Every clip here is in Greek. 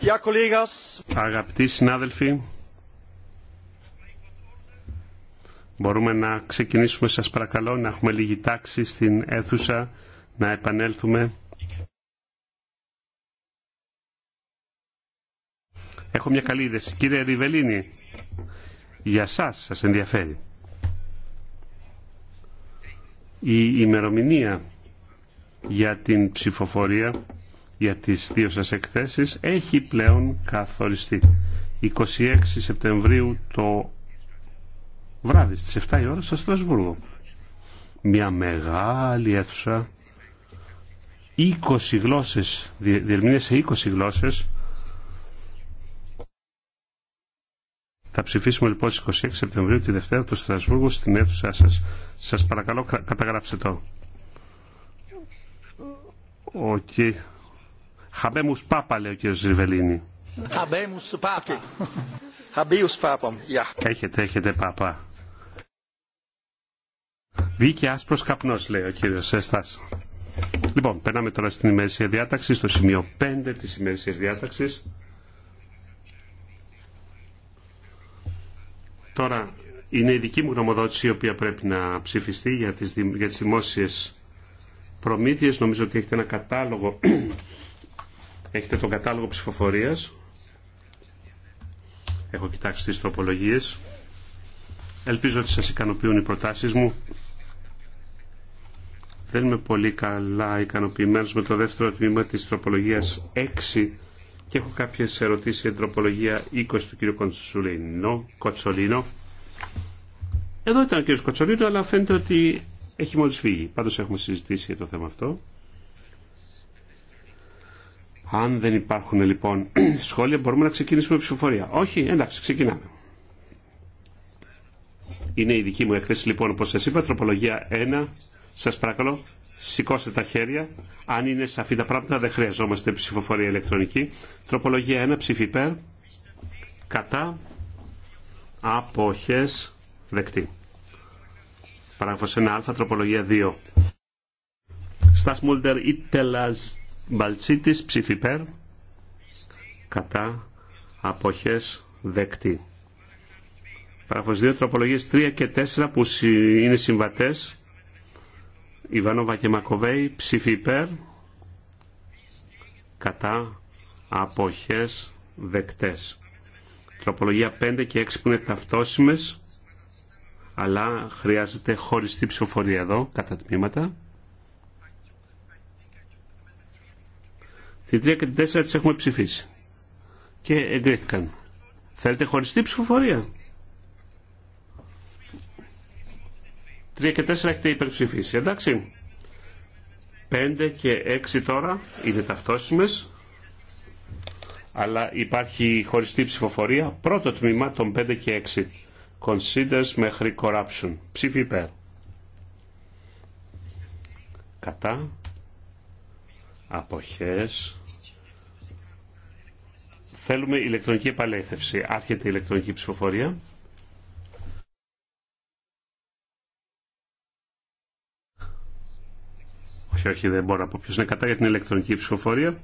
Ja, Αγαπητοί συνάδελφοι, μπορούμε να ξεκινήσουμε σας παρακαλώ, να έχουμε λίγη τάξη στην αίθουσα, να επανέλθουμε. Έχω μια καλή είδεση. Κύριε Ριβελίνη, για σας σας ενδιαφέρει. Η ημερομηνία για την ψηφοφορία για τις δύο σας εκθέσεις έχει πλέον καθοριστεί. 26 Σεπτεμβρίου το βράδυ στις 7 η ώρα στο Στρασβούργο. Μια μεγάλη αίθουσα 20 γλώσσες, διερμηνές σε 20 γλώσσες. Θα ψηφίσουμε λοιπόν στις 26 Σεπτεμβρίου τη Δευτέρα του Στρασβούργου στην αίθουσά σας. Σας παρακαλώ καταγράψτε το. Okay. Χαμπέμους Πάπα, λέει ο κύριος Ζιβελίνη. Χαμπέμους Πάπα. Χαμπίους Πάπα, Έχετε, έχετε Πάπα. Βγήκε άσπρος καπνός, λέει ο κυριο Σέστας. Λοιπόν, περνάμε τώρα στην ημερήσια διάταξη, στο σημείο 5 της ημερήσιας διάταξης. Τώρα είναι η δική μου γνωμοδότηση η οποία πρέπει να ψηφιστεί για τις, για τις δημόσιες προμήθειες. Νομίζω ότι έχετε ένα κατάλογο Έχετε τον κατάλογο ψηφοφορίας. Έχω κοιτάξει τις τροπολογίες. Ελπίζω ότι σας ικανοποιούν οι προτάσεις μου. Δεν είμαι πολύ καλά ικανοποιημένος με το δεύτερο τμήμα της τροπολογίας 6 και έχω κάποιες ερωτήσεις για την τροπολογία 20 του κ. Κονσουλίνο, Κοτσολίνο. Εδώ ήταν ο κ. Κοτσολίνο, αλλά φαίνεται ότι έχει μόλις φύγει. Πάντως έχουμε συζητήσει για το θέμα αυτό. Αν δεν υπάρχουν λοιπόν σχόλια μπορούμε να ξεκινήσουμε ψηφοφορία. Όχι, εντάξει, ξεκινάμε. Είναι η δική μου έκθεση λοιπόν όπως σας είπα, τροπολογία 1. Σας παρακαλώ, σηκώστε τα χέρια. Αν είναι σαφή τα πράγματα δεν χρειαζόμαστε ψηφοφορία ηλεκτρονική. Τροπολογία 1, ψήφι υπέρ, κατά, αποχές, δεκτή. Παράγραφος 1α, τροπολογία 2. Στας ή τελαζ Μπαλτσίτης ψηφιπέρ κατά αποχές δεκτή. Παραγραφος 2 τροπολογίες 3 και 4 που είναι συμβατές. Ιβανόβα και Μακοβέη ψηφιπέρ κατά αποχές δεκτές. Τροπολογία 5 και 6 που είναι ταυτόσιμες αλλά χρειάζεται χωριστή ψηφοφορία εδώ κατά τμήματα. Την 3 και την 4 τις έχουμε ψηφίσει και εγκρίθηκαν. Θέλετε χωριστή ψηφοφορία. 3 και 4 έχετε υπερψηφίσει, εντάξει. 5 και 6 τώρα είναι ταυτόσιμες, αλλά υπάρχει χωριστή ψηφοφορία. Πρώτο τμήμα των 5 και 6. Considers μέχρι corruption. Ψήφι υπέρ. Κατά. Αποχές. Θέλουμε ηλεκτρονική επαλέθευση. Άρχεται η ηλεκτρονική ψηφοφορία. Όχι, όχι, δεν μπορώ να πω ποιος είναι κατά για την ηλεκτρονική ψηφοφορία.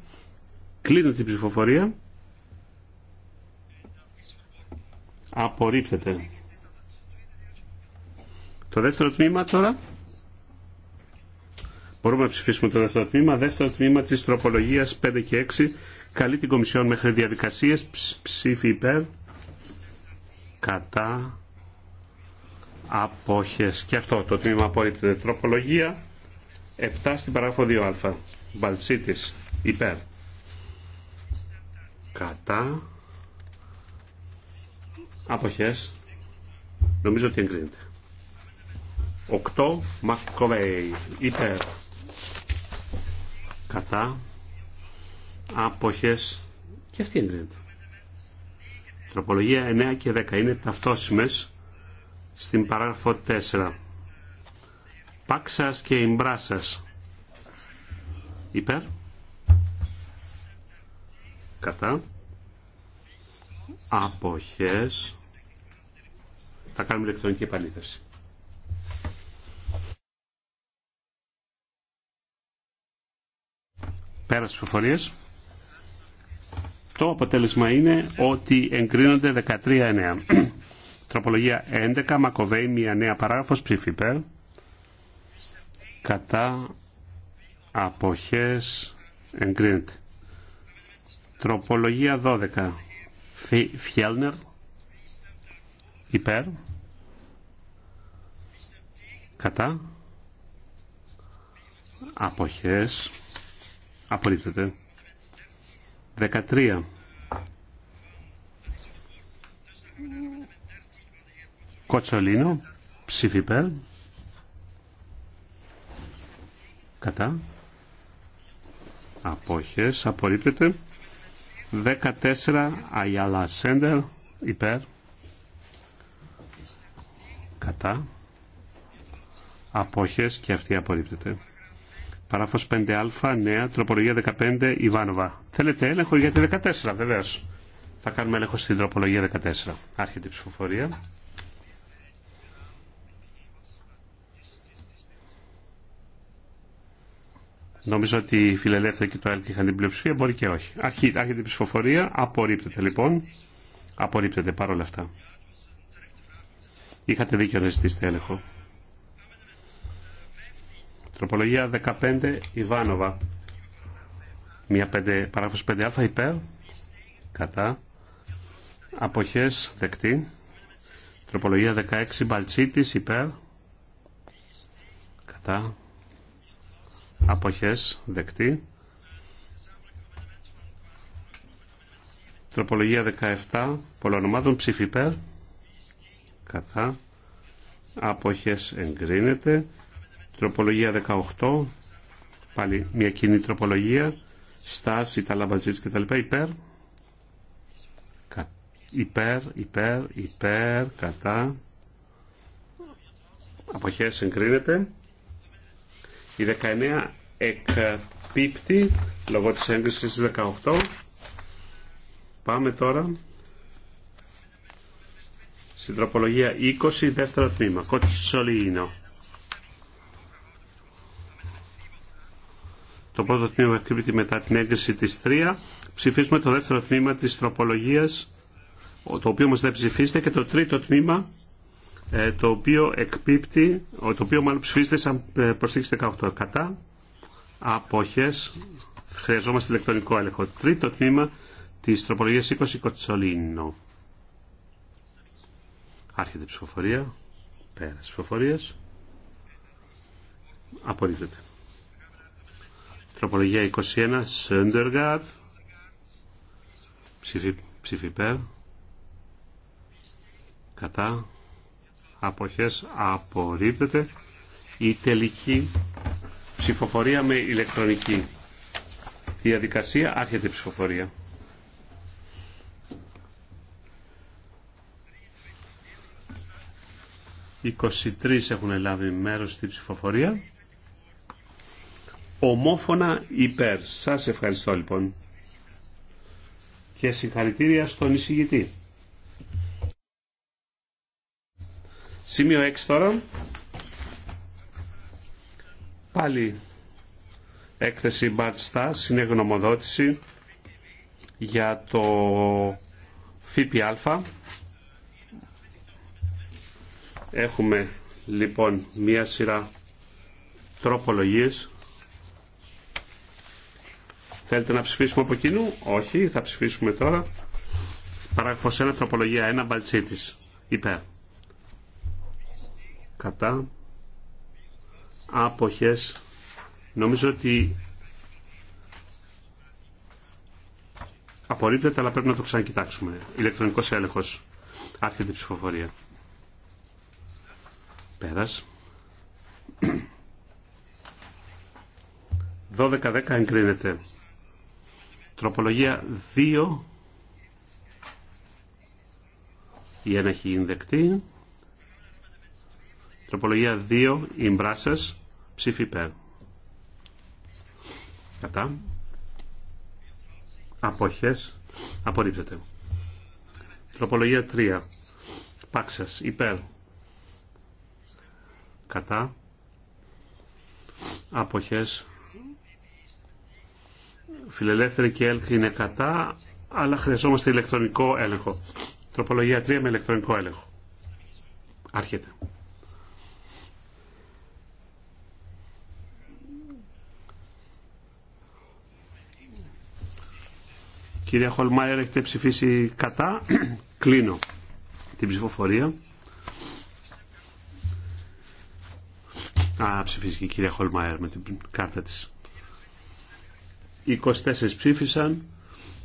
Κλείνω την ψηφοφορία. Απορρίπτεται. Το δεύτερο τμήμα τώρα. Μπορούμε να ψηφίσουμε το δεύτερο τμήμα. Δεύτερο τμήμα της τροπολογίας 5 και 6 καλεί την Κομισιόν μέχρι διαδικασίες ψήφι υπέρ κατά απόχες και αυτό το τμήμα απορρίπτεται τροπολογία 7 στην παράγραφο 2α Μπαλτσίτης υπέρ κατά αποχές νομίζω ότι εγκρίνεται 8 Μακκοβέι υπέρ κατά αποχές και αυτή η Τροπολογία 9 και 10 είναι ταυτόσιμες στην παράγραφο 4. Πάξας και Ιμπράσας. Υπέρ. Κατά. Αποχές. Θα κάνουμε ηλεκτρονική επαλήθευση. Πέρας ψηφοφορίες. Το αποτέλεσμα είναι ότι εγκρίνονται 13-9. Τροπολογία 11, Μακοβέη, μια νέα παράγραφος, ψήφι υπέρ. Κατά αποχές εγκρίνεται. Τροπολογία 12, Φιέλνερ, υπέρ. Κατά αποχές απορρίπτεται. 13. Κοτσολίνο, ψήφι Κατά. Απόχες, απορρίπτεται. 14, Αγιάλα Σέντερ, υπέρ. Κατά. Απόχες και αυτή απορρίπτεται παραφο 5 5α, νέα, τροπολογία 15, Ιβάνοβα. Θέλετε έλεγχο για τη 14, βεβαίω. Θα κάνουμε έλεγχο στην τροπολογία 14. Άρχεται η ψηφοφορία. Νομίζω ότι η Φιλελεύθερη και το ΕΛΚ είχαν την πλειοψηφία, μπορεί και όχι. Άρχεται η ψηφοφορία, απορρίπτεται λοιπόν. Απορρίπτεται παρόλα αυτά. Είχατε δίκιο να ζητήσετε έλεγχο. Τροπολογία 15 Ιβάνοβα. Μια 5, παράγραφος 5α υπέρ. Κατά. Αποχές δεκτή. Τροπολογία 16 Μπαλτσίτης υπέρ. Κατά. Αποχές δεκτή. Τροπολογία 17 Πολωνομάδων ψήφι υπέρ. Κατά. Αποχές εγκρίνεται. Τροπολογία 18, πάλι μια κοινή τροπολογία, στάση, τα λαμπατζίτς κτλ. Υπέρ, κα, υπέρ, υπέρ, υπέρ, κατά. Αποχές εγκρίνεται. Η 19 εκπίπτει λόγω της έγκρισης 18. Πάμε τώρα στην τροπολογία 20, δεύτερο τμήμα. Κότσολίνο. Το πρώτο τμήμα εκπίπτει μετά την έγκριση της 3. Ψηφίσουμε το δεύτερο τμήμα της τροπολογία, το οποίο μας δεν ψηφίζεται, και το τρίτο τμήμα, ε, το οποίο εκπίπτει, το οποίο μάλλον ψηφίζεται σαν ε, προσθήκη 18. Κατά αποχές χρειαζόμαστε ηλεκτρονικό έλεγχο. Τρίτο τμήμα της τροπολογία 20 Κοτσολίνο. Άρχεται η ψηφοφορία. Πέρας ψηφοφορία. Απορρίπτεται. Τροπολογία 21, Σέντεργαρτ. ψηφιπέρ, Κατά. Αποχές απορρίπτεται. Η τελική ψηφοφορία με ηλεκτρονική. Διαδικασία άρχεται η ψηφοφορία. 23 έχουν λάβει μέρος στη ψηφοφορία ομόφωνα υπέρ. Σας ευχαριστώ λοιπόν και συγχαρητήρια στον εισηγητή. Σημείο 6 τώρα. Πάλι έκθεση Bad συνεγνωμοδότηση για το ΦΠΑ. Έχουμε λοιπόν μία σειρά τροπολογίες Θέλετε να ψηφίσουμε από κοινού. Όχι, θα ψηφίσουμε τώρα. Παράγραφό 1, τροπολογία 1, μπαλτσίτη. Υπέρ. Κατά. απόχε. Νομίζω ότι απορρίπτεται, αλλά πρέπει να το ξανακοιτάξουμε. Ηλεκτρονικό έλεγχο Άρχεται η ψηφοφορια περα Πέρας. 12-10 εγκρίνεται. Τροπολογία 2. Η ένα έχει δεκτή. Τροπολογία 2. μπράσα Ψήφι υπέρ. Κατά. Αποχές. Απορρίπτεται. Τροπολογία 3. Πάξα Υπέρ. Κατά. Αποχές. Φιλελεύθερη και έλεγχη είναι κατά, αλλά χρειαζόμαστε ηλεκτρονικό έλεγχο. Τροπολογία 3 με ηλεκτρονικό έλεγχο. Άρχεται. Κυρία Χολμάιερ, έχετε ψηφίσει κατά. Κλείνω την ψηφοφορία. Α, ψηφίσει η κυρία Χολμάιερ με την κάρτα της. 24 ψήφισαν,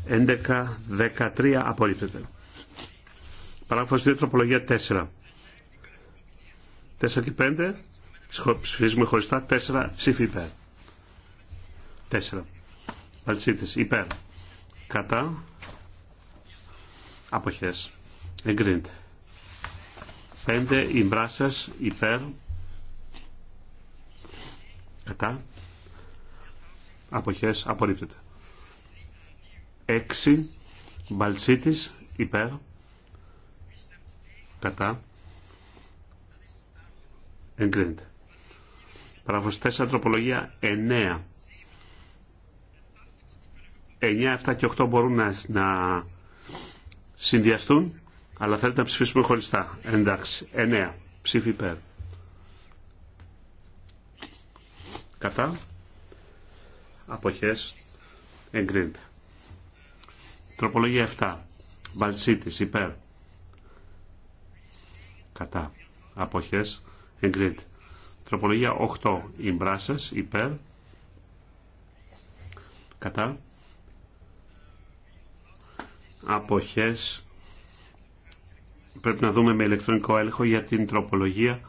11, 13 απορρίπτεται. Παράγραφος 2, τροπολογία 4. 4 και 5 ψηφίζουμε χωριστά 4 ψήφι υπέρ. 4. Παλτσίτες υπέρ. Κατά. Αποχές. Εγκρίνεται. 5 ημπράσας υπέρ. Κατά αποχές απορρίπτεται. 6 Μπαλτσίτης υπέρ κατά εγκρίνεται. Παράγραφος 4 τροπολογία 9 9, 7 και 8 μπορούν να, να συνδυαστούν, αλλά θέλετε να ψηφίσουμε χωριστά. Εντάξει, 9. Ψήφι υπέρ. Κατά αποχές εγκρίνεται. Τροπολογία 7. Μπαλτσίτης υπέρ. Κατά. Αποχές εγκρίνεται. Τροπολογία 8. Ιμπράσες υπέρ. Κατά. Αποχές πρέπει να δούμε με ηλεκτρονικό έλεγχο για την τροπολογία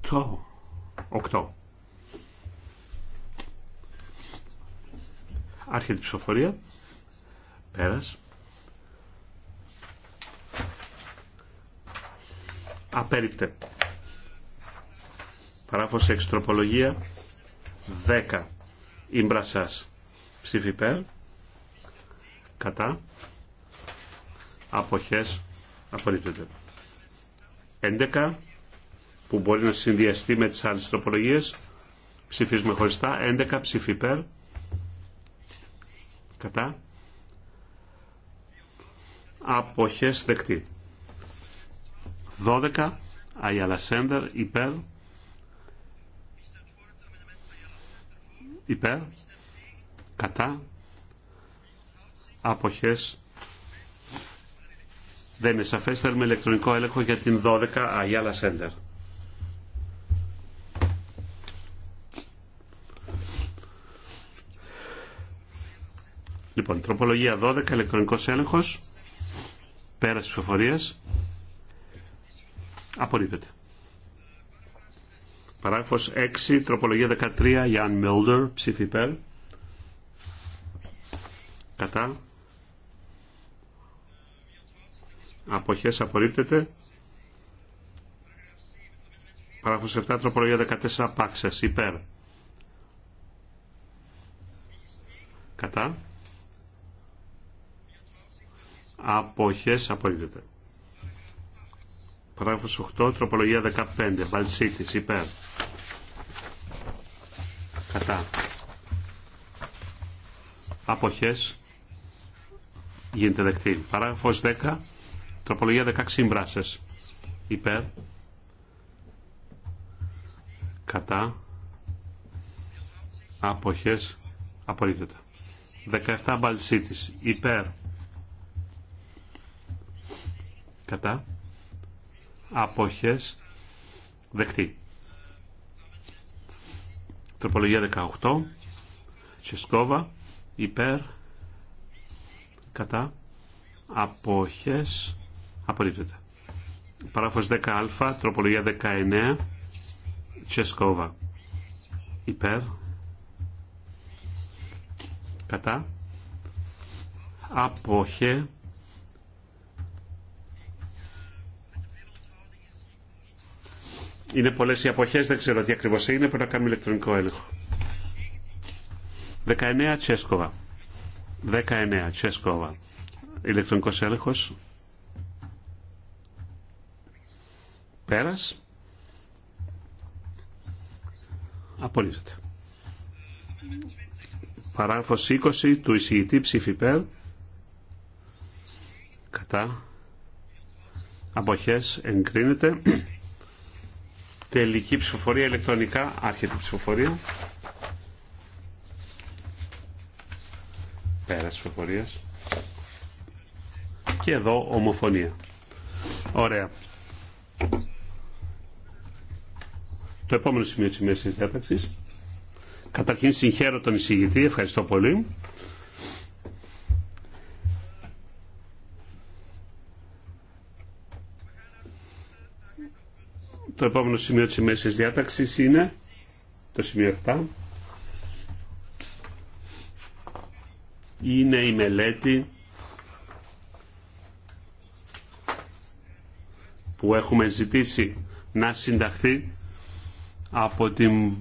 8. 8. Άρχεται η ψηφοφορία. Πέρας. Απέριπτε. Παράφωση 6 τροπολογία 10. Ήμπρασας. Ψήφι υπέρ. Κατά. Αποχές. Απορρίπτεται. 11 που μπορεί να συνδυαστεί με τις άλλες τροπολογίες. Ψηφίζουμε χωριστά. 11 ψήφι υπέρ. Κατά. Αποχές δεκτή. 12. Αγιά Σέντερ υπέρ. Υπέρ. Κατά. Αποχές δεν είναι σαφές. Θέλουμε ηλεκτρονικό έλεγχο για την 12 Αγιά Σέντερ. Λοιπόν, τροπολογία 12, ηλεκτρονικός έλεγχος, πέρας της ψηφοφορίας, απορρίπτεται. Παράγραφος 6, τροπολογία 13, Ιάν Μιλντερ, ψήφι υπέρ. Κατά. Αποχές απορρίπτεται. Παράγραφος 7, τροπολογία 14, Πάξας, υπέρ. Κατά αποχές απορρίπτεται. Παράγραφος 8, τροπολογία 15, Μπαλτσίτης, υπέρ. Κατά. Αποχές γίνεται δεκτή. Παράγραφος 10, τροπολογία 16, συμβράσες. υπέρ. Κατά. Αποχές απορρίπτεται. 17, Μπαλτσίτης, υπέρ κατά αποχές δεκτή. Τροπολογία 18 τσεσκοβα υπερ υπέρ κατά αποχές απορρίπτεται. Παράφος 10α, τροπολογία 19, Τσεσκόβα. Υπέρ, κατά, απόχε, Είναι πολλέ οι αποχέ, δεν ξέρω τι ακριβώ είναι. Πρέπει να κάνουμε ηλεκτρονικό έλεγχο. 19 Τσέσκοβα. 19 Τσέσκοβα. Ηλεκτρονικό έλεγχο. Πέρα. Απολύτω. Παράγραφο 20 του εισηγητή ψήφι περ. Κατά. Αποχές εγκρίνεται. Τελική ψηφοφορία ηλεκτρονικά. Άρχεται η ψηφοφορία. Πέρας ψηφοφορίας. Και εδώ ομοφωνία. Ωραία. Το επόμενο σημείο της μέσης διάταξης. Καταρχήν συγχαίρω τον εισηγητή. Ευχαριστώ πολύ. Το επόμενο σημείο της Μέσης διάταξης είναι το σημείο 7. Είναι η μελέτη που έχουμε ζητήσει να συνταχθεί από την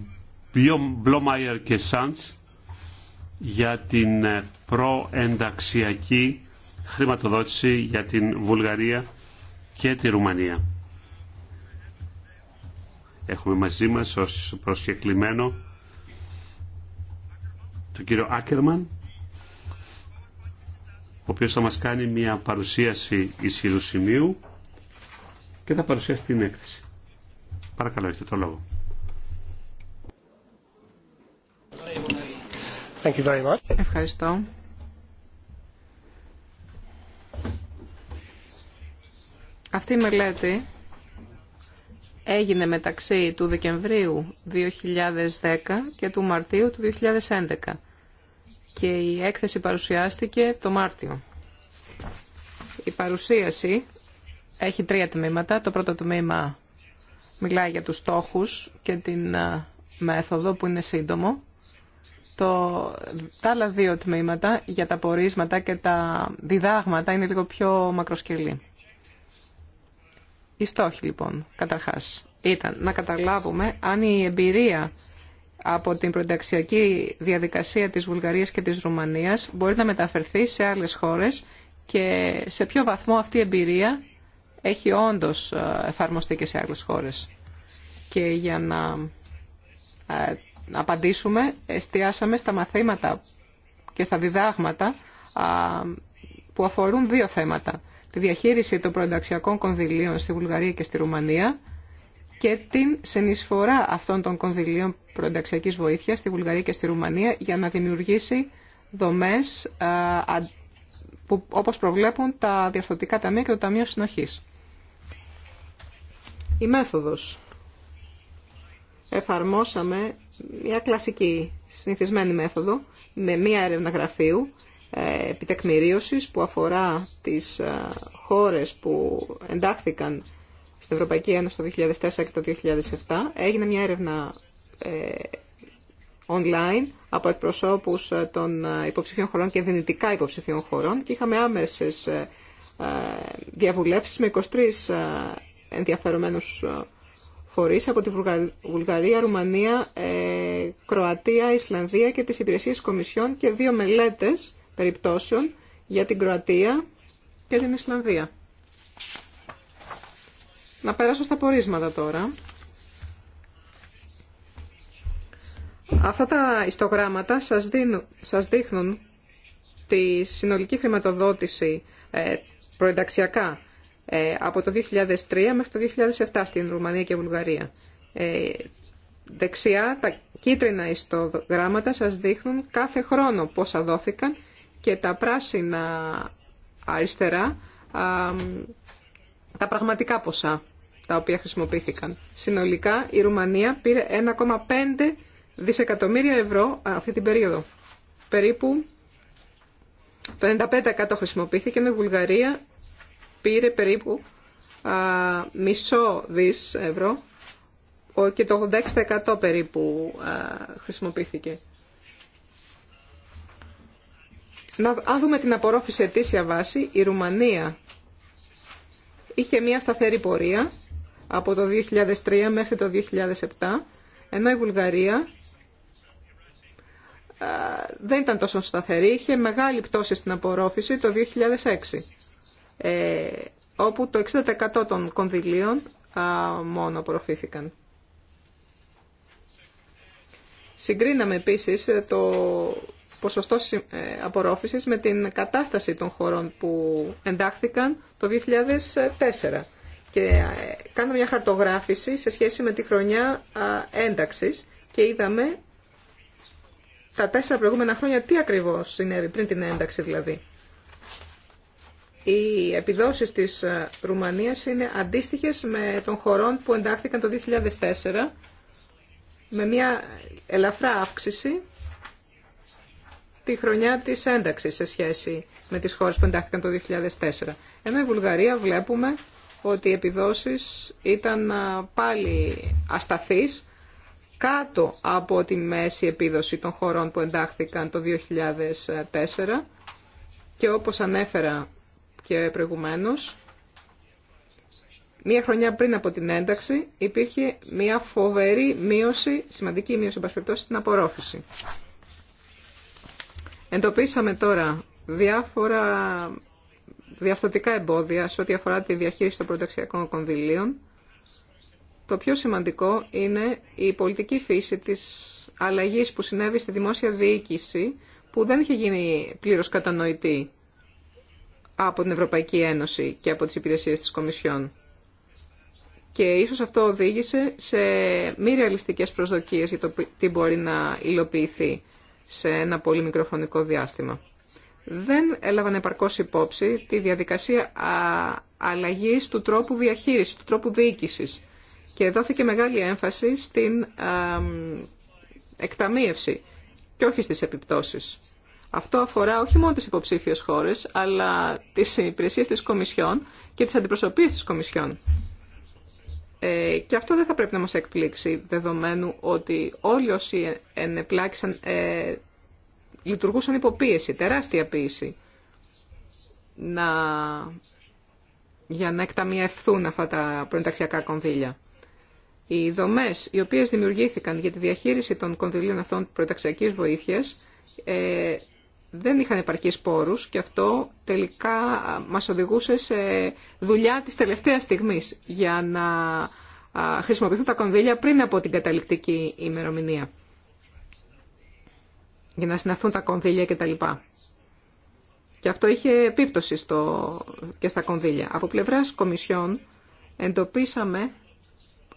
Blomeyer και Sands για την ε, προενταξιακή χρηματοδότηση για την Βουλγαρία και τη Ρουμανία. Έχουμε μαζί μας ως προσκεκλημένο τον κύριο Άκερμαν, ο οποίος θα μας κάνει μια παρουσίαση ισχυρού σημείου και θα παρουσιάσει την έκθεση. Παρακαλώ, έχετε το λόγο. Ευχαριστώ. Αυτή η μελέτη έγινε μεταξύ του Δεκεμβρίου 2010 και του Μαρτίου του 2011 και η έκθεση παρουσιάστηκε το Μάρτιο. Η παρουσίαση έχει τρία τμήματα. Το πρώτο τμήμα μιλάει για τους στόχους και την μέθοδο που είναι σύντομο. Το, τα άλλα δύο τμήματα για τα πορίσματα και τα διδάγματα είναι λίγο πιο μακροσκελή. Η στόχη, λοιπόν, καταρχάς, ήταν να καταλάβουμε αν η εμπειρία από την πρωταξιακή διαδικασία της Βουλγαρίας και της Ρουμανίας μπορεί να μεταφερθεί σε άλλες χώρες και σε ποιο βαθμό αυτή η εμπειρία έχει όντως ε, εφαρμοστεί και σε άλλες χώρες. Και για να ε, απαντήσουμε, εστιάσαμε στα μαθήματα και στα διδάγματα που αφορούν δύο θέματα τη διαχείριση των προενταξιακών κονδυλίων στη Βουλγαρία και στη Ρουμανία και την συνεισφορά αυτών των κονδυλίων προενταξιακής βοήθειας στη Βουλγαρία και στη Ρουμανία για να δημιουργήσει δομές που, όπως προβλέπουν τα διαφθορτικά ταμεία και το Ταμείο Συνοχής. Η μέθοδος. Εφαρμόσαμε μια κλασική συνηθισμένη μέθοδο με μια έρευνα γραφείου ε, επιτεκμηρίωσης που αφορά τις ε, χώρες που εντάχθηκαν στην Ευρωπαϊκή Ένωση το 2004 και το 2007. Έγινε μια έρευνα ε, online από εκπροσώπους των υποψηφίων χωρών και δυνητικά υποψηφίων χωρών και είχαμε άμεσες διαβουλεύσεις με 23 ενδιαφερομένους φορείς από τη Βουλγαρία, Ρουμανία, Κροατία, Ισλανδία και τις υπηρεσίες κομισιών και δύο μελέτες περιπτώσεων για την Κροατία και την Ισλανδία. Να περάσω στα πορίσματα τώρα. Αυτά τα ιστογράμματα σας, δίνουν, δείχνουν τη συνολική χρηματοδότηση ε, προενταξιακά ε, από το 2003 μέχρι το 2007 στην Ρουμανία και Βουλγαρία. Ε, δεξιά τα κίτρινα ιστογράμματα σας δείχνουν κάθε χρόνο πόσα δόθηκαν και τα πράσινα αριστερά τα πραγματικά ποσά τα οποία χρησιμοποιήθηκαν. Συνολικά η Ρουμανία πήρε 1,5 δισεκατομμύρια ευρώ αυτή την περίοδο. Περίπου το 95% χρησιμοποιήθηκε, με Βουλγαρία πήρε περίπου α, μισό δις ευρώ και το 86% περίπου χρησιμοποιήθηκε. Να, αν δούμε την απορρόφηση ετήσια βάση, η Ρουμανία είχε μια σταθερή πορεία από το 2003 μέχρι το 2007, ενώ η Βουλγαρία δεν ήταν τόσο σταθερή, είχε μεγάλη πτώση στην απορρόφηση το 2006, ε, όπου το 60% των κονδυλίων μόνο απορροφήθηκαν. Συγκρίναμε επίσης το ποσοστό ε, απορρόφησης με την κατάσταση των χωρών που εντάχθηκαν το 2004. Και ε, κάνουμε μια χαρτογράφηση σε σχέση με τη χρονιά ένταξης και είδαμε τα τέσσερα προηγούμενα χρόνια τι ακριβώς συνέβη πριν την ένταξη δηλαδή. Οι επιδόσεις της ε, Ρουμανίας είναι αντίστοιχες με των χωρών που εντάχθηκαν το 2004 με μια ελαφρά αύξηση τη χρονιά τη ένταξη σε σχέση με τι χώρε που εντάχθηκαν το 2004. Ενώ η Βουλγαρία βλέπουμε ότι οι επιδόσεις ήταν πάλι ασταθεί κάτω από τη μέση επίδοση των χωρών που εντάχθηκαν το 2004 και όπως ανέφερα και προηγουμένως, μία χρονιά πριν από την ένταξη υπήρχε μία φοβερή μείωση, σημαντική μείωση στην απορρόφηση. Εντοπίσαμε τώρα διάφορα διαφθορτικά εμπόδια σε ό,τι αφορά τη διαχείριση των πρωταξιακών κονδυλίων. Το πιο σημαντικό είναι η πολιτική φύση της αλλαγής που συνέβη στη δημόσια διοίκηση που δεν είχε γίνει πλήρως κατανοητή από την Ευρωπαϊκή Ένωση και από τις υπηρεσίες της Κομισιόν. Και ίσως αυτό οδήγησε σε μη ρεαλιστικές προσδοκίες για το τι μπορεί να υλοποιηθεί σε ένα πολύ μικροφωνικό διάστημα. Δεν έλαβαν επαρκώς υπόψη τη διαδικασία αλλαγής του τρόπου διαχείρισης, του τρόπου διοίκησης. Και δόθηκε μεγάλη έμφαση στην εκταμείευση και όχι στις επιπτώσεις. Αυτό αφορά όχι μόνο τις υποψήφιες χώρες, αλλά τις υπηρεσίες της Κομισιόν και τις αντιπροσωπείες της Κομισιόν. Ε, και αυτό δεν θα πρέπει να μας εκπλήξει, δεδομένου ότι όλοι όσοι ενεπλάξαν ε, λειτουργούσαν υποπίεση, τεράστια πίεση, να, για να εκταμιευθούν αυτά τα προενταξιακά κονδύλια. Οι δομές οι οποίες δημιουργήθηκαν για τη διαχείριση των κονδυλίων αυτών προενταξιακής βοήθειας ε, δεν είχαν επαρκείς πόρους και αυτό τελικά μας οδηγούσε σε δουλειά της τελευταίας στιγμής για να χρησιμοποιηθούν τα κονδύλια πριν από την καταληκτική ημερομηνία για να συναφθούν τα κονδύλια κτλ. Και αυτό είχε επίπτωση στο... και στα κονδύλια. Από πλευράς κομισιών εντοπίσαμε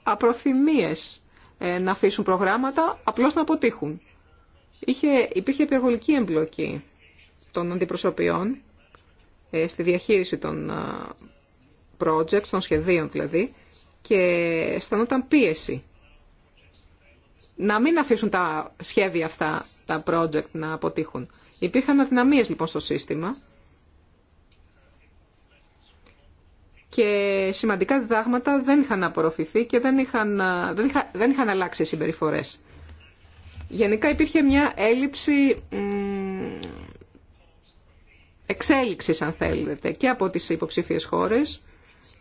απροθυμίες ε, να αφήσουν προγράμματα απλώς να αποτύχουν είχε, υπήρχε υπερβολική εμπλοκή των αντιπροσωπιών ε, στη διαχείριση των ε, των σχεδίων δηλαδή, και αισθανόταν πίεση να μην αφήσουν τα σχέδια αυτά, τα project να αποτύχουν. Υπήρχαν αδυναμίες λοιπόν στο σύστημα και σημαντικά διδάγματα δεν είχαν απορροφηθεί και δεν είχαν, ε, δεν είχαν, δεν είχαν αλλάξει οι συμπεριφορές. Γενικά υπήρχε μια έλλειψη εξέλιξης, αν θέλετε, και από τις υποψήφιες χώρες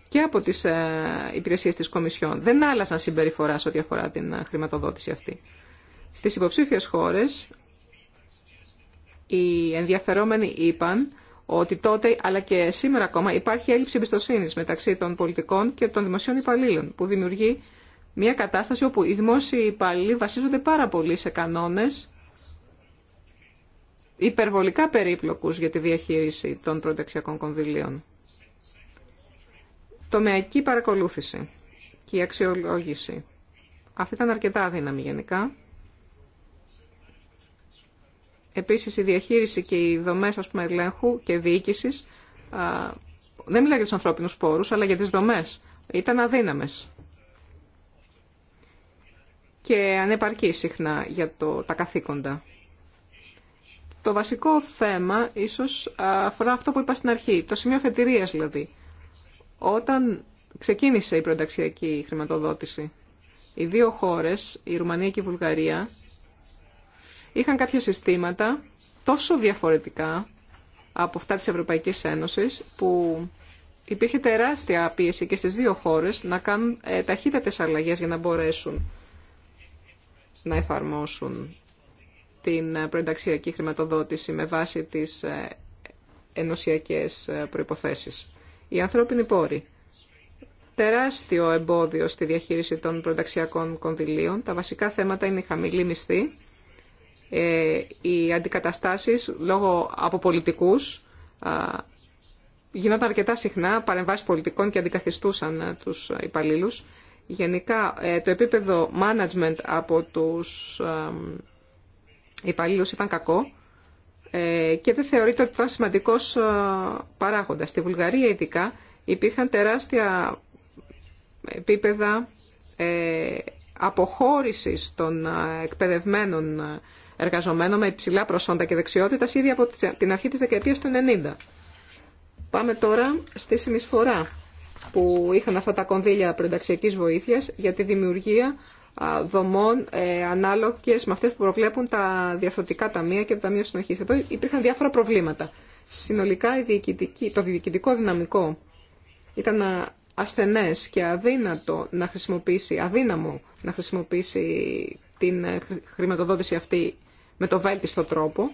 και από τις ε, υπηρεσίες της Κομισιόν. Δεν άλλασαν συμπεριφορά σε ό,τι αφορά την ε, χρηματοδότηση αυτή. Στις υποψήφιες χώρες οι ενδιαφερόμενοι είπαν ότι τότε αλλά και σήμερα ακόμα υπάρχει έλλειψη εμπιστοσύνη μεταξύ των πολιτικών και των δημοσίων υπαλλήλων που δημιουργεί μια κατάσταση όπου οι δημόσιοι υπάλληλοι βασίζονται πάρα πολύ σε κανόνες υπερβολικά περίπλοκους για τη διαχείριση των προταξιακών κονδυλίων. Τομεακή παρακολούθηση και η αξιολόγηση. Αυτή ήταν αρκετά αδύναμη γενικά. Επίσης η διαχείριση και οι δομές ας πούμε, ελέγχου και διοίκησης, δεν μιλάω για τους ανθρώπινους πόρους, αλλά για τις δομές, ήταν αδύναμες και ανεπαρκή συχνά για το, τα καθήκοντα. Το βασικό θέμα ίσως αφορά αυτό που είπα στην αρχή, το σημείο αφετηρίας δηλαδή. Όταν ξεκίνησε η προενταξιακή χρηματοδότηση, οι δύο χώρες, η Ρουμανία και η Βουλγαρία, είχαν κάποια συστήματα τόσο διαφορετικά από αυτά της Ευρωπαϊκής Ένωσης που υπήρχε τεράστια πίεση και στις δύο χώρες να κάνουν ε, ταχύτατες αλλαγές για να μπορέσουν να εφαρμόσουν την προενταξιακή χρηματοδότηση με βάση τις ε, ενωσιακές ε, προϋποθέσεις. Οι ανθρώπινοι πόροι. Τεράστιο εμπόδιο στη διαχείριση των προενταξιακών κονδυλίων. Τα βασικά θέματα είναι η χαμηλή μισθή, ε, οι αντικαταστάσεις λόγω από πολιτικούς, γινόταν αρκετά συχνά, παρεμβάσεις πολιτικών και αντικαθιστούσαν τους υπαλλήλους. Γενικά, ε, το επίπεδο management από τους υπαλλήλου ήταν κακό ε, και δεν θεωρείται ότι ήταν σημαντικός ε, παράγοντας. Στη Βουλγαρία ειδικά υπήρχαν τεράστια επίπεδα αποχώρησης των εκπαιδευμένων εργαζομένων με υψηλά προσόντα και δεξιότητας ήδη από την αρχή της δεκαετίας του 90. Πάμε τώρα στη συνεισφορά που είχαν αυτά τα κονδύλια προενταξιακής βοήθειας για τη δημιουργία δομών ε, ανάλογες με αυτές που προβλέπουν τα διαφορετικά ταμεία και το Ταμείο Συνοχής. Εδώ υπήρχαν διάφορα προβλήματα. Συνολικά η το διοικητικό δυναμικό ήταν ασθενές και αδύνατο να χρησιμοποιήσει, αδύναμο να χρησιμοποιήσει την ε, χρηματοδότηση αυτή με το βέλτιστο τρόπο.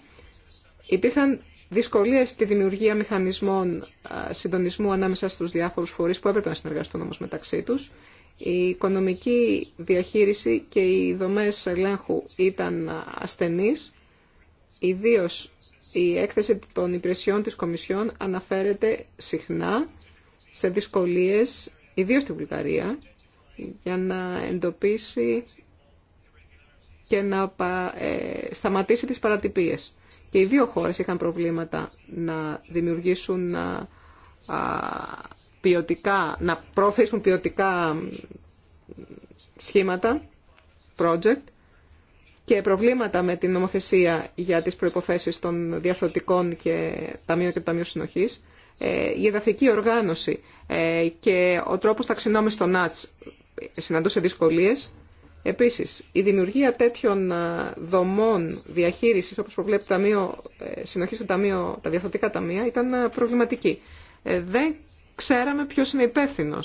Υπήρχαν δυσκολίες στη δημιουργία μηχανισμών συντονισμού ανάμεσα στους διάφορους φορείς που έπρεπε να συνεργαστούν όμως μεταξύ τους. Η οικονομική διαχείριση και οι δομές ελέγχου ήταν ασθενείς, ιδίω η έκθεση των υπηρεσιών της Κομισιόν αναφέρεται συχνά σε δυσκολίες, ιδίως στη Βουλγαρία, για να εντοπίσει και να ε, σταματήσει τις παρατυπίες. Και οι δύο χώρες είχαν προβλήματα να δημιουργήσουν ποιοτικά, να προωθήσουν ποιοτικά σχήματα, project, και προβλήματα με την νομοθεσία για τις προϋποθέσεις των διαρθρωτικών και ταμείων και ταμείων συνοχής, ε, η εδαφική οργάνωση ε, και ο τρόπος ταξινόμησης των ΝΑΤΣ ε, συναντούσε δυσκολίες Επίσης, η δημιουργία τέτοιων ε, δομών διαχείρισης, όπως προβλέπει το ταμείο, ε, συνοχή στο ταμείο, τα διαφορετικά ταμεία, ήταν ε, προβληματική. δεν ξέραμε ποιος είναι υπεύθυνο.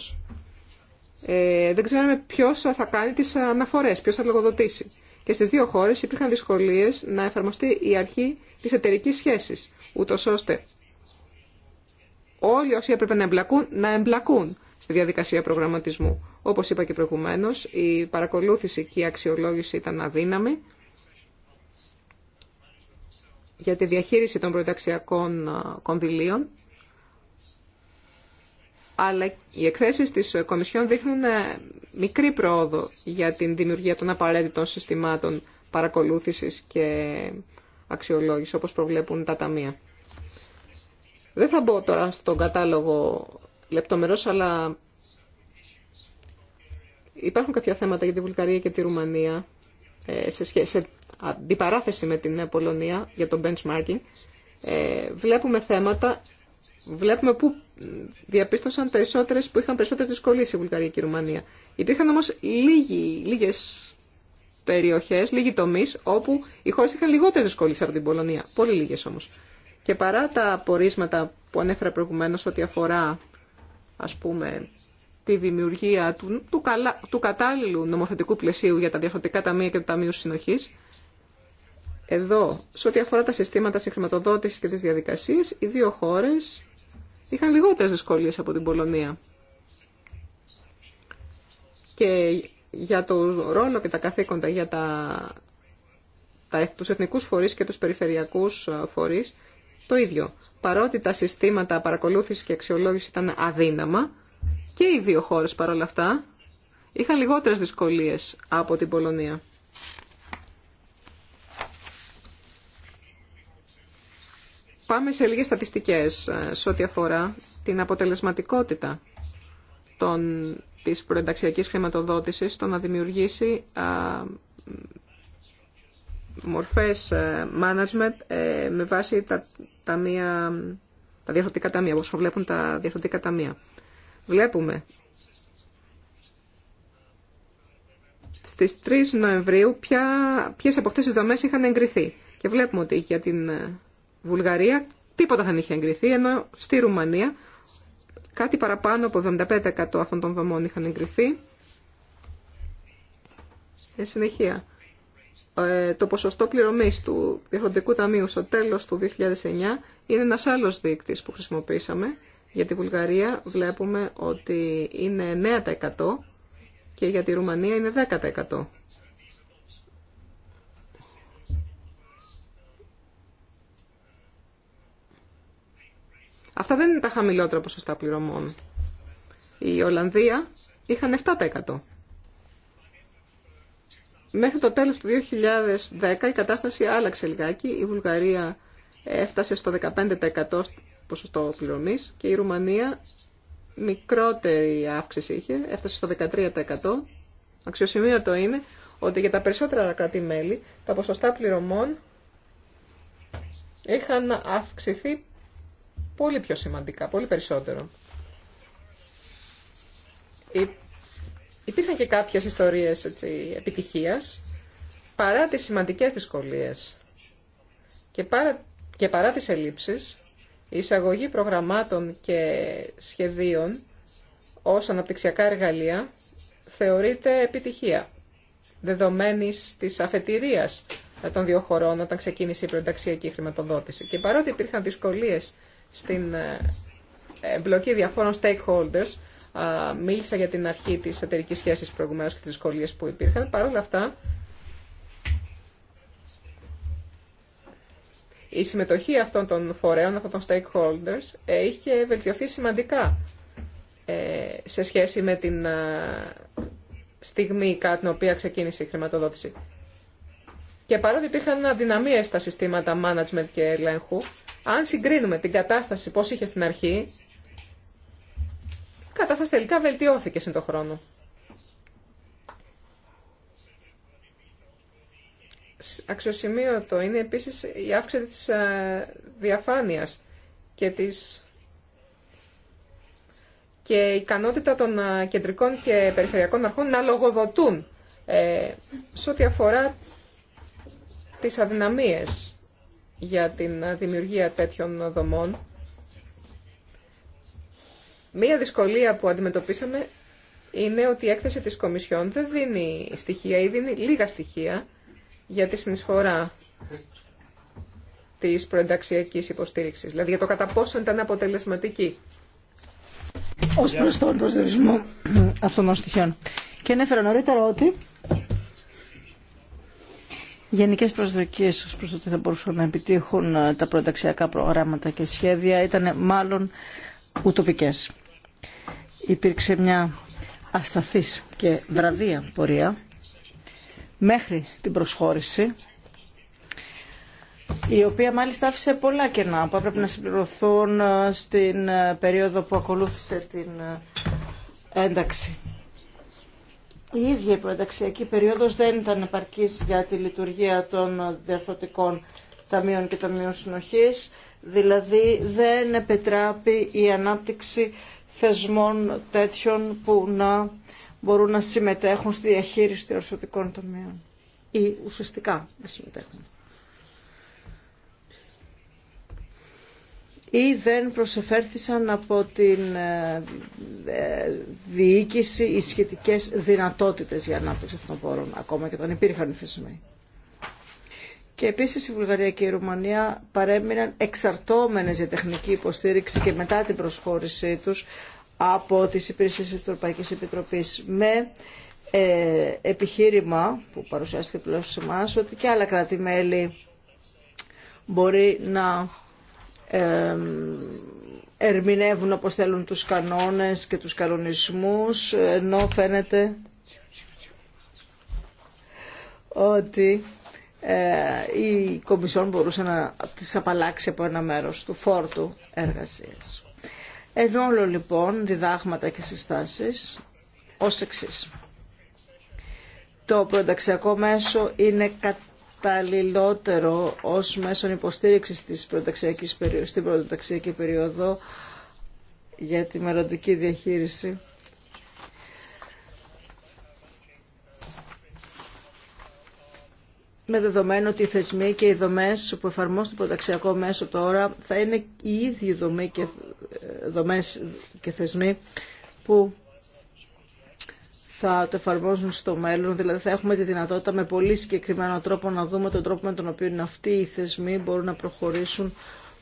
Ε, δεν ξέραμε ποιος θα κάνει τις αναφορές, ποιος θα λογοδοτήσει. Και στις δύο χώρες υπήρχαν δυσκολίες να εφαρμοστεί η αρχή της εταιρικής σχέσης, ούτως ώστε όλοι όσοι έπρεπε να εμπλακούν, να εμπλακούν στη διαδικασία προγραμματισμού. Όπως είπα και προηγουμένως, η παρακολούθηση και η αξιολόγηση ήταν αδύναμη για τη διαχείριση των προεταξιακών κονδυλίων, αλλά οι εκθέσεις της Κομισιόν δείχνουν ε, μικρή πρόοδο για την δημιουργία των απαραίτητων συστημάτων παρακολούθησης και αξιολόγηση, όπως προβλέπουν τα ταμεία. Δεν θα μπω τώρα στον κατάλογο λεπτομερώς, αλλά υπάρχουν κάποια θέματα για τη Βουλγαρία και τη Ρουμανία ε, σε, αντιπαράθεση με την Πολωνία για το benchmarking. Ε, βλέπουμε θέματα, βλέπουμε που διαπίστωσαν περισσότερε που είχαν περισσότερες δυσκολίες η Βουλγαρία και η Ρουμανία. Υπήρχαν όμως λίγε λίγες περιοχές, λίγοι τομείς, όπου οι χώρες είχαν λιγότερες δυσκολίες από την Πολωνία. Πολύ λίγες όμως. Και παρά τα απορίσματα που ανέφερα προηγουμένως ότι αφορά ας πούμε, τη δημιουργία του, καλά, κατάλληλου νομοθετικού πλαισίου για τα διαφορετικά ταμεία και το Ταμείο Συνοχής. Εδώ, σε ό,τι αφορά τα συστήματα συγχρηματοδότησης και τι διαδικασίε, οι δύο χώρες είχαν λιγότερες δυσκολίε από την Πολωνία. Και για το ρόλο και τα καθήκοντα για τα, τα, τους εθνικούς φορείς και τους περιφερειακούς ε, φορείς, το ίδιο. Παρότι τα συστήματα παρακολούθησης και αξιολόγηση ήταν αδύναμα και οι δύο χώρες παρόλα αυτά είχαν λιγότερες δυσκολίες από την Πολωνία. Πάμε σε λίγες στατιστικές ε, σε ό,τι αφορά την αποτελεσματικότητα των, της προενταξιακής χρηματοδότησης στο να δημιουργήσει μορφές ε, management ε, με βάση τα ταμεία, τα διαφορετικά ταμεία, όπως βλέπουν τα διαφορετικά ταμεία. Βλέπουμε στις 3 Νοεμβρίου ποια, ποιες από αυτές τις δομές είχαν εγκριθεί. Και βλέπουμε ότι για την ε, Βουλγαρία τίποτα δεν είχε εγκριθεί, ενώ στη Ρουμανία κάτι παραπάνω από 75% αυτών των δομών είχαν εγκριθεί. Εν συνεχεία, ε, το ποσοστό πληρωμής του Διευθυντικού Ταμείου στο τέλος του 2009 είναι ένας άλλος δείκτης που χρησιμοποίησαμε. Για τη Βουλγαρία βλέπουμε ότι είναι 9% και για τη Ρουμανία είναι 10%. Αυτά δεν είναι τα χαμηλότερα ποσοστά πληρωμών. Η Ολλανδία είχαν 7%. Μέχρι το τέλος του 2010 η κατάσταση άλλαξε λιγάκι. Η Βουλγαρία έφτασε στο 15% ποσοστό πληρωμής και η Ρουμανία μικρότερη αύξηση είχε, έφτασε στο 13%. Αξιοσημείωτο είναι ότι για τα περισσότερα κράτη-μέλη τα ποσοστά πληρωμών είχαν αυξηθεί πολύ πιο σημαντικά, πολύ περισσότερο υπήρχαν και κάποιες ιστορίες έτσι, επιτυχίας, παρά τις σημαντικές δυσκολίες και, παρά, και παρά τις ελλείψεις, η εισαγωγή προγραμμάτων και σχεδίων ως αναπτυξιακά εργαλεία θεωρείται επιτυχία, δεδομένης της αφετηρίας των δύο χωρών όταν ξεκίνησε η προενταξιακή χρηματοδότηση. Και παρότι υπήρχαν δυσκολίες στην ε, εμπλοκή διαφόρων stakeholders, μίλησα για την αρχή της εταιρικής σχέσης προηγουμένως και τις δυσκολίε που υπήρχαν. Παρ' όλα αυτά, η συμμετοχή αυτών των φορέων, αυτών των stakeholders, είχε βελτιωθεί σημαντικά ε, σε σχέση με την στιγμή κατά την οποία ξεκίνησε η χρηματοδότηση. Και παρότι υπήρχαν αδυναμίες στα συστήματα management και ελέγχου, αν συγκρίνουμε την κατάσταση πώς είχε στην αρχή η κατάσταση τελικά βελτιώθηκε σύν το χρόνο. Αξιοσημείωτο είναι επίσης η αύξηση της ε, διαφάνειας και της και η ικανότητα των ε, κεντρικών και περιφερειακών αρχών να λογοδοτούν ε, σε ό,τι αφορά τις αδυναμίες για την ε, δημιουργία τέτοιων δομών Μία δυσκολία που αντιμετωπίσαμε είναι ότι η έκθεση της Κομισιόν δεν δίνει στοιχεία ή δίνει λίγα στοιχεία για τη συνεισφορά της προενταξιακής υποστήριξης, δηλαδή για το κατά πόσο ήταν αποτελεσματική. Ως προς τον προσδιορισμό αυτών των στοιχείων. Και ανέφερα νωρίτερα ότι γενικέ προσδοκίε ω προ ότι θα μπορούσαν να επιτύχουν ε, τα προενταξιακά προγράμματα και σχέδια ήταν μάλλον ουτοπικέ υπήρξε μια ασταθής και βραδία πορεία μέχρι την προσχώρηση η οποία μάλιστα άφησε πολλά κενά που έπρεπε να συμπληρωθούν ε, στην ε, περίοδο που ακολούθησε την ε, ένταξη. Η ίδια η προενταξιακή περίοδος δεν ήταν επαρκής για τη λειτουργία των διαρθρωτικών ταμείων και ταμείων συνοχής, δηλαδή δεν επετράπει η ανάπτυξη θεσμών τέτοιων που να μπορούν να συμμετέχουν στη διαχείριση των ορθωτικών τομείων ή ουσιαστικά να συμμετέχουν. ή δεν προσεφέρθησαν από την ε, ε, διοίκηση οι σχετικές δυνατότητες για ανάπτυξη αυτών των πόρων, ακόμα και όταν υπήρχαν οι θεσμοί. Και επίσης η Βουλγαρία και η Ρουμανία παρέμειναν εξαρτώμενες για τεχνική υποστήριξη και μετά την προσχώρησή τους από τις υπηρεσίες της Ευρωπαϊκή Επιτροπή με ε, επιχείρημα που παρουσιάστηκε πλέον σε εμά ότι και άλλα κράτη-μέλη μπορεί να ερμηνεύουν όπως θέλουν τους κανόνες και τους κανονισμούς ενώ φαίνεται ότι ε, η Κομισιόν μπορούσε να τις απαλλάξει από ένα μέρος του φόρτου εργασίας. Εν όλο λοιπόν διδάγματα και συστάσεις ως εξή. Το προενταξιακό μέσο είναι καταλληλότερο ως μέσο υποστήριξης της περίοδου, στην προενταξιακή περίοδο για τη μελλοντική διαχείριση με δεδομένο ότι οι θεσμοί και οι δομές που εφαρμόζουν το πρωταξιακό μέσο τώρα θα είναι οι ίδιοι δομέ και, ε, δομές και θεσμοί που θα το εφαρμόζουν στο μέλλον, δηλαδή θα έχουμε τη δυνατότητα με πολύ συγκεκριμένο τρόπο να δούμε τον τρόπο με τον οποίο αυτοί οι θεσμοί μπορούν να προχωρήσουν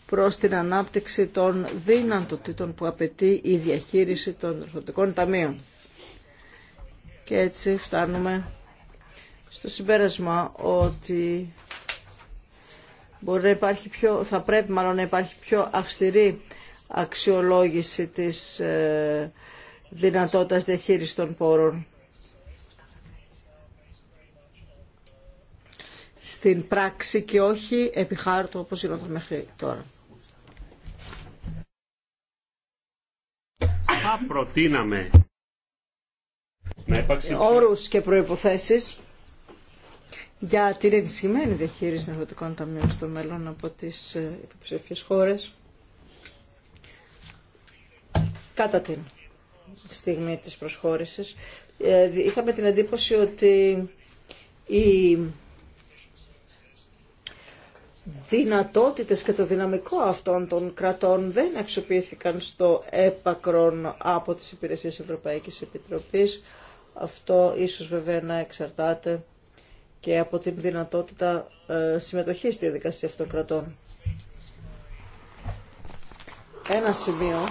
προς την ανάπτυξη των δυνατοτήτων που απαιτεί η διαχείριση των διευθυντικών ταμείων. Και έτσι φτάνουμε στο συμπέρασμα ότι μπορεί να υπάρχει πιο, θα πρέπει μάλλον να υπάρχει πιο αυστηρή αξιολόγηση της ε, δυνατότητας διαχείρισης των πόρων. στην πράξη και όχι επί χάρτου όπως είναι μέχρι τώρα. Θα προτείναμε όρους και προϋποθέσεις για την ενισχυμένη διαχείριση των ταμείων στο μέλλον από τις ε, υποψηφίες χώρες κατά την στιγμή της προσχώρησης. Ε, είχαμε την εντύπωση ότι η δυνατότητες και το δυναμικό αυτών των κρατών δεν αξιοποιήθηκαν στο έπακρον από τις υπηρεσίες Ευρωπαϊκής Επιτροπής. Αυτό ίσως βέβαια να εξαρτάται και από την δυνατότητα ε, συμμετοχής στη διαδικασία αυτοκρατών. Ένα σημείο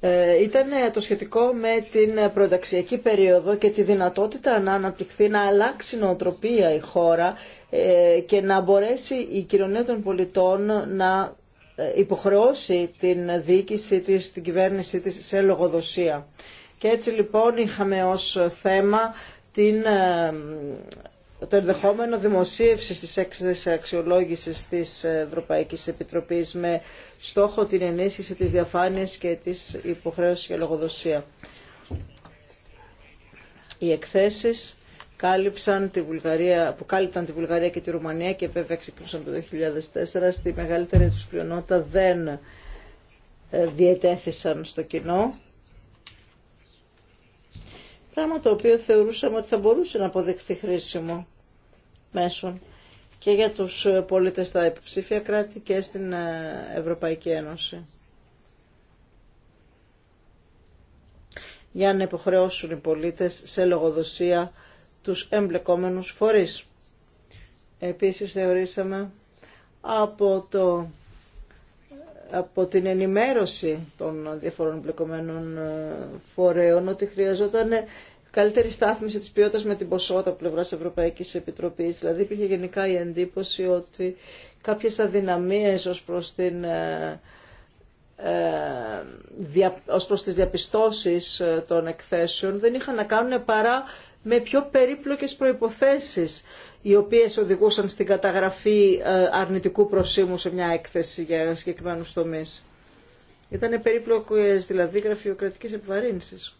ε, ήταν το σχετικό με την προενταξιακή περίοδο και τη δυνατότητα να αναπτυχθεί, να αλλάξει νοοτροπία η χώρα ε, και να μπορέσει η κοινωνία των πολιτών να υποχρεώσει την διοίκηση της, την κυβέρνηση της σε λογοδοσία. Και έτσι λοιπόν είχαμε ως θέμα την, ε, το ενδεχόμενο δημοσίευση της έξιδες αξιολόγησης της Ευρωπαϊκής Επιτροπής με στόχο την ενίσχυση της διαφάνειας και της υποχρέωσης για λογοδοσία. Οι εκθέσεις κάλυψαν που κάλυπταν τη Βουλγαρία και τη Ρουμανία και βέβαια ξεκίνησαν το 2004, στη μεγαλύτερη τους πλειονότητα δεν ε, διετέθησαν στο κοινό. Πράγμα το οποίο θεωρούσαμε ότι θα μπορούσε να αποδειχθεί χρήσιμο μέσον και για τους πολίτες στα υποψήφια κράτη και στην ε, Ευρωπαϊκή Ένωση. Για να υποχρεώσουν οι πολίτες σε λογοδοσία τους εμπλεκόμενους φορείς. Επίσης θεωρήσαμε από, το, από την ενημέρωση των διαφορών εμπλεκομένων ε, φορέων ότι χρειαζόταν καλύτερη στάθμιση της ποιότητας με την ποσότητα από πλευράς Ευρωπαϊκής Επιτροπής. Δηλαδή υπήρχε γενικά η εντύπωση ότι κάποιες αδυναμίες ως προς, την, ε, ε, ως προς τις διαπιστώσεις των εκθέσεων δεν είχαν να κάνουν παρά με πιο περίπλοκες προϋποθέσεις οι οποίες οδηγούσαν στην καταγραφή ε, αρνητικού προσήμου σε μια έκθεση για ένα συγκεκριμένο τομέα. Ήταν περίπλοκες δηλαδή γραφειοκρατικές επιβαρύνσεις.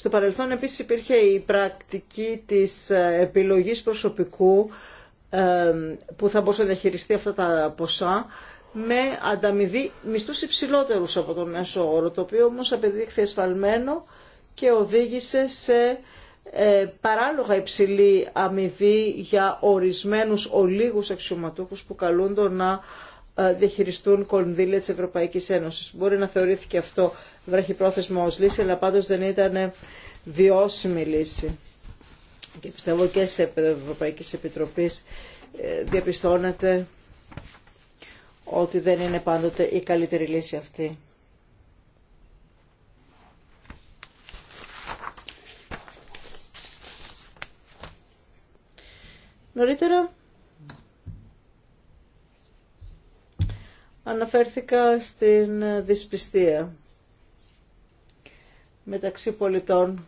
Στο παρελθόν επίσης υπήρχε η πρακτική της ε, επιλογής προσωπικού ε, που θα μπορούσε να διαχειριστεί αυτά τα ποσά με ανταμοιβή μισθού υψηλότερου από τον μέσο όρο, το οποίο όμως απεδείχθη εσφαλμένο και οδήγησε σε ε, παράλογα υψηλή αμοιβή για ορισμένους ολίγους αξιωματούχους που καλούνται να διαχειριστούν κονδύλια της Ευρωπαϊκής Ένωσης. Μπορεί να θεωρήθηκε αυτό βραχυπρόθεσμο ως λύση, αλλά πάντως δεν ήταν βιώσιμη λύση. Και πιστεύω και σε επίπεδο Ευρωπαϊκής Επιτροπής ε, διαπιστώνεται ότι δεν είναι πάντοτε η καλύτερη λύση αυτή. Νωρίτερα αναφέρθηκα στην δυσπιστία μεταξύ πολιτών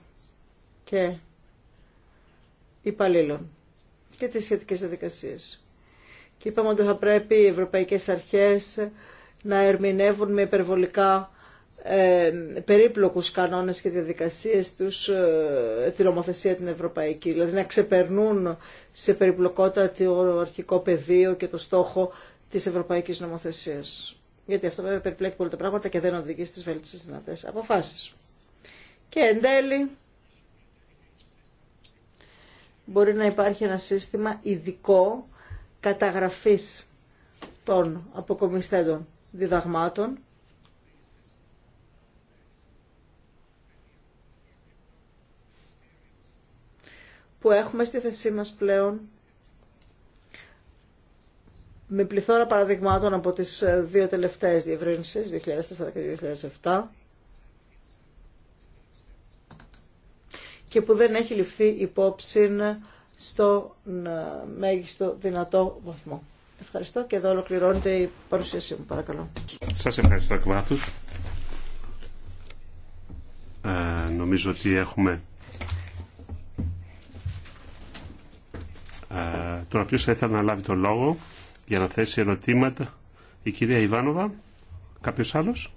και υπαλλήλων και τις σχετικές διαδικασίες. Και είπαμε ότι θα πρέπει οι ευρωπαϊκές αρχές να ερμηνεύουν με υπερβολικά ε, περίπλοκους κανόνες και διαδικασίες τους ε, την ομοθεσία την ευρωπαϊκή. Δηλαδή να ξεπερνούν σε περιπλοκότα το αρχικό πεδίο και το στόχο της ευρωπαϊκής νομοθεσίας. Γιατί αυτό βέβαια περιπλέκει πολύ τα πράγματα και δεν οδηγεί στις βέλτιστες δυνατές αποφάσεις και εν τέλει μπορεί να υπάρχει ένα σύστημα ειδικό καταγραφής των αποκομιστέντων διδαγμάτων που έχουμε στη θέσή μας πλέον με πληθώρα παραδειγμάτων από τις ε, δύο τελευταίες διευρύνσεις, 2004 και 2007, και που δεν έχει ληφθεί υπόψη στο μέγιστο δυνατό βαθμό. Ευχαριστώ και εδώ ολοκληρώνεται η παρουσίασή μου. Παρακαλώ. Σας ευχαριστώ εκ βάθους. Ε, νομίζω ότι έχουμε... Ε, τώρα ποιος θα ήθελε να λάβει το λόγο για να θέσει ερωτήματα. Η κυρία Ιβάνοβα. Κάποιος άλλος.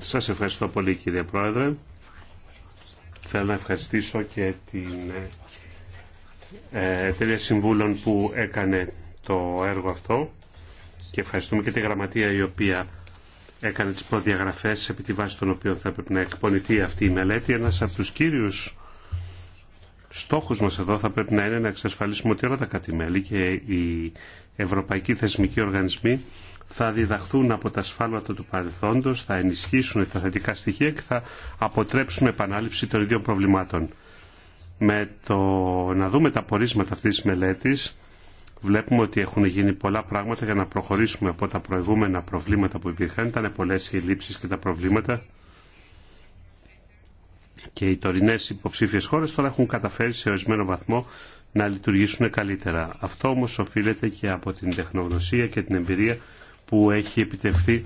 Σας ευχαριστώ πολύ κύριε Πρόεδρε. Θέλω να ευχαριστήσω και την ε, εταιρεία συμβούλων που έκανε το έργο αυτό και ευχαριστούμε και τη γραμματεία η οποία έκανε τις προδιαγραφές επί τη βάση των οποίων θα πρέπει να εκπονηθεί αυτή η μελέτη. Ένας από τους κύριους στόχους μας εδώ θα πρέπει να είναι να εξασφαλίσουμε ότι όλα τα κατημέλη και οι ευρωπαϊκοί θεσμικοί οργανισμοί θα διδαχθούν από τα σφάλματα του παρελθόντος, θα ενισχύσουν τα θετικά στοιχεία και θα αποτρέψουν επανάληψη των ίδιων προβλημάτων. Με το να δούμε τα πορίσματα αυτής της μελέτης, βλέπουμε ότι έχουν γίνει πολλά πράγματα για να προχωρήσουμε από τα προηγούμενα προβλήματα που υπήρχαν. Ήταν πολλές οι λήψεις και τα προβλήματα και οι τωρινέ υποψήφιε χώρε τώρα έχουν καταφέρει σε ορισμένο βαθμό να λειτουργήσουν καλύτερα. Αυτό όμω οφείλεται και από την τεχνογνωσία και την εμπειρία που έχει επιτευχθεί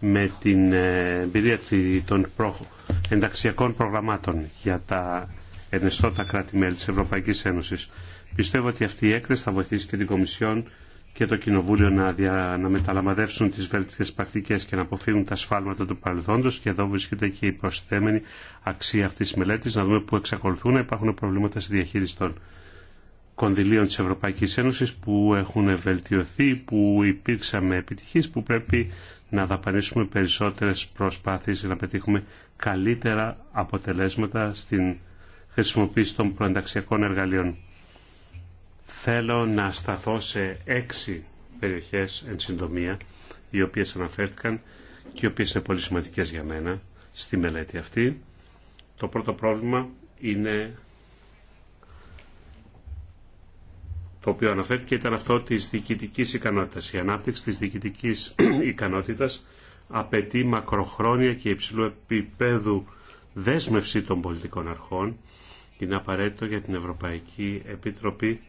με την ε, εμπειρία των ενταξιακών προγραμμάτων για τα ενεστώτα κράτη-μέλη της Ευρωπαϊκής Ένωσης. Πιστεύω ότι αυτή η έκθεση θα βοηθήσει και την Κομισιόν και το Κοινοβούλιο να, δια, να μεταλαμβαδεύσουν τις βέλτιστες πρακτικές και να αποφύγουν τα σφάλματα του παρελθόντος και εδώ βρίσκεται και η προσθέμενη αξία αυτής της μελέτης να δούμε που εξακολουθούν να υπάρχουν προβλήματα στη διαχείριση των κονδυλίων της Ευρωπαϊκής Ένωσης που έχουν βελτιωθεί, που υπήρξαμε επιτυχείς, που πρέπει να δαπανίσουμε περισσότερες προσπάθειες για να πετύχουμε καλύτερα αποτελέσματα στην χρησιμοποίηση των προενταξιακών εργαλείων. Θέλω να σταθώ σε έξι περιοχές εν συντομία, οι οποίες αναφέρθηκαν και οι οποίες είναι πολύ σημαντικές για μένα στη μελέτη αυτή. Το πρώτο πρόβλημα είναι το οποίο αναφέρθηκε ήταν αυτό της διοικητικής ικανότητας. Η ανάπτυξη της διοικητικής ικανότητας απαιτεί μακροχρόνια και υψηλού επίπεδου δέσμευση των πολιτικών αρχών. Είναι απαραίτητο για την Ευρωπαϊκή Επίτροπη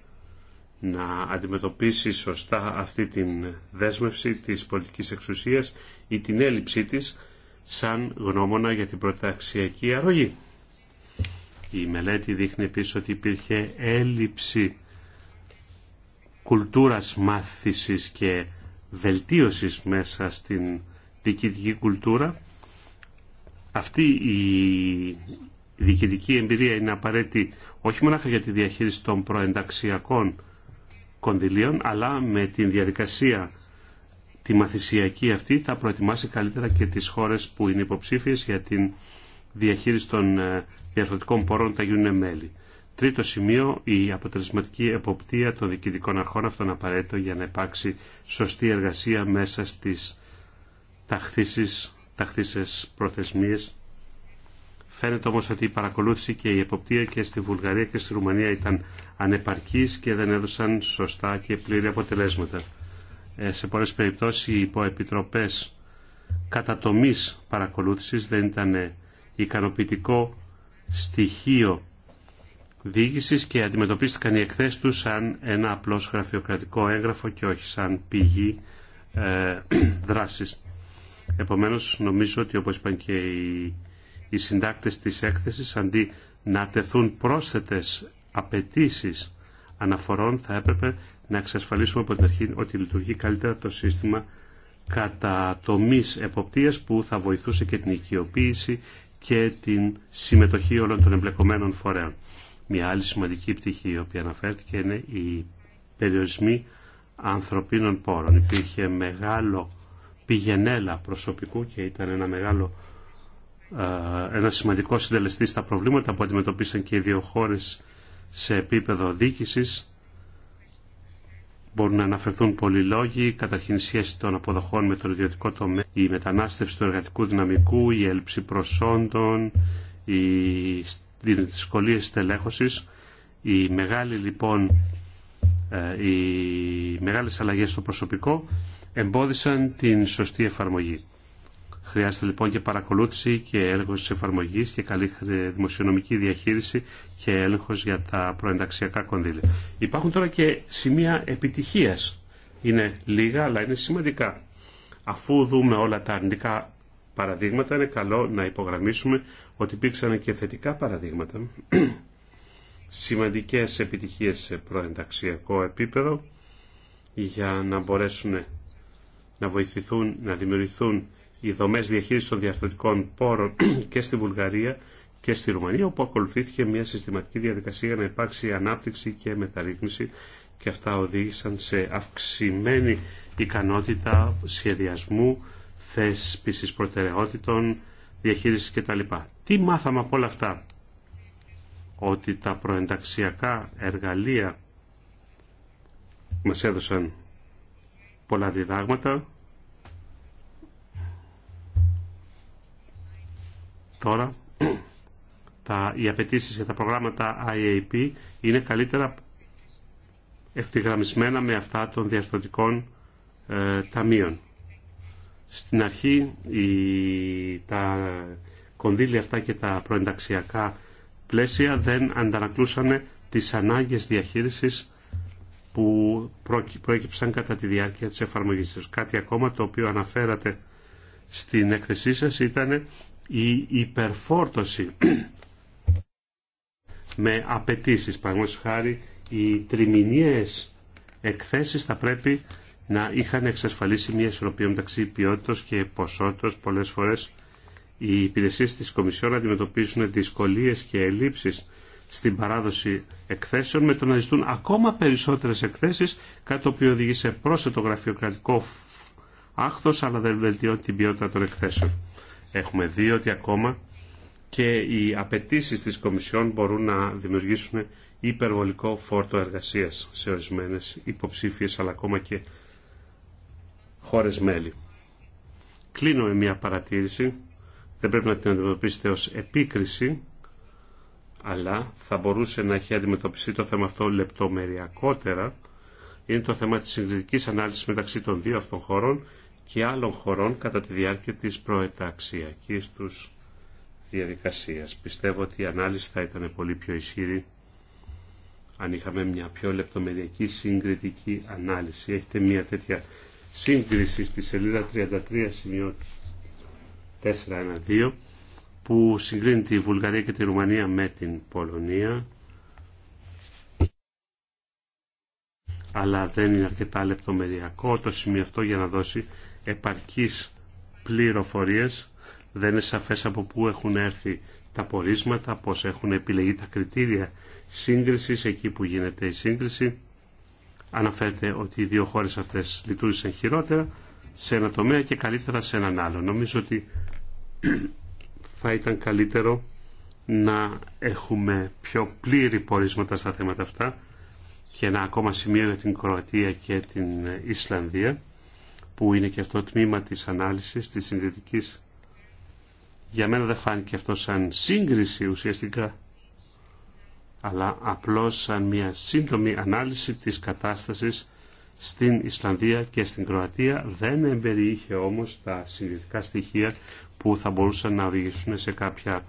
να αντιμετωπίσει σωστά αυτή την δέσμευση της πολιτικής εξουσίας ή την έλλειψή της σαν γνώμονα για την πρωταξιακή αρρωγή. Η μελέτη δείχνει επίσης ότι υπήρχε έλλειψη κουλτούρας μάθησης και βελτίωσης μέσα στην διοικητική κουλτούρα. Αυτή η διοικητική εμπειρία είναι απαραίτητη όχι μόνο για τη διαχείριση των προενταξιακών κονδυλίων, αλλά με τη διαδικασία τη μαθησιακή αυτή θα προετοιμάσει καλύτερα και τις χώρες που είναι υποψήφιες για την διαχείριση των ε, διαφορετικών πόρων τα μέλη. Τρίτο σημείο, η αποτελεσματική εποπτεία των διοικητικών αρχών αυτών απαραίτητο για να υπάρξει σωστή εργασία μέσα στις ταχθήσεις, ταχθήσεις προθεσμίες. Φαίνεται όμως ότι η παρακολούθηση και η εποπτεία και στη Βουλγαρία και στη Ρουμανία ήταν ανεπαρκής και δεν έδωσαν σωστά και πλήρη αποτελέσματα. Ε, σε πολλές περιπτώσεις οι υποεπιτροπές κατά τομής παρακολούθησης δεν ήταν ικανοποιητικό στοιχείο και αντιμετωπίστηκαν οι εκθέσεις του σαν ένα απλό γραφειοκρατικό έγγραφο και όχι σαν πηγή ε, δράσης. Επομένως νομίζω ότι όπως είπαν και οι, οι συντάκτες της έκθεσης αντί να τεθούν πρόσθετες απαιτήσει αναφορών θα έπρεπε να εξασφαλίσουμε από την ότι λειτουργεί καλύτερα το σύστημα κατά τομείς εποπτείας που θα βοηθούσε και την οικειοποίηση και την συμμετοχή όλων των εμπλεκομένων φορέων. Μια άλλη σημαντική πτυχή η οποία αναφέρθηκε είναι η περιορισμοί ανθρωπίνων πόρων. Υπήρχε μεγάλο πηγενέλα προσωπικού και ήταν ένα μεγάλο ε, ένα σημαντικό συντελεστή στα προβλήματα που αντιμετωπίσαν και οι δύο χώρες σε επίπεδο διοίκησης. Μπορούν να αναφερθούν πολλοί λόγοι, καταρχήν η σχέση των αποδοχών με τον ιδιωτικό τομέα, η μετανάστευση του εργατικού δυναμικού, η έλλειψη προσόντων, η δυσκολίες στελέχωσης. Οι, λοιπόν, ε, οι μεγάλες αλλαγές στο προσωπικό εμπόδισαν την σωστή εφαρμογή. Χρειάζεται λοιπόν και παρακολούθηση και έλεγχος της εφαρμογής και καλή δημοσιονομική διαχείριση και έλεγχος για τα προενταξιακά κονδύλια. Υπάρχουν τώρα και σημεία επιτυχίας. Είναι λίγα αλλά είναι σημαντικά. Αφού δούμε όλα τα αρνητικά παραδείγματα είναι καλό να υπογραμμίσουμε ότι υπήρξαν και θετικά παραδείγματα, σημαντικές επιτυχίες σε προενταξιακό επίπεδο για να μπορέσουν να βοηθηθούν, να δημιουργηθούν οι δομές διαχείρισης των διαρθρωτικών πόρων και στη Βουλγαρία και στη Ρουμανία, όπου ακολουθήθηκε μια συστηματική διαδικασία για να υπάρξει ανάπτυξη και μεταρρύθμιση και αυτά οδήγησαν σε αυξημένη ικανότητα σχεδιασμού, θέσπισης προτεραιότητων, διαχείρισης κτλ. Τι μάθαμε από όλα αυτά. Ότι τα προενταξιακά εργαλεία μας έδωσαν πολλά διδάγματα. Τώρα τα, οι απαιτήσει για τα προγράμματα IAP είναι καλύτερα ευθυγραμμισμένα με αυτά των διαρθρωτικών ε, ταμείων. Στην αρχή τα κονδύλια αυτά και τα προενταξιακά πλαίσια δεν αντανακλούσαν τις ανάγκες διαχείρισης που προέκυψαν κατά τη διάρκεια της εφαρμογής τους. Κάτι ακόμα το οποίο αναφέρατε στην έκθεσή σας ήταν η υπερφόρτωση με απαιτήσει. Παραγωγής χάρη οι τριμηνιές εκθέσεις θα πρέπει να είχαν εξασφαλίσει μια ισορροπία μεταξύ ποιότητος και ποσότητος πολλές φορές οι υπηρεσίε τη Κομισιόν αντιμετωπίζουν δυσκολίε και ελλείψεις στην παράδοση εκθέσεων με το να ζητούν ακόμα περισσότερε εκθέσει κάτι το οποίο οδηγεί σε πρόσθετο γραφειοκρατικό άχθος αλλά δεν βελτιώνει την ποιότητα των εκθέσεων. Έχουμε δει ότι ακόμα και οι απαιτήσει της Κομισιόν μπορούν να δημιουργήσουν υπερβολικό φόρτο εργασία σε ορισμένε υποψήφίε, αλλά ακόμα και χώρε μέλη. Κλείνω με μια παρατήρηση δεν πρέπει να την αντιμετωπίσετε ως επίκριση, αλλά θα μπορούσε να έχει αντιμετωπιστεί το θέμα αυτό λεπτομεριακότερα. Είναι το θέμα της συγκριτικής ανάλυσης μεταξύ των δύο αυτών χωρών και άλλων χωρών κατά τη διάρκεια της προεταξιακής τους διαδικασίας. Πιστεύω ότι η ανάλυση θα ήταν πολύ πιο ισχυρή αν είχαμε μια πιο λεπτομεριακή συγκριτική ανάλυση. Έχετε μια τέτοια σύγκριση στη σελίδα 33 σημειώτηση 4 2 που συγκρίνει τη Βουλγαρία και τη Ρουμανία με την Πολωνία αλλά δεν είναι αρκετά λεπτομεριακό το σημείο αυτό για να δώσει επαρκείς πληροφορίες δεν είναι σαφές από πού έχουν έρθει τα πορίσματα, πώς έχουν επιλεγεί τα κριτήρια σύγκρισης εκεί που γίνεται η σύγκριση. Αναφέρεται ότι οι δύο χώρες αυτές λειτουργήσαν χειρότερα σε ένα τομέα και καλύτερα σε έναν άλλο. Νομίζω ότι θα ήταν καλύτερο να έχουμε πιο πλήρη πορίσματα στα θέματα αυτά και να ακόμα σημείο την Κροατία και την Ισλανδία που είναι και αυτό τμήμα της ανάλυσης της συνδετικής για μένα δεν φάνηκε αυτό σαν σύγκριση ουσιαστικά αλλά απλώς σαν μια σύντομη ανάλυση της κατάστασης στην Ισλανδία και στην Κροατία δεν εμπεριείχε όμως τα συνδετικά στοιχεία που θα μπορούσαν να οδηγήσουν σε κάποια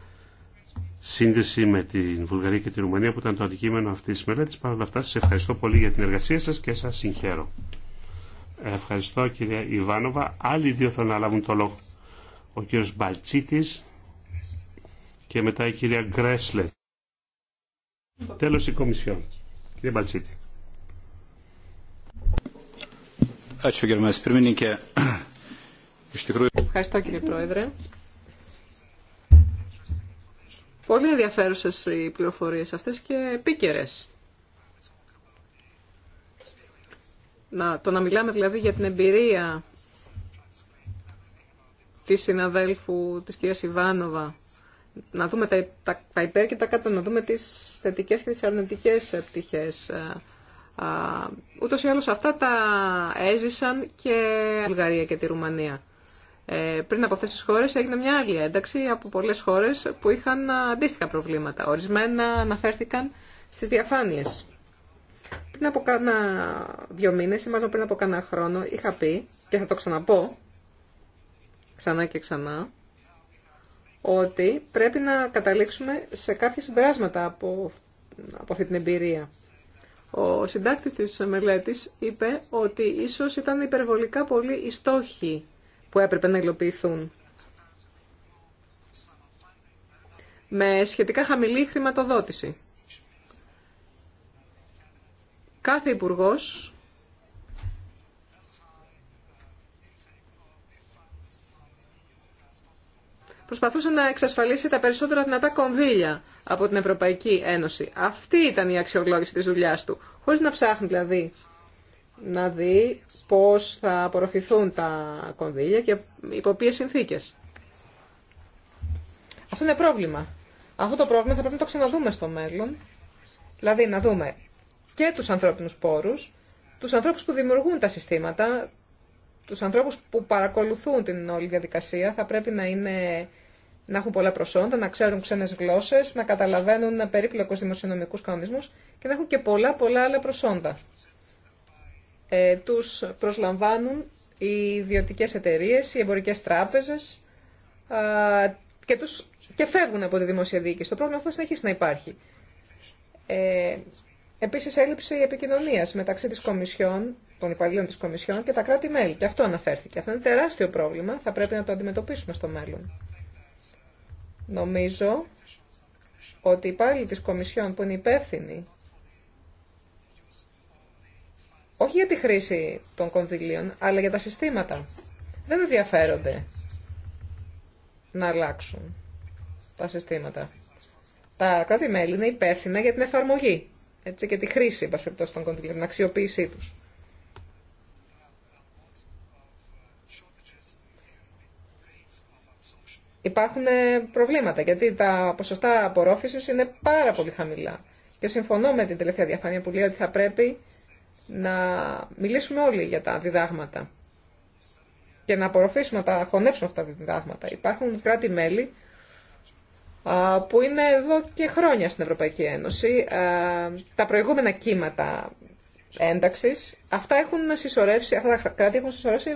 σύνδεση με την Βουλγαρία και την Ρουμανία που ήταν το αντικείμενο αυτή τη μελέτη. Παρ' όλα αυτά, σα ευχαριστώ πολύ για την εργασία σα και σα συγχαίρω. Ευχαριστώ κυρία Ιβάνοβα. Άλλοι δύο θα αναλάβουν το λόγο. Ο κύριος Μπαλτσίτης και μετά η κυρία Γκρέσλε. Τέλο η Κομισιόν. Κύριε Μπαλτσίτη. Ευχαριστώ κύριε Πρόεδρε. Πολύ ενδιαφέρουσες οι πληροφορίες αυτές και επίκαιρε. Να, το να μιλάμε δηλαδή για την εμπειρία της συναδέλφου της κυρίας Ιβάνοβα, να δούμε τα, τα, τα υπέρ και τα κάτω, να δούμε τις θετικές και τις αρνητικές πτυχές. Ούτως ή άλλως αυτά τα έζησαν και η Βουλγαρία και τη Ρουμανία. Ε, πριν από αυτές τις χώρες έγινε μια άλλη ένταξη από πολλές χώρες που είχαν αντίστοιχα προβλήματα. Ορισμένα αναφέρθηκαν στις διαφάνειες. Πριν από κάνα δύο μήνες ή μάλλον πριν από κάνα χρόνο είχα πει και θα το ξαναπώ ξανά και ξανά ότι πρέπει να καταλήξουμε σε κάποια συμπεράσματα από, από αυτή την εμπειρία. Ο συντάκτης της μελέτης είπε ότι ίσως ήταν υπερβολικά πολύ οι στόχοι που έπρεπε να υλοποιηθούν. Με σχετικά χαμηλή χρηματοδότηση. Κάθε υπουργό. προσπαθούσε να εξασφαλίσει τα περισσότερα δυνατά κονδύλια από την Ευρωπαϊκή Ένωση. Αυτή ήταν η αξιολόγηση της δουλειάς του, χωρίς να ψάχνει δηλαδή να δει πώς θα απορροφηθούν τα κονδύλια και υπό ποιες συνθήκες. Αυτό είναι πρόβλημα. Αυτό το πρόβλημα θα πρέπει να το ξαναδούμε στο μέλλον. Δηλαδή να δούμε και τους ανθρώπινους πόρους, τους ανθρώπους που δημιουργούν τα συστήματα, τους ανθρώπους που παρακολουθούν την όλη διαδικασία θα πρέπει να, είναι, να έχουν πολλά προσόντα, να ξέρουν ξένες γλώσσες, να καταλαβαίνουν περίπλοκους δημοσιονομικούς κανονισμούς και να έχουν και πολλά πολλά άλλα προσόντα ε, τους προσλαμβάνουν οι ιδιωτικές εταιρείες, οι εμπορικές τράπεζες και, τους, και φεύγουν από τη δημόσια διοίκηση. Το πρόβλημα αυτό συνεχίζει να υπάρχει. Ε, Επίσης έλλειψη επικοινωνίας μεταξύ της Κομισιόν, των υπαλλήλων της Κομισιόν και τα κράτη-μέλη. Και αυτό αναφέρθηκε. Αυτό είναι τεράστιο πρόβλημα. Θα πρέπει να το αντιμετωπίσουμε στο μέλλον. Νομίζω ότι οι υπάλληλοι της Κομισιόν που είναι υπεύθυνοι όχι για τη χρήση των κονδυλίων, αλλά για τα συστήματα. Δεν ενδιαφέρονται να αλλάξουν τα συστήματα. Τα κράτη-μέλη είναι υπεύθυνα για την εφαρμογή έτσι, και τη χρήση των κονδυλίων, την αξιοποίησή τους. Υπάρχουν ε, προβλήματα, γιατί τα ποσοστά απορρόφησης είναι πάρα πολύ χαμηλά. Και συμφωνώ με την τελευταία διαφάνεια που λέει ότι θα πρέπει να μιλήσουμε όλοι για τα διδάγματα και να απορροφήσουμε, να τα χωνέψουμε αυτά τα διδάγματα. Υπάρχουν κράτη-μέλη που είναι εδώ και χρόνια στην Ευρωπαϊκή Ένωση. Τα προηγούμενα κύματα ένταξης, αυτά έχουν συσσωρεύσει, αυτά τα κράτη έχουν συσσωρεύσει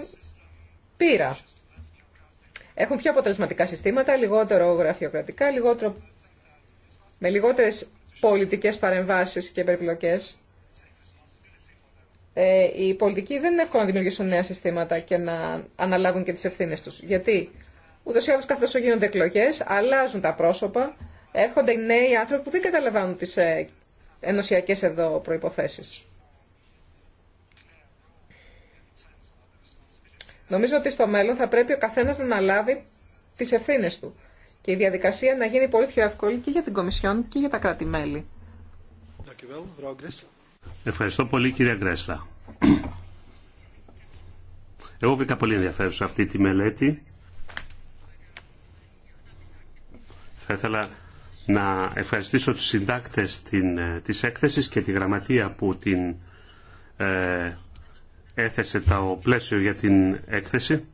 πείρα. Έχουν πιο αποτελεσματικά συστήματα, λιγότερο γραφειοκρατικά, λιγότερο, με λιγότερες πολιτικές παρεμβάσεις και περιπλοκές. Ε, οι πολιτικοί δεν είναι εύκολο να δημιουργήσουν νέα συστήματα και να αναλάβουν και τις ευθύνες τους. Γιατί ούτω ή άλλως καθώς γίνονται εκλογέ, αλλάζουν τα πρόσωπα, έρχονται οι νέοι άνθρωποι που δεν καταλαβαίνουν τις ε, εδώ προϋποθέσεις. Νομίζω ότι στο μέλλον θα πρέπει ο καθένας να αναλάβει τις ευθύνες του και η διαδικασία να γίνει πολύ πιο εύκολη και για την Κομισιόν και για τα κράτη-μέλη. Ευχαριστώ πολύ κυρία Γκρέσλα. Εγώ βρήκα πολύ σε αυτή τη μελέτη. Θα ήθελα να ευχαριστήσω τους συντάκτες την, ε, της έκθεσης και τη γραμματεία που την ε, έθεσε το πλαίσιο για την έκθεση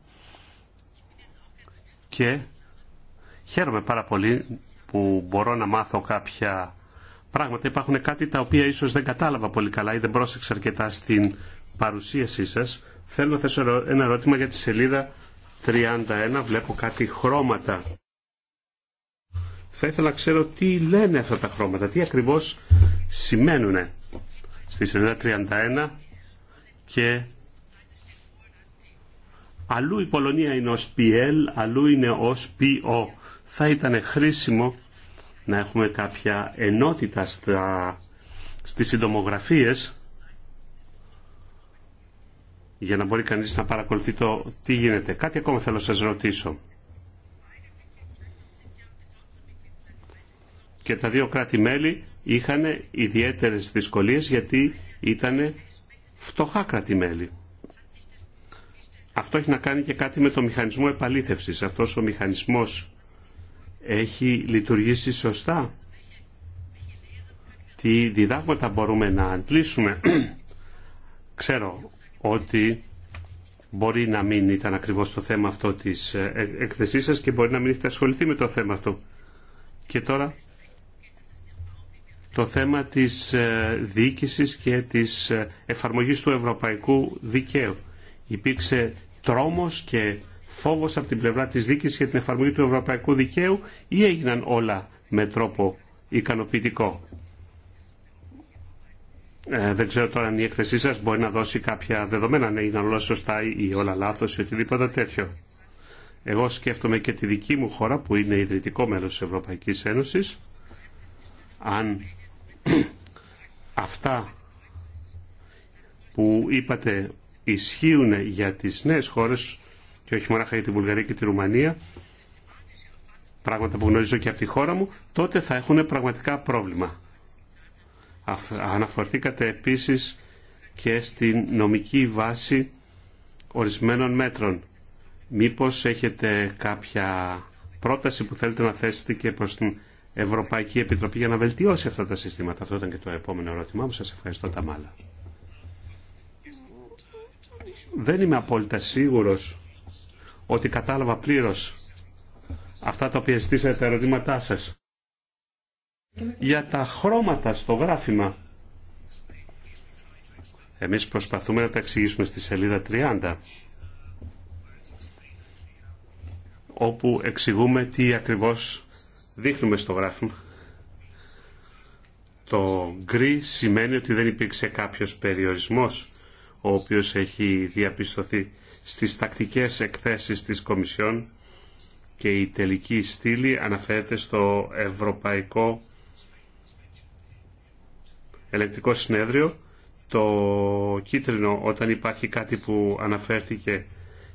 και χαίρομαι πάρα πολύ που μπορώ να μάθω κάποια Πράγματα υπάρχουν κάτι τα οποία ίσως δεν κατάλαβα πολύ καλά ή δεν πρόσεξα αρκετά στην παρουσίασή σας. Θέλω να θέσω ένα ερώτημα για τη σελίδα 31. Βλέπω κάτι χρώματα. Θα ήθελα να ξέρω τι λένε αυτά τα χρώματα, τι ακριβώς σημαίνουν στη σελίδα 31 και αλλού η Πολωνία είναι ως PL, αλλού είναι ως PO. Θα ήταν χρήσιμο να έχουμε κάποια ενότητα στα, στις συντομογραφίες για να μπορεί κανείς να παρακολουθεί το τι γίνεται. Κάτι ακόμα θέλω να σας ρωτήσω. Και τα δύο κράτη-μέλη είχαν ιδιαίτερες δυσκολίες γιατί ήταν φτωχά κράτη-μέλη. Αυτό έχει να κάνει και κάτι με το μηχανισμό επαλήθευσης. Αυτός ο μηχανισμός έχει λειτουργήσει σωστά. Τι διδάγματα μπορούμε να αντλήσουμε. Ξέρω ότι μπορεί να μην ήταν ακριβώς το θέμα αυτό της εκθεσής σας και μπορεί να μην έχετε ασχοληθεί με το θέμα αυτό. Και τώρα το θέμα της ε, διοίκησης και της ε, εφαρμογής του ευρωπαϊκού δικαίου. Υπήρξε τρόμος και φόβος από την πλευρά της δίκης για την εφαρμογή του ευρωπαϊκού δικαίου ή έγιναν όλα με τρόπο ικανοποιητικό. Ε, δεν ξέρω τώρα αν η έκθεσή σας μπορεί να δώσει κάποια δεδομένα, αν έγιναν όλα σωστά ή όλα λάθος ή οτιδήποτε τέτοιο. Εγώ σκέφτομαι και τη δική μου χώρα που είναι ιδρυτικό μέλος της Ευρωπαϊκής Ένωσης. Αν αυτά που είπατε ισχύουν για τις νέες χώρες και όχι μόνο για τη Βουλγαρία και τη Ρουμανία, πράγματα που γνωρίζω και από τη χώρα μου, τότε θα έχουν πραγματικά πρόβλημα. Αναφορθήκατε επίσης και στην νομική βάση ορισμένων μέτρων. Μήπως έχετε κάποια πρόταση που θέλετε να θέσετε και προς την Ευρωπαϊκή Επιτροπή για να βελτιώσει αυτά τα συστήματα. Αυτό ήταν και το επόμενο ερώτημά μου. Σας ευχαριστώ τα μάλα. Δεν είμαι απόλυτα σίγουρος ότι κατάλαβα πλήρως αυτά τα οποία ζητήσατε τα ερωτήματά σας. Για τα χρώματα στο γράφημα, εμείς προσπαθούμε να τα εξηγήσουμε στη σελίδα 30, όπου εξηγούμε τι ακριβώς δείχνουμε στο γράφημα. Το γκρι σημαίνει ότι δεν υπήρξε κάποιος περιορισμός ο οποίος έχει διαπιστωθεί στις τακτικές εκθέσεις της Κομισιόν και η τελική στήλη αναφέρεται στο Ευρωπαϊκό Ελεκτικό Συνέδριο. Το κίτρινο όταν υπάρχει κάτι που αναφέρθηκε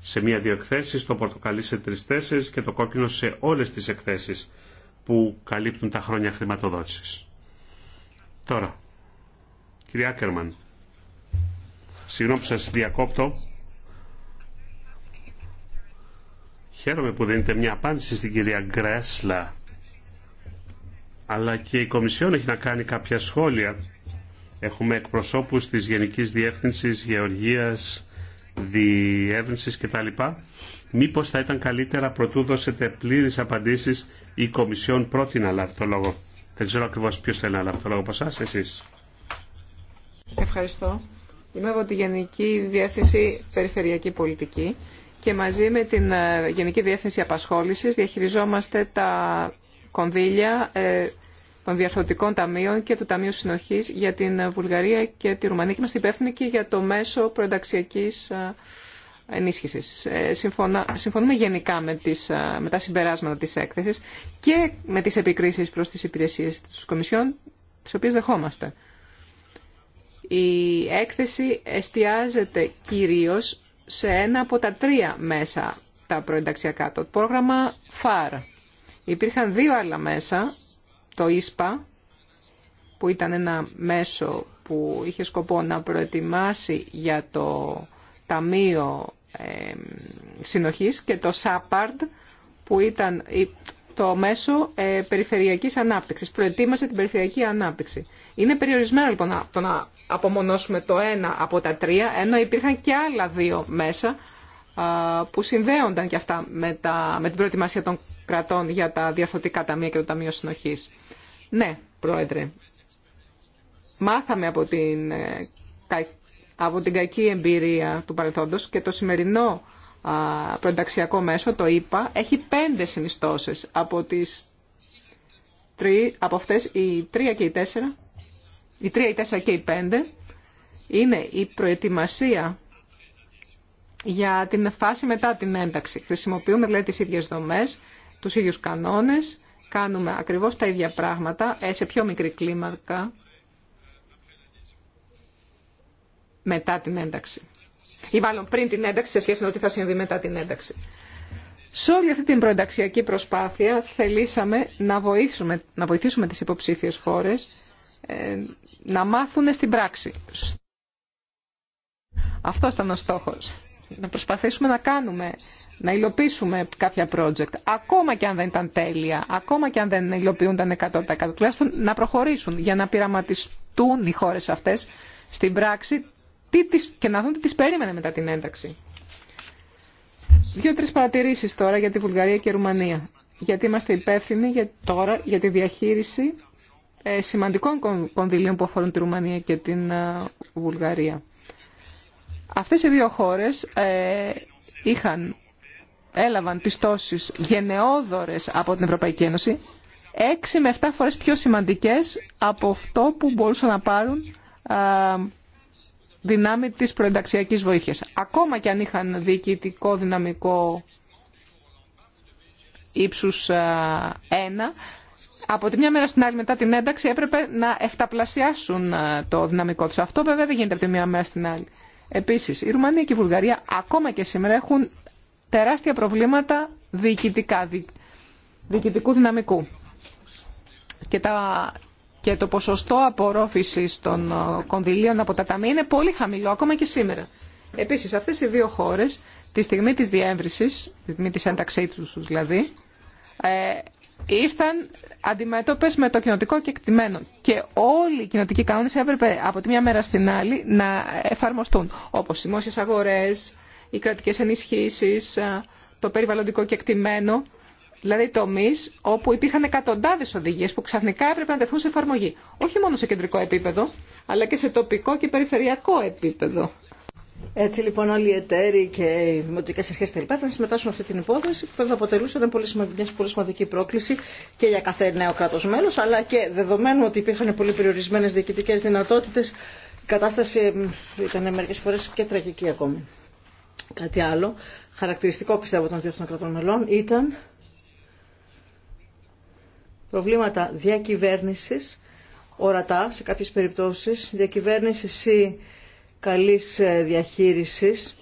σε μία-δύο εκθέσεις, το πορτοκαλί σε τρεις-τέσσερις και το κόκκινο σε όλες τις εκθέσεις που καλύπτουν τα χρόνια χρηματοδότησης. Τώρα, κυρία Άκερμαν, συγγνώμη σας διακόπτω, Χαίρομαι που δίνετε μια απάντηση στην κυρία Γκρέσλα. Αλλά και η Κομισιόν έχει να κάνει κάποια σχόλια. Έχουμε εκπροσώπους της Γενικής Διεύθυνσης Γεωργίας, Διεύρυνσης κτλ. Μήπως θα ήταν καλύτερα προτού δώσετε πλήρες απαντήσεις η Κομισιόν πρώτη να λάβει το λόγο. Δεν ξέρω ακριβώς ποιος θέλει να λάβει το λόγο από εσάς, εσείς. Ευχαριστώ. Είμαι από τη Γενική Διεύθυνση Περιφερειακή Πολιτική και μαζί με την ε, Γενική Διεύθυνση Απασχόλησης διαχειριζόμαστε τα κονδύλια ε, των διαρθρωτικών ταμείων και του Ταμείου Συνοχής για την ε, Βουλγαρία και τη Ρουμανία και μας υπεύθυνοι και για το μέσο προενταξιακής ενίσχυσης. συμφωνούμε γενικά με, τις, τα συμπεράσματα της έκθεσης και με τις επικρίσεις προς τις υπηρεσίες της Κομισιόν, τις οποίες δεχόμαστε. Η έκθεση εστιάζεται κυρίως σε ένα από τα τρία μέσα τα προενταξιακά, το πρόγραμμα FAR. Υπήρχαν δύο άλλα μέσα, το ISPA που ήταν ένα μέσο που είχε σκοπό να προετοιμάσει για το Ταμείο ε, Συνοχής και το SAPARD που ήταν το μέσο ε, περιφερειακής ανάπτυξης. Προετοίμασε την περιφερειακή ανάπτυξη. Είναι περιορισμένο λοιπόν να, το να απομονώσουμε το ένα από τα τρία, ενώ υπήρχαν και άλλα δύο μέσα που συνδέονταν και αυτά με, τα, με την προετοιμασία των κρατών για τα διαφορετικά ταμεία και το Ταμείο Συνοχής. Ναι, Πρόεδρε, μάθαμε από την, ε, από την κακή εμπειρία του παρελθόντος και το σημερινό προενταξιακό μέσο, το είπα, έχει πέντε συνιστώσεις. Από, τις τρι, από αυτές οι τρία και οι τέσσερα, οι τρία, οι τέσσερα και οι πέντε είναι η προετοιμασία για την φάση μετά την ένταξη. Χρησιμοποιούμε δηλαδή τις ίδιες δομές, τους ίδιους κανόνες, κάνουμε ακριβώς τα ίδια πράγματα ε, σε πιο μικρή κλίμακα μετά την ένταξη ή μάλλον πριν την ένταξη σε σχέση με το τι θα συμβεί μετά την ένταξη. Σε όλη αυτή την προενταξιακή προσπάθεια θελήσαμε να βοηθήσουμε, να βοηθήσουμε τις υποψήφιες χώρες ε, να μάθουν στην πράξη. Αυτό ήταν ο στόχος. Να προσπαθήσουμε να κάνουμε, να υλοποιήσουμε κάποια project, ακόμα και αν δεν ήταν τέλεια, ακόμα και αν δεν υλοποιούνταν 100%, τουλάχιστον να προχωρήσουν για να πειραματιστούν οι χώρες αυτές στην πράξη τι και να δουν τι τις περίμενε μετά την ένταξη. Δύο-τρεις παρατηρήσεις τώρα για τη Βουλγαρία και η Ρουμανία. Γιατί είμαστε υπεύθυνοι για, τώρα για τη διαχείριση ε, σημαντικών κονδυλίων που αφορούν τη Ρουμανία και την ε, Βουλγαρία. Αυτές οι δύο χώρες ε, είχαν, έλαβαν πιστώσεις γενναιόδορες από την Ευρωπαϊκή Ένωση, έξι με 7 φορές πιο σημαντικές από αυτό που μπορούσαν να πάρουν ε, δυνάμει της προενταξιακής βοήθειας. Ακόμα και αν είχαν διοικητικό δυναμικό ύψους 1, από τη μια μέρα στην άλλη μετά την ένταξη έπρεπε να εφταπλασιάσουν το δυναμικό τους. Αυτό βέβαια δεν γίνεται από τη μια μέρα στην άλλη. Επίσης, η Ρουμανία και η Βουλγαρία ακόμα και σήμερα έχουν τεράστια προβλήματα διοικητικά, διοικητικού δυναμικού. Και τα και το ποσοστό απορρόφησης των ε, κονδυλίων από τα ταμεία είναι πολύ χαμηλό ακόμα και σήμερα. Επίσης αυτές οι δύο χώρες τη στιγμή της διεύρυνσης, τη στιγμή της ένταξή τους δηλαδή, ε, ήρθαν αντιμέτωπες με το κοινοτικό κεκτημένο και όλοι οι κοινοτικοί κανόνες έπρεπε από τη μια μέρα στην άλλη να εφαρμοστούν όπως οι δημόσιες αγορές, οι κρατικές ενισχύσεις, ε, το περιβαλλοντικό κεκτημένο Δηλαδή τομεί όπου υπήρχαν εκατοντάδε οδηγίε που ξαφνικά έπρεπε να τεθούν σε εφαρμογή. Όχι μόνο σε κεντρικό επίπεδο, αλλά και σε τοπικό και περιφερειακό επίπεδο. Έτσι λοιπόν όλοι οι εταίροι και οι δημοτικέ αρχέ τα να συμμετάσχουν σε αυτή την υπόθεση που θα αποτελούσε μια πολύ σημαντική πρόκληση και για κάθε νέο κράτο μέλο, αλλά και δεδομένου ότι υπήρχαν πολύ περιορισμένε διοικητικέ δυνατότητε, η κατάσταση ήταν μερικέ φορέ και τραγική ακόμη. Κάτι άλλο, χαρακτηριστικό πιστεύω των δύο κρατών μελών, ήταν προβλήματα διακυβέρνησης, ορατά σε κάποιες περιπτώσεις, διακυβέρνησης ή καλής ε, διαχείρισης,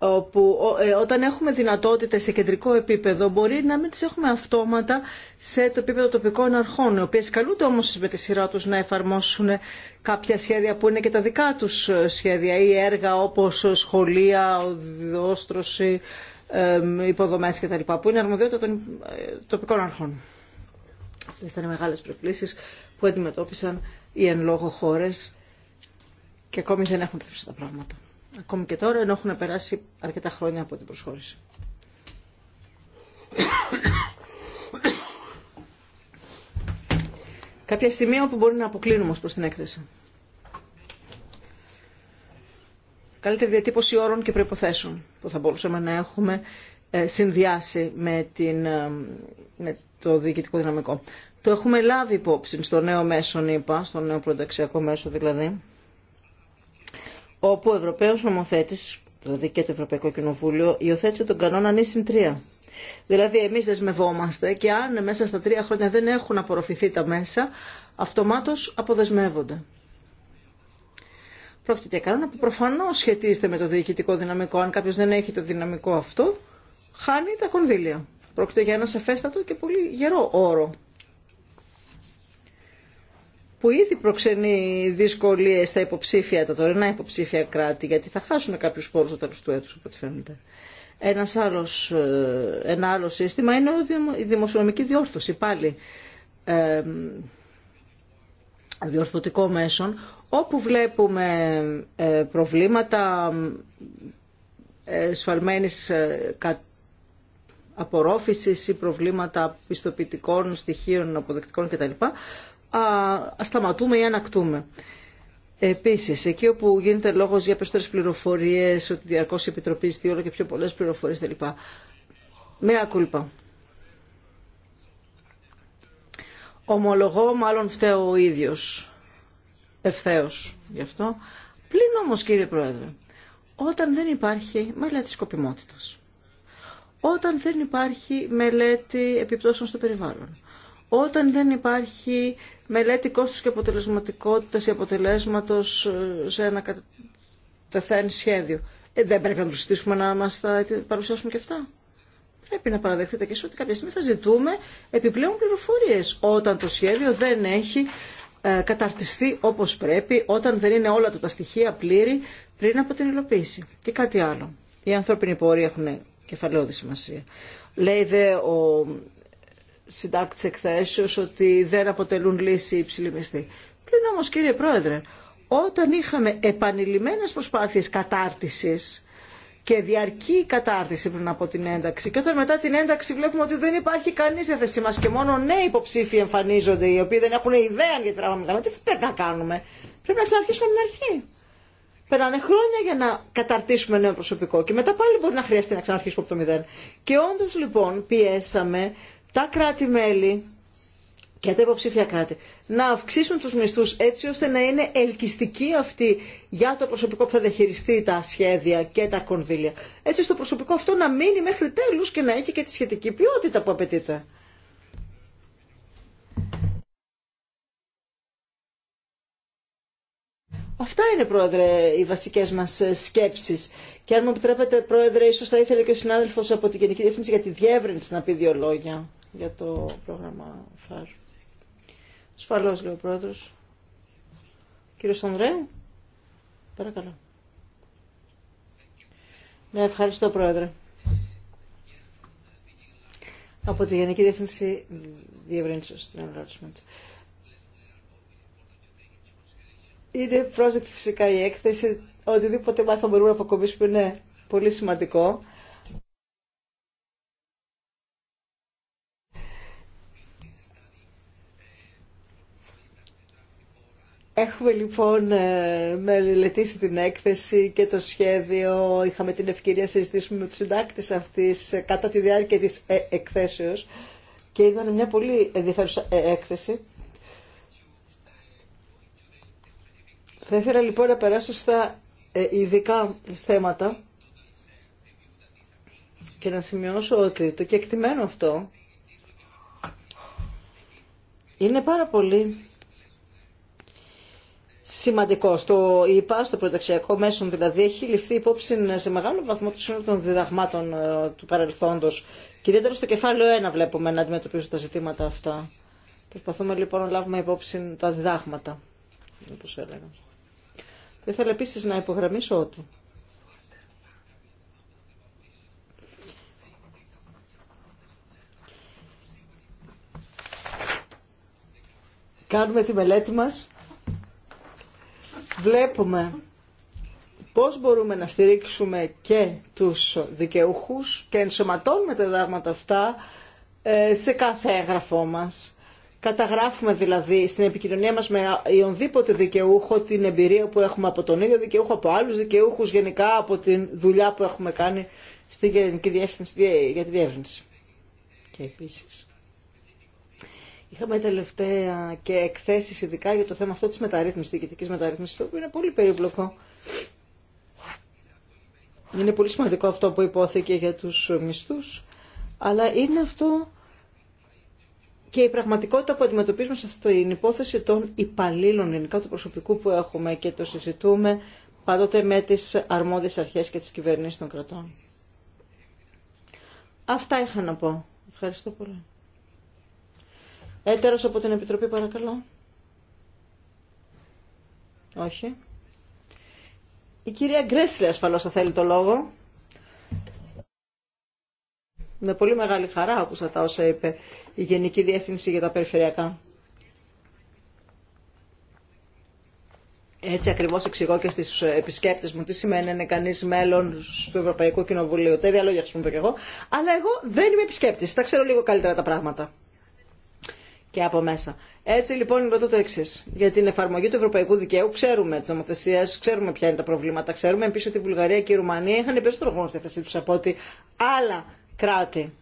όπου ε, όταν έχουμε δυνατότητες σε κεντρικό επίπεδο μπορεί να μην τις έχουμε αυτόματα σε το επίπεδο τοπικών αρχών, οι οποίες καλούνται όμως με τη σειρά τους να εφαρμόσουν κάποια σχέδια που είναι και τα δικά τους ε, σχέδια ή έργα όπως σχολεία, οδόστρωση, υποδομές κτλ. που είναι αρμοδιότητα των τοπικών αρχών ήταν οι μεγάλες προκλήσεις που αντιμετώπισαν οι εν λόγω χώρες και ακόμη δεν έχουν θρέψει τα πράγματα. Ακόμη και τώρα, ενώ έχουν περάσει αρκετά χρόνια από την προσχώρηση. Κάποια σημεία που μπορεί να αποκλίνουμε ως προς την έκθεση. Καλύτερη διατύπωση όρων και προϋποθέσεων που θα μπορούσαμε να έχουμε ε, συνδυάσει με, την, ε, με το διοικητικό δυναμικό. Το έχουμε λάβει υπόψη στο νέο μέσον, είπα, στο νέο πρωταξιακό μέσο δηλαδή, όπου ο Ευρωπαίο νομοθέτη, δηλαδή και το Ευρωπαϊκό Κοινοβούλιο, υιοθέτησε τον κανόνα νήσιν 3. Δηλαδή εμεί δεσμευόμαστε και αν μέσα στα τρία χρόνια δεν έχουν απορροφηθεί τα μέσα, αυτομάτω αποδεσμεύονται. Πρόκειται για κανόνα που προφανώ σχετίζεται με το διοικητικό δυναμικό. Αν κάποιο δεν έχει το δυναμικό αυτό, χάνει τα κονδύλια. Πρόκειται για ένα σαφέστατο και πολύ γερό όρο που ήδη προξενεί δυσκολίε στα υποψήφια, τα τωρινά υποψήφια κράτη, γιατί θα χάσουν κάποιου πόρου στο τέλο του έτου, όπω φαίνεται. Ένας άλλος, ε, ένα άλλο σύστημα είναι η δημοσιονομική διόρθωση. Πάλι διορθωτικό μέσον, όπου βλέπουμε ε, προβλήματα ε, σφαλμένης απορρόφησης ή προβλήματα πιστοποιητικών στοιχείων, αποδεκτικών κτλ. Α, σταματούμε ή ανακτούμε. Επίσης, εκεί όπου γίνεται λόγος για περισσότερες πληροφορίες, ότι διαρκώς η Επιτροπή λογος για περισσότερε πληροφοριες οτι διαρκώ η επιτροπη ζητει ολο και πιο πολλές πληροφορίες κτλ. Με ακούλπα. Ομολογώ, μάλλον φταίω ο ίδιο Ευθέω γι' αυτό. Πλην όμω, κύριε Πρόεδρε, όταν δεν υπάρχει μελέτη σκοπιμότητα όταν δεν υπάρχει μελέτη επιπτώσεων στο περιβάλλον. Όταν δεν υπάρχει μελέτη κόστους και αποτελεσματικότητας ή αποτελέσματος ε, σε ένα κατεθέν σχέδιο. Ε, δεν πρέπει να τους να μας τα παρουσιάσουν και αυτά. Πρέπει να παραδεχτείτε και εσείς ότι κάποια στιγμή θα ζητούμε επιπλέον πληροφορίες όταν το σχέδιο δεν έχει ε, καταρτιστεί όπως πρέπει, όταν δεν είναι όλα τα στοιχεία πλήρη πριν από την υλοποίηση. Και κάτι άλλο. Οι ανθρώπινοι πόροι έχουν κεφαλαιόδη σημασία. Λέει δε ο συντάκτη εκθέσεω ότι δεν αποτελούν λύση οι υψηλοί μισθοί. Πλην όμως κύριε Πρόεδρε, όταν είχαμε επανειλημμένες προσπάθειε κατάρτιση και διαρκή κατάρτιση πριν από την ένταξη. Και όταν μετά την ένταξη βλέπουμε ότι δεν υπάρχει κανεί σε θέση μα και μόνο νέοι υποψήφοι εμφανίζονται, οι οποίοι δεν έχουν ιδέα για τι πράγματα τι πρέπει να κάνουμε. Πρέπει να ξαναρχίσουμε την αρχή. Περνάνε χρόνια για να καταρτήσουμε νέο προσωπικό και μετά πάλι μπορεί να χρειαστεί να ξαναρχίσουμε από το μηδέν. Και όντω λοιπόν πιέσαμε τα κράτη-μέλη και τα υποψήφια κράτη να αυξήσουν τους μισθούς έτσι ώστε να είναι ελκυστική αυτή για το προσωπικό που θα διαχειριστεί τα σχέδια και τα κονδύλια. Έτσι στο προσωπικό αυτό να μείνει μέχρι τέλους και να έχει και τη σχετική ποιότητα που απαιτείται. Αυτά είναι, Πρόεδρε, οι βασικέ μα ε, σκέψει. Και αν μου επιτρέπετε, Πρόεδρε, ίσω θα ήθελε και ο συνάδελφο από την Γενική Διεύθυνση για τη Διεύρυνση να πει δύο λόγια για το πρόγραμμα ΦΑΡ. Ασφαλώ, λέει ο Πρόεδρο. Κύριο Ανδρέ, παρακαλώ. Ναι, ευχαριστώ, Πρόεδρε. Από τη Γενική Διεύθυνση Διευρύνσεω την είναι πρόσδεκτη φυσικά η έκθεση. Οτιδήποτε μάθαμε μπορούμε να αποκομίσουμε είναι πολύ σημαντικό. Έχουμε λοιπόν ε, μελετήσει την έκθεση και το σχέδιο. Είχαμε την ευκαιρία να συζητήσουμε με τους συντάκτες αυτής ε, κατά τη διάρκεια της ε, εκθέσεως και ήταν μια πολύ ενδιαφέρουσα έκθεση. Θα ήθελα λοιπόν να περάσω στα ε, ειδικά θέματα και να σημειώσω ότι το κεκτημένο αυτό είναι πάρα πολύ σημαντικό. Στο ΙΠΑ, στο πρωταξιακό μέσον δηλαδή, έχει ληφθεί υπόψη σε μεγάλο βαθμό του σύνολου των διδαγμάτων ε, του παρελθόντος και ιδιαίτερα στο κεφάλαιο 1 βλέπουμε να αντιμετωπίζουν τα ζητήματα αυτά. Προσπαθούμε λοιπόν να λάβουμε υπόψη τα διδάγματα, όπως έλεγα. Θα ήθελα επίσης να υπογραμμίσω ότι κάνουμε τη μελέτη μας, βλέπουμε πώς μπορούμε να στηρίξουμε και τους δικαιούχους και ενσωματώνουμε τα δάγματα αυτά ε, σε κάθε έγγραφό μας. Καταγράφουμε δηλαδή στην επικοινωνία μας με ονδήποτε δικαιούχο την εμπειρία που έχουμε από τον ίδιο δικαιούχο, από άλλους δικαιούχους, γενικά από τη δουλειά που έχουμε κάνει στην Γενική Διεύθυνση για τη Διεύρυνση. Και επίση. Είχαμε τελευταία και εκθέσει ειδικά για το θέμα αυτό μεταρρύθμιση, τη διοικητική μεταρρύθμιση, το οποίο είναι πολύ περίπλοκο. Είναι πολύ σημαντικό αυτό που υπόθηκε για του μισθού, αλλά είναι αυτό και η πραγματικότητα που αντιμετωπίζουμε την υπόθεση των υπαλλήλων γενικά του προσωπικού που έχουμε και το συζητούμε πάντοτε με τις αρμόδιες αρχές και τις κυβερνήσεις των κρατών. Αυτά είχα να πω. Ευχαριστώ πολύ. Έτερος από την Επιτροπή παρακαλώ. Όχι. Η κυρία Γκρέσλε ασφαλώς θα θέλει το λόγο. Με πολύ μεγάλη χαρά άκουσα τα όσα είπε η Γενική Διεύθυνση για τα Περιφερειακά. Έτσι ακριβώς εξηγώ και στις επισκέπτες μου τι σημαίνει να είναι κανείς μέλλον του Ευρωπαϊκού Κοινοβουλίου. Τέτοια λόγια χρησιμοποιώ και εγώ. Αλλά εγώ δεν είμαι επισκέπτης. Τα ξέρω λίγο καλύτερα τα πράγματα. Και από μέσα. Έτσι λοιπόν ρωτώ το εξή. Για την εφαρμογή του ευρωπαϊκού δικαίου ξέρουμε τι νομοθεσίε, ξέρουμε ποια είναι τα προβλήματα. Ξέρουμε επίση ότι η Βουλγαρία και η Ρουμανία είχαν περισσότερο χρόνο του από ότι άλλα κράτη.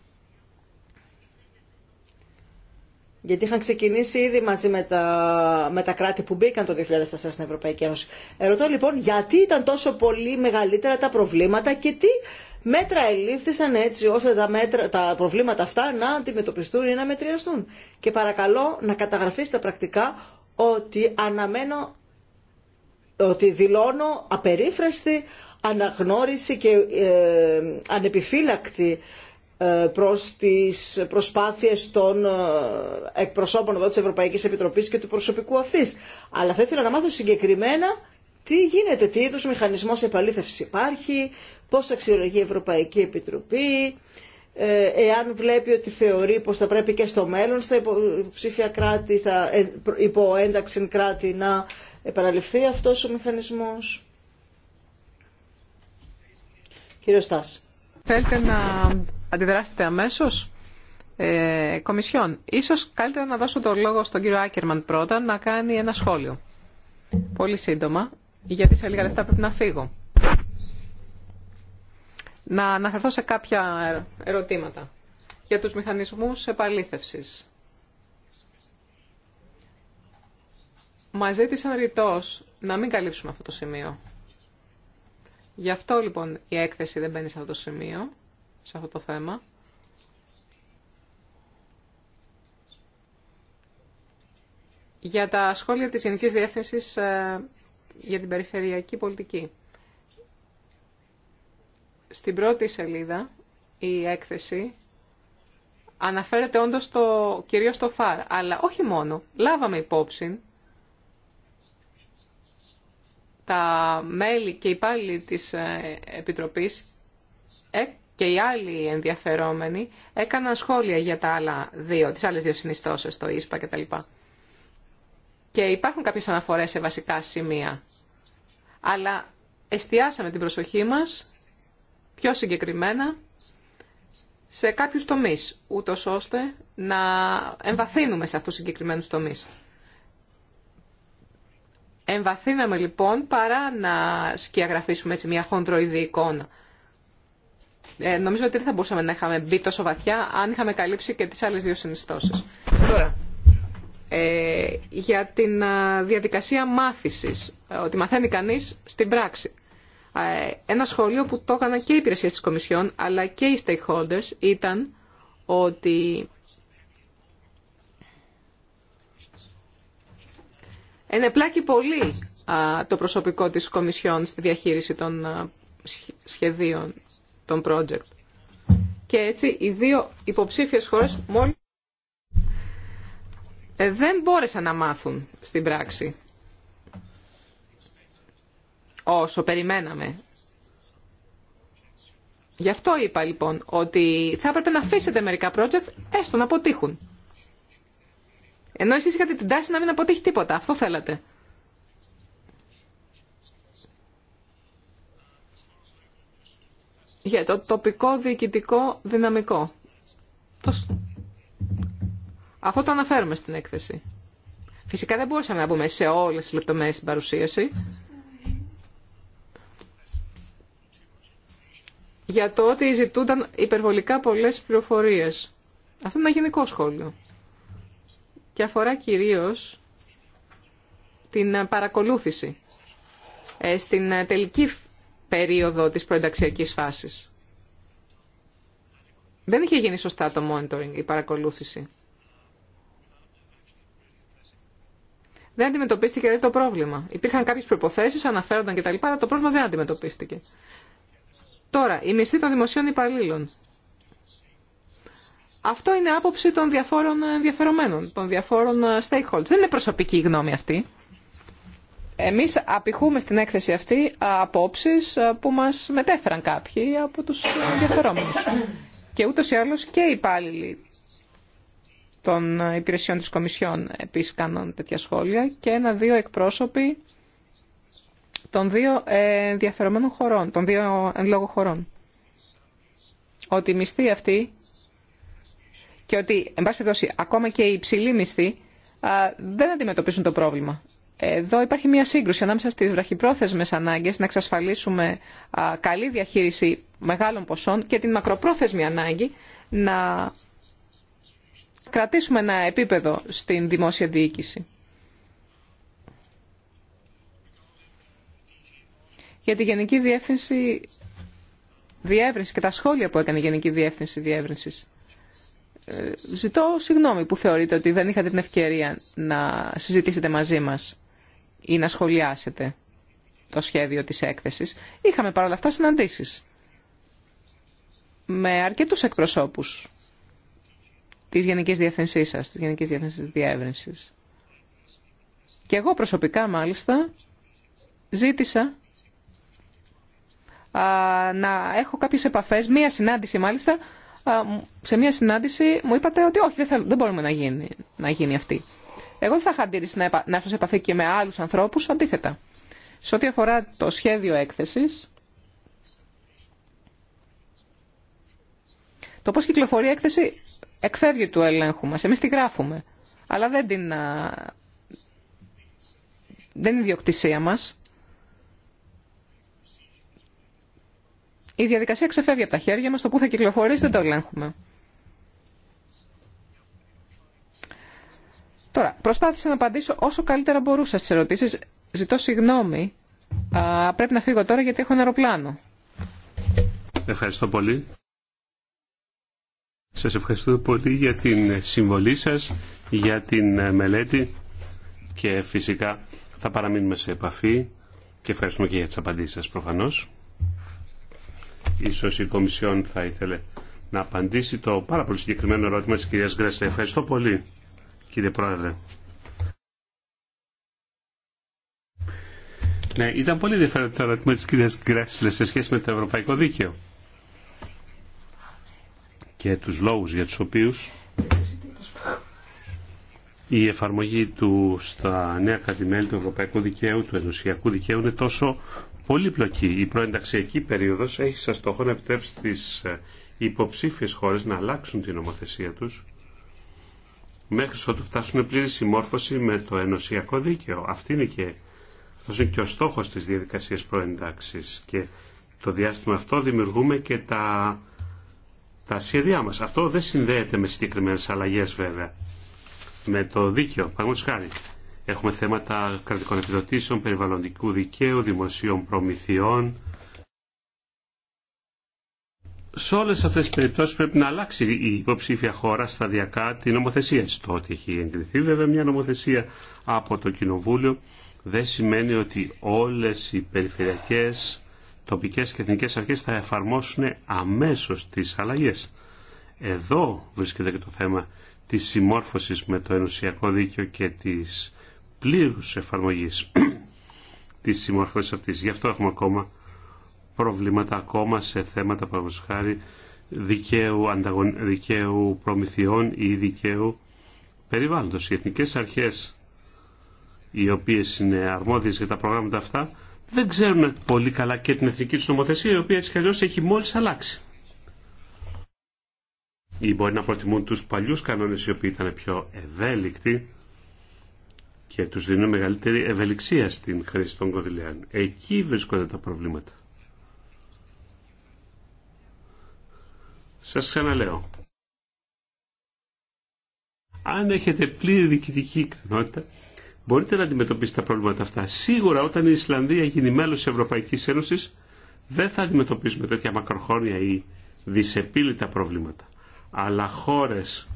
Γιατί είχαν ξεκινήσει ήδη μαζί με τα, με τα κράτη που μπήκαν το 2004 στην Ευρωπαϊκή Ένωση. Ερωτώ λοιπόν γιατί ήταν τόσο πολύ μεγαλύτερα τα προβλήματα και τι μέτρα ελήφθησαν έτσι ώστε τα, τα προβλήματα αυτά να αντιμετωπιστούν ή να μετριαστούν. Και παρακαλώ να καταγραφεί στα πρακτικά ότι αναμένω ότι δηλώνω απερίφραστη αναγνώριση και ε, ανεπιφύλακτη ε, προς τις προσπάθειες των ε, εκπροσώπων εδώ της Ευρωπαϊκής Επιτροπής και του προσωπικού αυτής. Αλλά θα ήθελα να μάθω συγκεκριμένα τι γίνεται, τι είδους μηχανισμός επαλήθευσης υπάρχει, πώς αξιολογεί η Ευρωπαϊκή Επιτροπή, ε, εάν βλέπει ότι θεωρεί πως θα πρέπει και στο μέλλον στα υποψήφια κράτη, στα υποένταξη κράτη να επαναληφθεί αυτός ο μηχανισμός. Κύριο Στάση. Θέλετε να Αντιδράσετε αμέσω. Ε, Κομισιόν, ίσως καλύτερα να δώσω το λόγο στον κύριο Άκερμαν πρώτα να κάνει ένα σχόλιο. Πολύ σύντομα, γιατί σε λίγα λεφτά πρέπει να φύγω. Να αναφερθώ σε κάποια ερωτήματα για τους μηχανισμούς επαλήθευσης. Μας ζήτησαν ρητός να μην καλύψουμε αυτό το σημείο. Γι' αυτό λοιπόν η έκθεση δεν μπαίνει σε αυτό το σημείο σε αυτό το θέμα. Για τα σχόλια της Γενικής Διεύθυνσης ε, για την Περιφερειακή Πολιτική. Στην πρώτη σελίδα η έκθεση αναφέρεται όντως το κυρίως στο ΦΑΡ, αλλά όχι μόνο. Λάβαμε υπόψη τα μέλη και υπάλληλοι της ε, Επιτροπής και οι άλλοι ενδιαφερόμενοι έκαναν σχόλια για τα άλλα δύο, τις άλλες δύο συνιστώσεις, το ΙΣΠΑ κτλ. Και υπάρχουν κάποιες αναφορές σε βασικά σημεία. Αλλά εστιάσαμε την προσοχή μας πιο συγκεκριμένα σε κάποιους τομείς, ούτω ώστε να εμβαθύνουμε σε αυτούς τους συγκεκριμένους τομείς. Εμβαθύναμε λοιπόν παρά να σκιαγραφίσουμε έτσι μια χοντροειδή εικόνα. Ε, νομίζω ότι δεν θα μπορούσαμε να είχαμε μπει τόσο βαθιά αν είχαμε καλύψει και τις άλλες δύο συνιστώσεις. Τώρα, ε, για την ε, διαδικασία μάθησης, ότι μαθαίνει κανείς στην πράξη. ένα σχόλιο που το έκανα και οι υπηρεσίες της Κομισιόν, αλλά και οι stakeholders, ήταν ότι ενεπλάκει πολύ το προσωπικό της Κομισιόν στη διαχείριση των σχεδίων των project. Και έτσι οι δύο υποψήφιες χώρες μόλις ε, δεν μπόρεσαν να μάθουν στην πράξη όσο περιμέναμε. Γι' αυτό είπα λοιπόν ότι θα έπρεπε να αφήσετε μερικά project έστω να αποτύχουν. Ενώ εσείς είχατε την τάση να μην αποτύχει τίποτα. Αυτό θέλατε. για το τοπικό διοικητικό δυναμικό. Αυτό το αναφέρουμε στην έκθεση. Φυσικά δεν μπορούσαμε να πούμε σε όλες τις λεπτομέρειες την παρουσίαση. Για το ότι ζητούνταν υπερβολικά πολλές πληροφορίες. Αυτό είναι ένα γενικό σχόλιο. Και αφορά κυρίως την παρακολούθηση. Ε, στην τελική περίοδο της προενταξιακής φάσης. Δεν είχε γίνει σωστά το monitoring, η παρακολούθηση. Δεν αντιμετωπίστηκε το πρόβλημα. Υπήρχαν κάποιε προποθέσει, αναφέρονταν κτλ. Αλλά το πρόβλημα δεν αντιμετωπίστηκε. Τώρα, η μισθή των δημοσίων υπαλλήλων. Αυτό είναι άποψη των διαφόρων ενδιαφερομένων, των διαφόρων ε, stakeholders. Δεν είναι προσωπική η γνώμη αυτή. Εμείς απηχούμε στην έκθεση αυτή απόψεις ε, που μας μετέφεραν κάποιοι από τους ενδιαφερόμενους. Και ούτως ή άλλως και οι υπάλληλοι των υπηρεσιών της Κομισιόν επίσης κάνουν τέτοια σχόλια και ένα-δύο εκπρόσωποι των δύο ενδιαφερομένων χωρών, των δύο εν λόγω χωρών. Ότι οι μισθοί αυτοί και ότι, εν πάση περιπτώσει, ακόμα και οι υψηλοί μισθοί δεν αντιμετωπίσουν το πρόβλημα. Εδώ υπάρχει μια σύγκρουση ανάμεσα στις βραχυπρόθεσμες ανάγκες να εξασφαλίσουμε καλή διαχείριση μεγάλων ποσών και την μακροπρόθεσμη ανάγκη να κρατήσουμε ένα επίπεδο στην δημόσια διοίκηση. Για τη Γενική Διεύθυνση Διεύρυνση και τα σχόλια που έκανε η Γενική Διεύθυνση Διεύρυνση. Ε, ζητώ συγγνώμη που θεωρείτε ότι δεν είχατε την ευκαιρία να συζητήσετε μαζί μας ή να σχολιάσετε το σχέδιο της έκθεσης. Είχαμε παρόλα αυτά συναντήσεις με αρκετούς εκπροσώπους της Γενικής Διευθυνσής σας, της Γενικής Διευθυνσής Διεύρυνσης. Και εγώ προσωπικά μάλιστα ζήτησα α, να έχω κάποιες επαφές, μία συνάντηση μάλιστα, σε μία συνάντηση μου είπατε ότι όχι, δεν, δεν μπορούμε να γίνει, να γίνει αυτή. Εγώ δεν θα είχα αντίρρηση να έρθω σε επαφή και με άλλους ανθρώπους, αντίθετα. Σε ό,τι αφορά το σχέδιο έκθεσης, το πώς κυκλοφορεί η έκθεση εκφεύγει του ελέγχου μα. Εμεί τη γράφουμε, αλλά δεν, την, δεν είναι ιδιοκτησία μας. Η διαδικασία ξεφεύγει από τα χέρια μας, το που θα κυκλοφορήσει δεν το ελέγχουμε. Τώρα, προσπάθησα να απαντήσω όσο καλύτερα μπορούσα στις ερωτήσεις. Ζητώ συγγνώμη. Α, πρέπει να φύγω τώρα γιατί έχω ένα αεροπλάνο. Ευχαριστώ πολύ. Σας ευχαριστώ πολύ για την συμβολή σας, για την μελέτη και φυσικά θα παραμείνουμε σε επαφή και ευχαριστούμε και για τις απαντήσεις σας προφανώς. Ίσως η Κομισιόν θα ήθελε να απαντήσει το πάρα πολύ συγκεκριμένο ερώτημα της κυρίας Γκρέσλε. Ευχαριστώ πολύ κύριε Πρόεδρε. Ναι, ήταν πολύ ενδιαφέρον το ερώτημα τη κυρία Γκρέσλε σε σχέση με το ευρωπαϊκό δίκαιο και τους λόγους για τους οποίους η εφαρμογή του στα νέα κατημέλη του ευρωπαϊκού δικαίου, του ενωσιακού δικαίου είναι τόσο πολύπλοκη. Η προενταξιακή περίοδος έχει σαν στόχο να επιτρέψει στις υποψήφιες χώρες να αλλάξουν την νομοθεσία τους μέχρι ότου φτάσουν πλήρη συμμόρφωση με το ενωσιακό δίκαιο. Αυτή είναι και, αυτός είναι και ο στόχος της διαδικασίας προεντάξης και το διάστημα αυτό δημιουργούμε και τα, τα σχέδιά μας. Αυτό δεν συνδέεται με συγκεκριμένε αλλαγέ βέβαια. Με το δίκαιο, παραδείγματο χάρη. Έχουμε θέματα κρατικών επιδοτήσεων, περιβαλλοντικού δικαίου, δημοσίων προμηθειών, σε όλες αυτές τι περιπτώσεις πρέπει να αλλάξει η υποψήφια χώρα σταδιακά την νομοθεσία της. Το ότι έχει εγκριθεί βέβαια μια νομοθεσία από το Κοινοβούλιο δεν σημαίνει ότι όλες οι περιφερειακές, τοπικές και εθνικέ αρχές θα εφαρμόσουν αμέσως τις αλλαγές. Εδώ βρίσκεται και το θέμα της συμμόρφωσης με το ενωσιακό δίκαιο και της πλήρους εφαρμογής της συμμόρφωσης αυτής. Γι' αυτό έχουμε ακόμα προβλήματα ακόμα σε θέματα παραδείγματος δικαίου, ανταγων... δικαίου προμηθειών ή δικαίου περιβάλλοντος. Οι εθνικές αρχές οι οποίες είναι αρμόδιες για τα προγράμματα αυτά δεν ξέρουν πολύ καλά και την εθνική του νομοθεσία η οποία έτσι αλλιώς έχει μόλις αλλάξει. Ή μπορεί να προτιμούν τους παλιούς κανόνες οι οποίοι ήταν πιο ευέλικτοι και τους δίνουν μεγαλύτερη ευελιξία στην χρήση των κονδυλιών. Εκεί βρίσκονται τα προβλήματα. Σας ξαναλέω. Αν έχετε πλήρη διοικητική ικανότητα, μπορείτε να αντιμετωπίσετε τα προβλήματα αυτά. Σίγουρα όταν η Ισλανδία γίνει μέλος της Ευρωπαϊκής Ένωσης, δεν θα αντιμετωπίσουμε τέτοια μακροχρόνια ή δυσεπίλητα προβλήματα. Αλλά χώρες,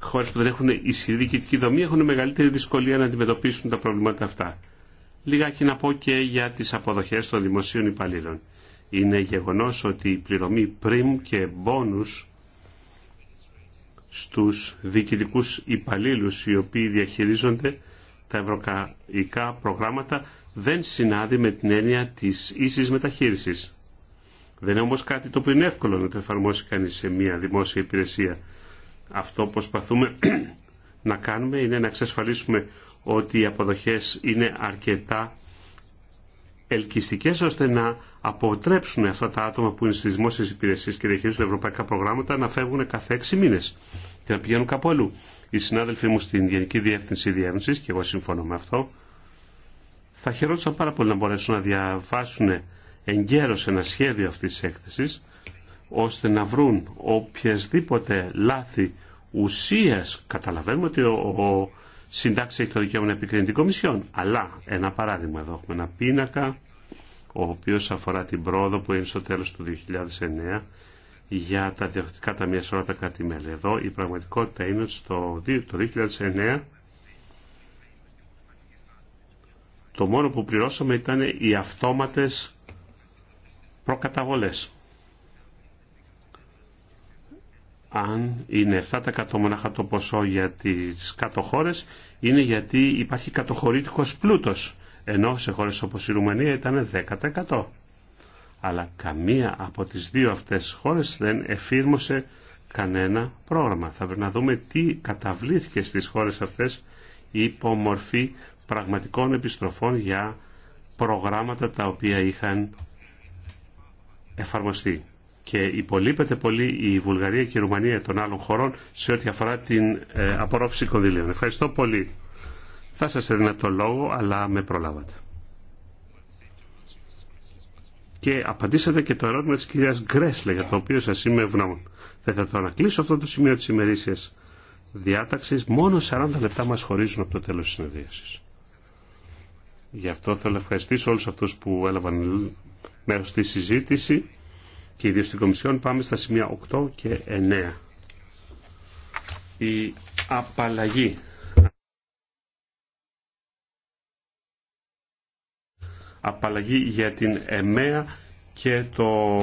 χώρες που δεν έχουν ισχυρή διοικητική δομή έχουν μεγαλύτερη δυσκολία να αντιμετωπίσουν τα προβλήματα αυτά. Λιγάκι να πω και για τις αποδοχές των δημοσίων υπαλλήλων. Είναι γεγονός ότι η πληρωμή πριμ και μπόνους στους διοικητικούς υπαλλήλους οι οποίοι διαχειρίζονται τα ευρωπαϊκά προγράμματα δεν συνάδει με την έννοια της ίσης μεταχείρισης. Δεν είναι όμως κάτι το οποίο είναι εύκολο να το εφαρμόσει κανείς σε μια δημόσια υπηρεσία. Αυτό που προσπαθούμε να κάνουμε είναι να εξασφαλίσουμε ότι οι αποδοχές είναι αρκετά ελκυστικές ώστε να αποτρέψουν αυτά τα άτομα που είναι στι δημόσιε υπηρεσίε και διαχειρίζονται ευρωπαϊκά προγράμματα να φεύγουν κάθε έξι μήνε και να πηγαίνουν κάπου αλλού. Οι συνάδελφοί μου στην Γενική Διεύθυνση Διεύθυνση, και εγώ συμφωνώ με αυτό, θα χαιρόντουσαν πάρα πολύ να μπορέσουν να διαβάσουν εγκαίρω ένα σχέδιο αυτή τη έκθεση, ώστε να βρουν οποιασδήποτε λάθη ουσία. Καταλαβαίνουμε ότι ο, ο συντάξη έχει το δικαίωμα να επικρίνει την Κομισιόν. Αλλά ένα παράδειγμα εδώ έχουμε ένα πίνακα ο οποίος αφορά την πρόοδο που είναι στο τέλος του 2009 για τα διευθυντικά ταμεία σε όλα τα κράτη-μέλη. Εδώ η πραγματικότητα είναι ότι στο, το 2009 το μόνο που πληρώσαμε ήταν οι αυτόματες προκαταβολές. Αν είναι 7% μονάχα το ποσό για τις κάτω χώρες, είναι γιατί υπάρχει κατοχωρήτικος πλούτος ενώ σε χώρες όπως η Ρουμανία ήταν 10%. Αλλά καμία από τις δύο αυτές χώρες δεν εφήρμοσε κανένα πρόγραμμα. Θα πρέπει να δούμε τι καταβλήθηκε στις χώρες αυτές υπό μορφή πραγματικών επιστροφών για προγράμματα τα οποία είχαν εφαρμοστεί. Και υπολείπεται πολύ η Βουλγαρία και η Ρουμανία των άλλων χωρών σε ό,τι αφορά την ε, απορρόφηση κονδυλίων. Ευχαριστώ πολύ. Θα σας έδινα το λόγο, αλλά με προλάβατε. Και απαντήσατε και το ερώτημα της κυρίας Γκρέσλε, για το οποίο σας είμαι ευγνώμων. Θα ήθελα τώρα να κλείσω αυτό το σημείο της ημερήσιας διάταξης. Μόνο 40 λεπτά μας χωρίζουν από το τέλος της συνεδρίασης. Γι' αυτό θέλω να ευχαριστήσω όλους αυτούς που έλαβαν μέρος στη συζήτηση και ιδίως στην Κομισιόν πάμε στα σημεία 8 και 9. Η απαλλαγή απαλλαγή για την ΕΜΕΑ και το,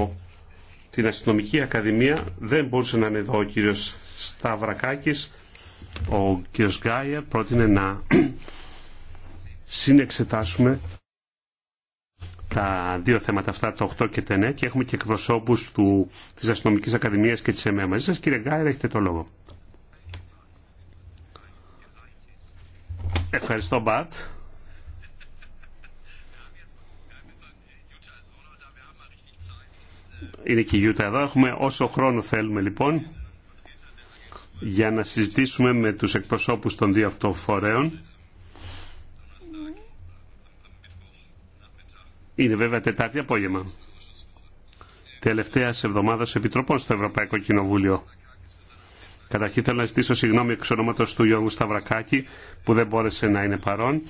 την Αστυνομική Ακαδημία. Δεν μπορούσε να είναι εδώ ο κύριος Σταυρακάκης. Ο κύριος Γκάιερ πρότεινε να συνεξετάσουμε τα δύο θέματα αυτά, το 8 και το 9, και έχουμε και εκπροσώπους του, της Αστυνομικής Ακαδημίας και της ΕΜΕΑ μαζί σας. Κύριε Γκάιερ, έχετε το λόγο. Ευχαριστώ, Μπαρτ. Είναι και η Γιούτα εδώ. Έχουμε όσο χρόνο θέλουμε λοιπόν για να συζητήσουμε με τους εκπροσώπους των δύο αυτών φορέων. Είναι βέβαια Τετάρτη απόγευμα. Τελευταία εβδομάδα επιτροπών στο Ευρωπαϊκό Κοινοβούλιο. Καταρχήν θέλω να ζητήσω συγγνώμη εξ ονόματο του Γιώργου Σταυρακάκη που δεν μπόρεσε να είναι παρόν.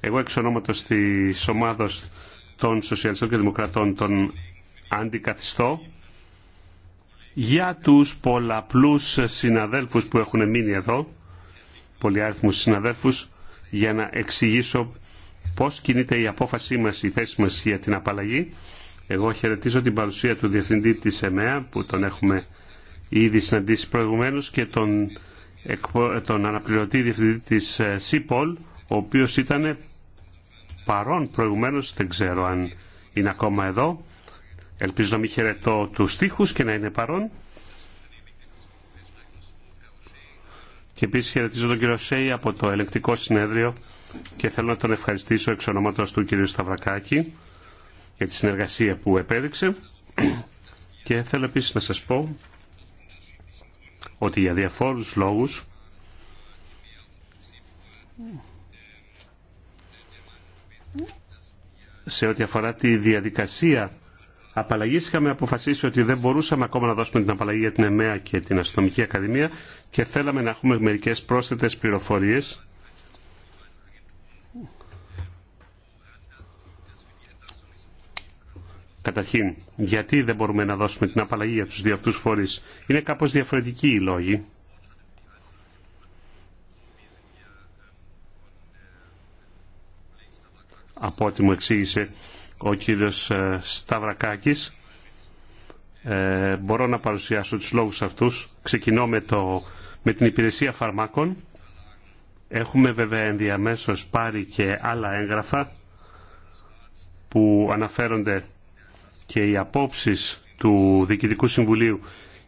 Εγώ εξ ονόματο τη ομάδα των Σοσιαλιστών και Δημοκρατών των αντικαθιστώ για τους πολλαπλούς συναδέλφους που έχουν μείνει εδώ, πολυάριθμους συναδέλφους, για να εξηγήσω πώς κινείται η απόφασή μας, η θέση μας για την απαλλαγή. Εγώ χαιρετίζω την παρουσία του Διευθυντή της ΕΜΕΑ, που τον έχουμε ήδη συναντήσει προηγουμένως, και τον, τον αναπληρωτή Διευθυντή της ε, ΣΥΠΟΛ, ο οποίος ήταν παρόν προηγουμένως, δεν ξέρω αν είναι ακόμα εδώ Ελπίζω να μην χαιρετώ τους στίχους και να είναι παρόν. Και επίσης χαιρετίζω τον κύριο Σέι από το ελεκτικό συνέδριο και θέλω να τον ευχαριστήσω εξ ονόματος του κύριου Σταυρακάκη για τη συνεργασία που επέδειξε. Και θέλω επίσης να σας πω ότι για διαφόρους λόγους σε ό,τι αφορά τη διαδικασία απαλλαγή είχαμε αποφασίσει ότι δεν μπορούσαμε ακόμα να δώσουμε την απαλλαγή για την ΕΜΕΑ και την Αστυνομική Ακαδημία και θέλαμε να έχουμε μερικές πρόσθετες πληροφορίε. Καταρχήν, γιατί δεν μπορούμε να δώσουμε την απαλλαγή για τους δύο αυτούς φορείς. Είναι κάπως διαφορετικοί οι λόγοι. Από ό,τι μου εξήγησε ο κύριος ε, Σταυρακάκης. Ε, μπορώ να παρουσιάσω τους λόγους αυτούς. Ξεκινώ με, το, με την υπηρεσία φαρμάκων. Έχουμε βέβαια ενδιαμέσως πάρει και άλλα έγγραφα που αναφέρονται και οι απόψεις του Διοικητικού Συμβουλίου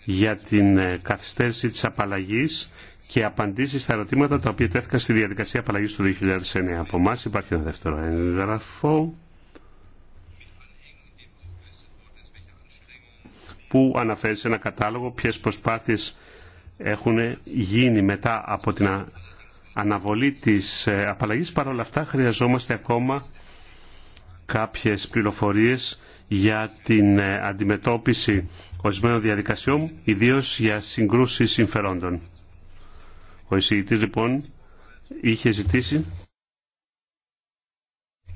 για την ε, καθυστέρηση της απαλλαγής και απαντήσει στα ερωτήματα τα οποία τέθηκαν στη διαδικασία απαλλαγής του 2009. Από εμά υπάρχει ένα δεύτερο έγγραφο. που αναφέρει σε ένα κατάλογο ποιες προσπάθειες έχουν γίνει μετά από την αναβολή της ε, απαλλαγής. Παρ' όλα αυτά χρειαζόμαστε ακόμα κάποιες πληροφορίες για την ε, αντιμετώπιση ορισμένων διαδικασιών, ιδίως για συγκρούσεις συμφερόντων. Ο εισηγητής λοιπόν είχε ζητήσει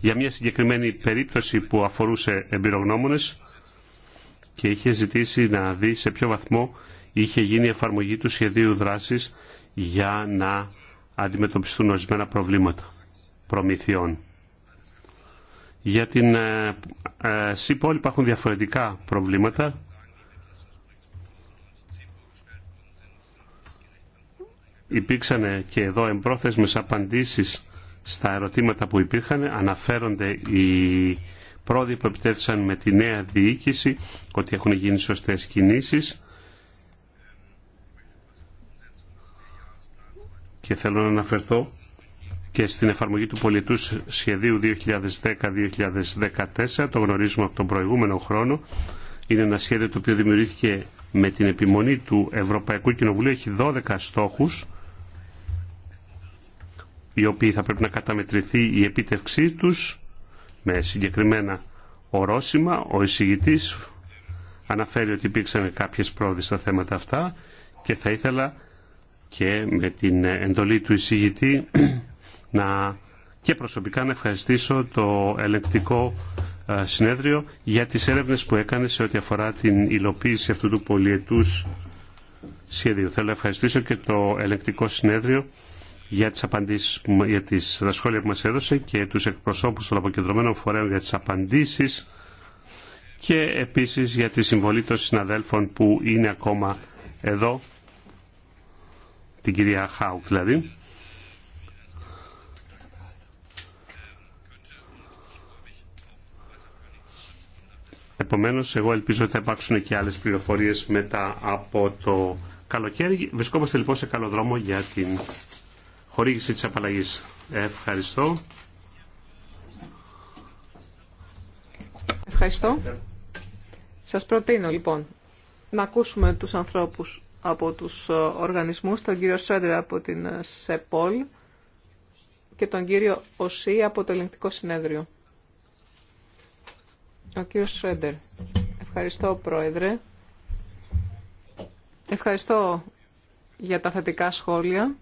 για μια συγκεκριμένη περίπτωση που αφορούσε εμπειρογνώμονες και είχε ζητήσει να δει σε ποιο βαθμό είχε γίνει η εφαρμογή του σχεδίου δράσης για να αντιμετωπιστούν ορισμένα προβλήματα προμηθειών. Για την ε, ε, ΣΥΠΟΛ υπάρχουν διαφορετικά προβλήματα. Υπήρξαν και εδώ εμπρόθεσμες απαντήσεις στα ερωτήματα που υπήρχαν. Αναφέρονται οι πρόοδοι που επιτέθησαν με τη νέα διοίκηση, ότι έχουν γίνει σωστές κινήσεις. Και θέλω να αναφερθώ και στην εφαρμογή του πολιτού σχεδίου 2010-2014, το γνωρίζουμε από τον προηγούμενο χρόνο. Είναι ένα σχέδιο το οποίο δημιουργήθηκε με την επιμονή του Ευρωπαϊκού Κοινοβουλίου. Έχει 12 στόχους, οι οποίοι θα πρέπει να καταμετρηθεί η επίτευξή τους με συγκεκριμένα ορόσημα. Ο εισηγητής αναφέρει ότι υπήρξαν κάποιες πρόοδοι στα θέματα αυτά και θα ήθελα και με την εντολή του εισηγητή να και προσωπικά να ευχαριστήσω το ελεκτικό ε, συνέδριο για τις έρευνες που έκανε σε ό,τι αφορά την υλοποίηση αυτού του πολιετούς σχεδίου. Θέλω να ευχαριστήσω και το ελεκτικό συνέδριο για τις απαντήσεις, για τις, τα σχόλια που μας έδωσε και τους εκπροσώπους των αποκεντρωμένων φορέων για τις απαντήσεις και επίσης για τη συμβολή των συναδέλφων που είναι ακόμα εδώ, την κυρία Χαου δηλαδή. Επομένως, εγώ ελπίζω ότι θα υπάρξουν και άλλες πληροφορίες μετά από το καλοκαίρι. Βρισκόμαστε λοιπόν σε καλό δρόμο για την χορήγηση της απαλλαγής. Ευχαριστώ. Ευχαριστώ. Σας προτείνω λοιπόν να ακούσουμε τους ανθρώπους από τους ε, οργανισμούς, τον κύριο Σέντρα από την ε, ΣΕΠΟΛ και τον κύριο Οσί από το Ελεγκτικό Συνέδριο. Ο κύριος Σρέντερ. Ευχαριστώ, Πρόεδρε. Ευχαριστώ για τα θετικά σχόλια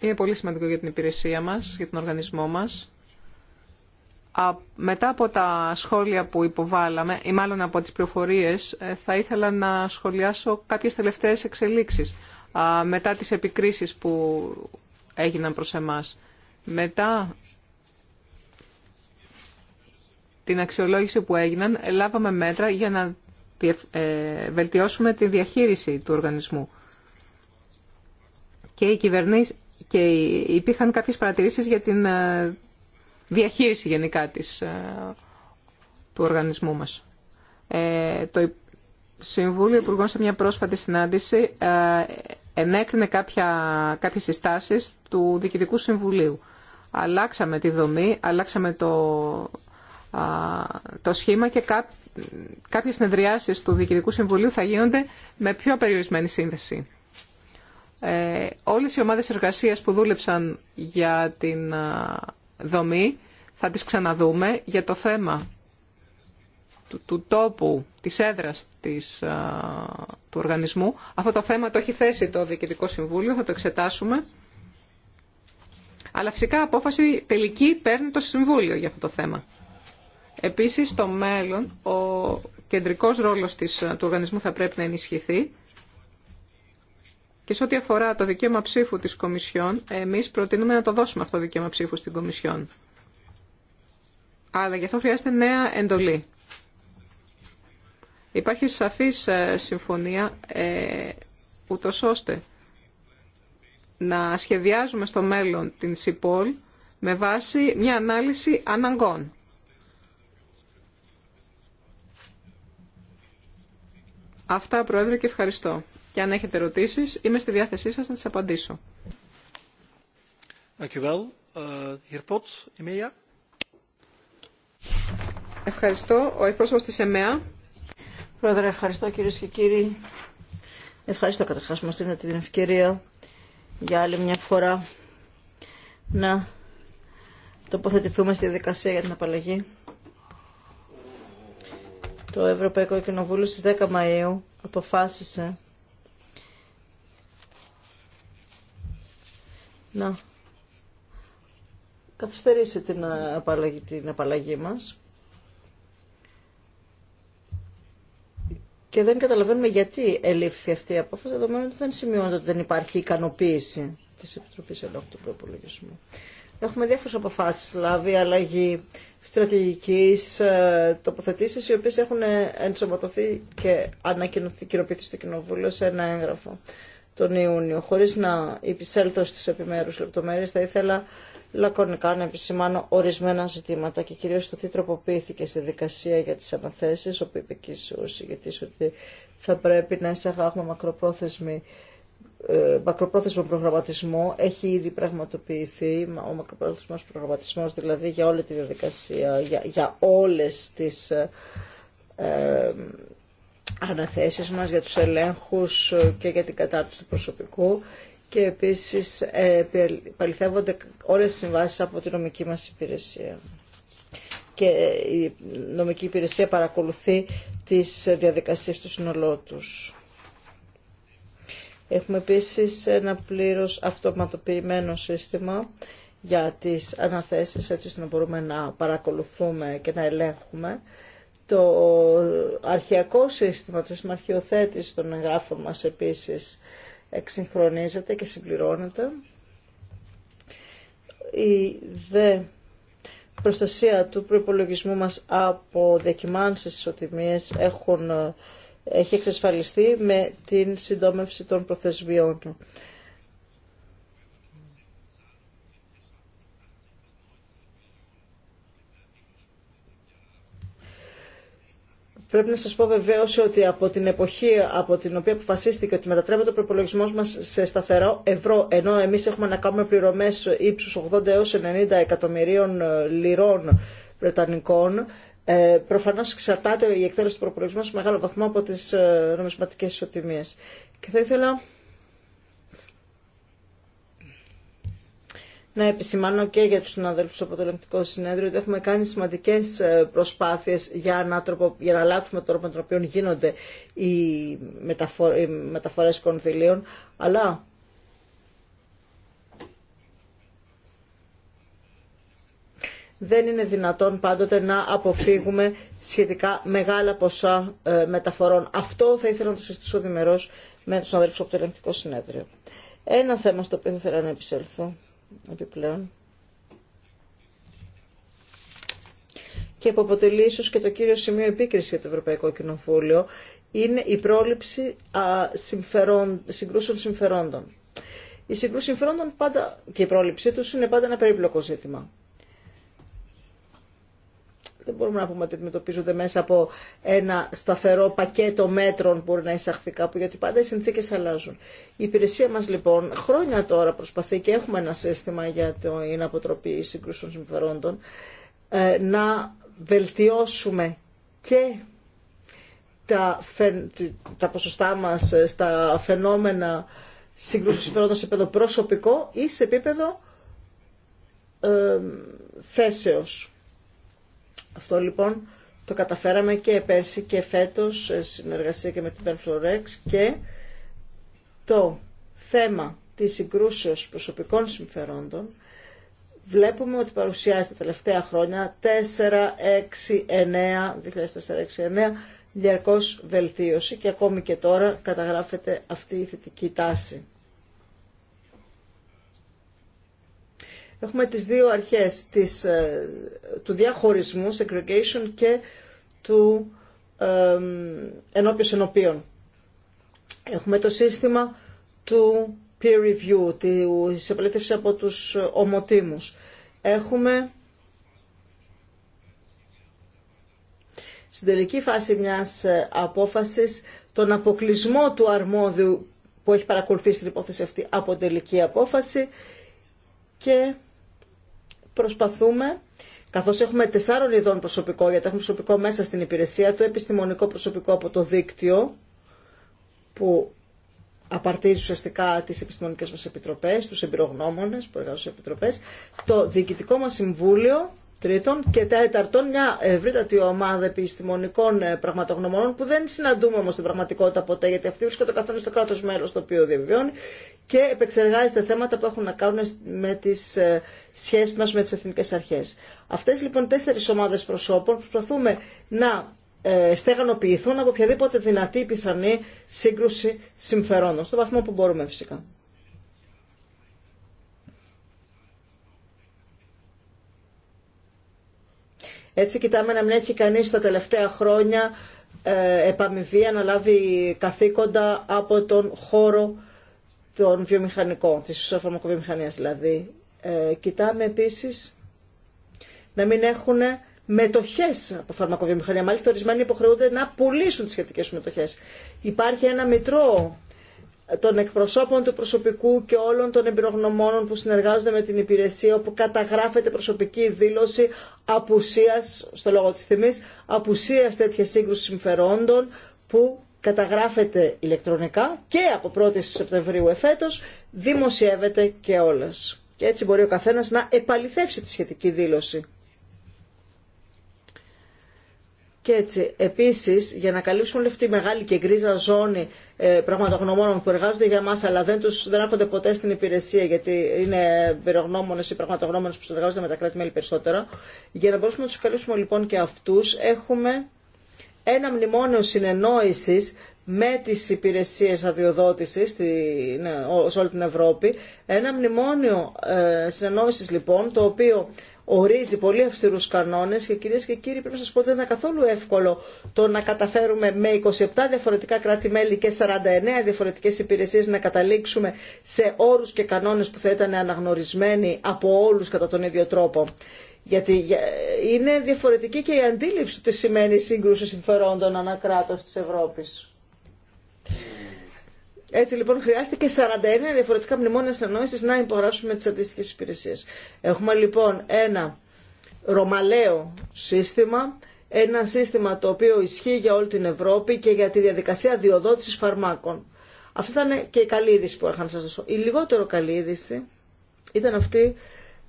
είναι πολύ σημαντικό για την υπηρεσία μας, για τον οργανισμό μας. μετά από τα σχόλια που υποβάλαμε, ή μάλλον από τις προφορίες, ε, θα ήθελα να σχολιάσω κάποιες τελευταίες εξελίξεις μετά τις επικρίσεις που έγιναν προς εμάς. Μετά την αξιολόγηση που έγιναν, λάβαμε μέτρα για να ε, βελτιώσουμε τη διαχείριση του οργανισμού. Και και υπήρχαν κάποιες παρατηρήσεις για την ε, διαχείριση γενικά της, ε, του οργανισμού μας. Ε, το Συμβούλιο Υπουργών σε μια πρόσφατη συνάντηση ε, ενέκρινε κάποια, κάποιες συστάσεις του Διοικητικού Συμβουλίου. Αλλάξαμε τη δομή, αλλάξαμε το, το σχήμα και κά, κάποιες συνεδριάσεις του Διοικητικού Συμβουλίου θα γίνονται με πιο περιορισμένη σύνδεση. Ε, όλες οι ομάδες εργασίας που δούλεψαν για την δομή θα τις ξαναδούμε για το θέμα του, τόπου, της έδρας της, του οργανισμού. Αυτό το θέμα το έχει θέσει το Διοικητικό Συμβούλιο, θα το εξετάσουμε. Αλλά φυσικά απόφαση τελική παίρνει το Συμβούλιο για αυτό το θέμα. Επίσης, στο μέλλον, ο κεντρικός ρόλος της, του οργανισμού θα πρέπει να ενισχυθεί και σε ό,τι αφορά το δικαίωμα ψήφου της Κομισιόν, εμείς προτείνουμε να το δώσουμε αυτό το δικαίωμα ψήφου στην Κομισιόν. Αλλά γι' αυτό χρειάζεται νέα εντολή. Υπάρχει σαφής ε, συμφωνία, ε, ούτως ώστε να σχεδιάζουμε στο μέλλον την ΣΥΠΟΛ με βάση μια ανάλυση αναγκών. Αυτά, Πρόεδρε, και ευχαριστώ και αν έχετε ερωτήσεις είμαι στη διάθεσή σας να τις απαντήσω. Eh, ευχαριστώ. Ο εκπρόσωπος της ΕΜΕΑ. Πρόεδρε, ευχαριστώ κύριε και κύριοι. Ευχαριστώ καταρχάς που μας δίνετε την ευκαιρία για άλλη μια φορά να τοποθετηθούμε στη δικασία για την απαλλαγή. Το Ευρωπαϊκό Κοινοβούλιο στις 10 Μαΐου αποφάσισε να καθυστερήσει την ε, απαλλαγή, την απαλλαγή μας. Και δεν καταλαβαίνουμε γιατί ελήφθη αυτή η απόφαση, δεδομένου ότι δεν σημειώνεται ότι δεν υπάρχει ικανοποίηση τη Επιτροπή Ελόγου του Προπολογισμού. Έχουμε διάφορε αποφάσει λάβει, αλλαγή στρατηγική, ε, τοποθετήσει, οι οποίε έχουν ενσωματωθεί και ανακοινωθεί, κοινοποιηθεί στο Κοινοβούλιο σε ένα έγγραφο τον Ιούνιο. Χωρίς να υπησέλθω στις επιμέρους λεπτομέρειες, θα ήθελα λακωνικά να επισημάνω ορισμένα ζητήματα και κυρίως το τι τροποποιήθηκε στη δικασία για τις αναθέσεις, όπου είπε και γιατί ότι θα πρέπει να εισαγάγουμε μακροπρόθεσμη ε, μακροπρόθεσμο προγραμματισμό έχει ήδη πραγματοποιηθεί ο μακροπρόθεσμος προγραμματισμός δηλαδή για όλη τη διαδικασία για, για όλες τις ε, ε, αναθέσεις μας για τους ελέγχους και για την κατάρτιση του προσωπικού και επίσης ε, παληθεύονται όλες τις συμβάσεις από τη νομική μας υπηρεσία. Και η νομική υπηρεσία παρακολουθεί τις διαδικασίες του συνολό Έχουμε επίσης ένα πλήρως αυτοματοποιημένο σύστημα για τις αναθέσεις, έτσι ώστε να μπορούμε να παρακολουθούμε και να ελέγχουμε το αρχαιακό σύστημα της μαρχιοθέτησης των εγγράφων μας επίσης εξυγχρονίζεται και συμπληρώνεται. Η δε προστασία του προϋπολογισμού μας από δεκιμάνσεις ισοτιμίες έχουν, έχει εξασφαλιστεί με την συντόμευση των προθεσμιών. Πρέπει να σας πω βεβαίω ότι από την εποχή από την οποία αποφασίστηκε ότι μετατρέπεται ο προπολογισμό μας σε σταθερό ευρώ, ενώ εμείς έχουμε να κάνουμε πληρωμές ύψους 80 έως 90 εκατομμυρίων ε, λιρών Βρετανικών, ε, προφανώς Προφανώ εξαρτάται η εκτέλεση του προπολογισμού σε μεγάλο βαθμό από τι ε, νομισματικέ ισοτιμίε. Και θα ήθελα να επισημάνω και για τους συναδέλφους από το Ελεγκτικό Συνέδριο ότι έχουμε κάνει σημαντικές ε, προσπάθειες για να, τροπο, για αλλάξουμε τον τρόπο με τον οποίο γίνονται οι, μεταφορ, οι μεταφορές κονδυλίων, αλλά δεν είναι δυνατόν πάντοτε να αποφύγουμε σχετικά μεγάλα ποσά ε, μεταφορών. Αυτό θα ήθελα να το συζητήσω διμερώς με τους αδέλφους από το Ελεγκτικό Συνέδριο. Ένα θέμα στο οποίο θα ήθελα να επισέλθω επιπλέον και που αποτελεί ίσω και το κύριο σημείο επίκριση για το Ευρωπαϊκό Κοινοβούλιο είναι η πρόληψη συγκρούσεων συμφερόντων. Η συγκρούση συμφερόντων πάντα, και η πρόληψή του είναι πάντα ένα περίπλοκο ζήτημα δεν μπορούμε να πούμε ότι αντιμετωπίζονται μέσα από ένα σταθερό πακέτο μέτρων που μπορεί να εισαχθεί κάπου, γιατί πάντα οι συνθήκε αλλάζουν. Η υπηρεσία μα λοιπόν χρόνια τώρα προσπαθεί και έχουμε ένα σύστημα για την αποτροπή συγκρούσεων συμφερόντων ε, να βελτιώσουμε και τα, τα ποσοστά μας ε, στα φαινόμενα συγκρούσεων συμφερόντων σε επίπεδο προσωπικό ή σε επίπεδο ε, θέσεως. Αυτό λοιπόν το καταφέραμε και πέρσι και φέτος σε συνεργασία και με την Perflorex και το θέμα της συγκρούσεως προσωπικών συμφερόντων βλέπουμε ότι παρουσιάζεται τα τελευταία χρόνια 4-6-9, 6 διαρκως βελτίωση και ακόμη και τώρα καταγράφεται αυτή η θετική τάση. έχουμε τις δύο αρχές της, ε, του διαχωρισμού, segregation και του ε, ενώπιος ενωπίων. Έχουμε το σύστημα του peer review, τη επαλήτευση από τους ομοτήμους. Έχουμε στην τελική φάση μιας ε, απόφασης τον αποκλεισμό του αρμόδιου που έχει παρακολουθήσει την υπόθεση αυτή από τελική απόφαση και προσπαθούμε, καθώς έχουμε τεσσάρων ειδών προσωπικό, γιατί έχουμε προσωπικό μέσα στην υπηρεσία, το επιστημονικό προσωπικό από το δίκτυο, που απαρτίζει ουσιαστικά τις επιστημονικές μας επιτροπές, τους εμπειρογνώμονες που εργάζονται σε επιτροπές, το διοικητικό μας συμβούλιο, Τρίτον και τέταρτον, μια ευρύτατη ομάδα επιστημονικών ε, πραγματογνωμών που δεν συναντούμε όμω στην πραγματικότητα ποτέ, γιατί αυτοί βρίσκονται καθένα στο κράτο μέλο το οποίο διαβιώνει και επεξεργάζεται θέματα που έχουν να κάνουν με τι ε, σχέσει μα με τι εθνικέ αρχέ. Αυτέ λοιπόν τέσσερις τέσσερι ομάδε προσώπων προσπαθούμε να ε, στεγανοποιηθούν από οποιαδήποτε δυνατή ή πιθανή σύγκρουση συμφερόντων, στο βαθμό που μπορούμε φυσικά. Έτσι κοιτάμε να μην έχει κανείς τα τελευταία χρόνια ε, επαμοιβή λάβει καθήκοντα από τον χώρο των βιομηχανικών, της φαρμακοβιομηχανίας δηλαδή. Ε, κοιτάμε επίσης να μην έχουν μετοχές από φαρμακοβιομηχανία. Μάλιστα ορισμένοι υποχρεούνται να πουλήσουν τις σχετικές μετοχές. Υπάρχει ένα μητρό των εκπροσώπων του προσωπικού και όλων των εμπειρογνωμόνων που συνεργάζονται με την υπηρεσία όπου καταγράφεται προσωπική δήλωση απουσίας, στο λόγο της τιμής, απουσίας τέτοια σύγκρουση συμφερόντων που καταγράφεται ηλεκτρονικά και από 1η Σεπτεμβρίου εφέτος δημοσιεύεται και όλας. Και έτσι μπορεί ο καθένας να επαληθεύσει τη σχετική δήλωση. Και έτσι, επίση, για να καλύψουμε όλη αυτή τη μεγάλη και γκρίζα ζώνη ε, πραγματογνωμόνων που εργάζονται για μα, αλλά δεν, τους, δεν έρχονται ποτέ στην υπηρεσία, γιατί είναι πυρογνώμονε ή πραγματογνώμονε που συνεργάζονται με τα κράτη-μέλη περισσότερα. Για να μπορούμε να του καλύψουμε λοιπόν και αυτού, έχουμε ένα μνημόνιο συνεννόηση με τις υπηρεσίες αδειοδότησης ναι, σε όλη την Ευρώπη. Ένα μνημόνιο ε, συνεννόησης λοιπόν, το οποίο ορίζει πολύ αυστηρούς κανόνες και κυρίες και κύριοι πρέπει να σας πω ότι δεν είναι καθόλου εύκολο το να καταφέρουμε με 27 διαφορετικά κράτη-μέλη και 49 διαφορετικές υπηρεσίες να καταλήξουμε σε όρους και κανόνες που θα ήταν αναγνωρισμένοι από όλους κατά τον ίδιο τρόπο. Γιατί είναι διαφορετική και η αντίληψη του τι σημαίνει σύγκρουση συμφερόντων ανακράτως της Ευρώπης. Έτσι λοιπόν χρειάστηκε 49 διαφορετικά μνημόνια συνεννόησης να υπογράψουμε τις αντίστοιχε υπηρεσίες. Έχουμε λοιπόν ένα ρωμαλαίο σύστημα, ένα σύστημα το οποίο ισχύει για όλη την Ευρώπη και για τη διαδικασία διοδότησης φαρμάκων. Αυτή ήταν και η καλή είδηση που είχα να σας δώσω. Η λιγότερο καλή είδηση ήταν αυτή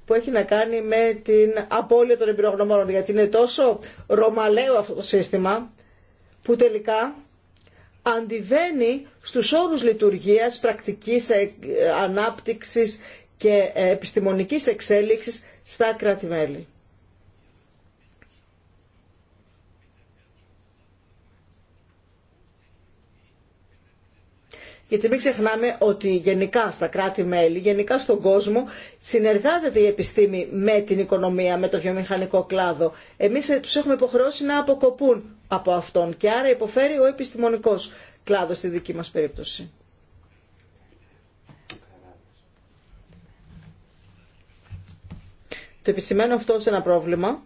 που έχει να κάνει με την απώλεια των εμπειρογνωμόνων. Γιατί είναι τόσο ρωμαλαίο αυτό το σύστημα που τελικά αντιβαίνει στους όρους λειτουργίας, πρακτικής ε, ε, ανάπτυξης και ε, επιστημονικής εξέλιξης στα κράτη-μέλη. γιατί μην ξεχνάμε ότι γενικά στα κράτη-μέλη, γενικά στον κόσμο, συνεργάζεται η επιστήμη με την οικονομία, με το βιομηχανικό κλάδο. Εμείς ε, τους έχουμε υποχρεώσει να αποκοπούν από αυτόν και άρα υποφέρει ο επιστημονικός κλάδος στη δική μας περίπτωση. Το επισημαίνω αυτό σε ένα πρόβλημα,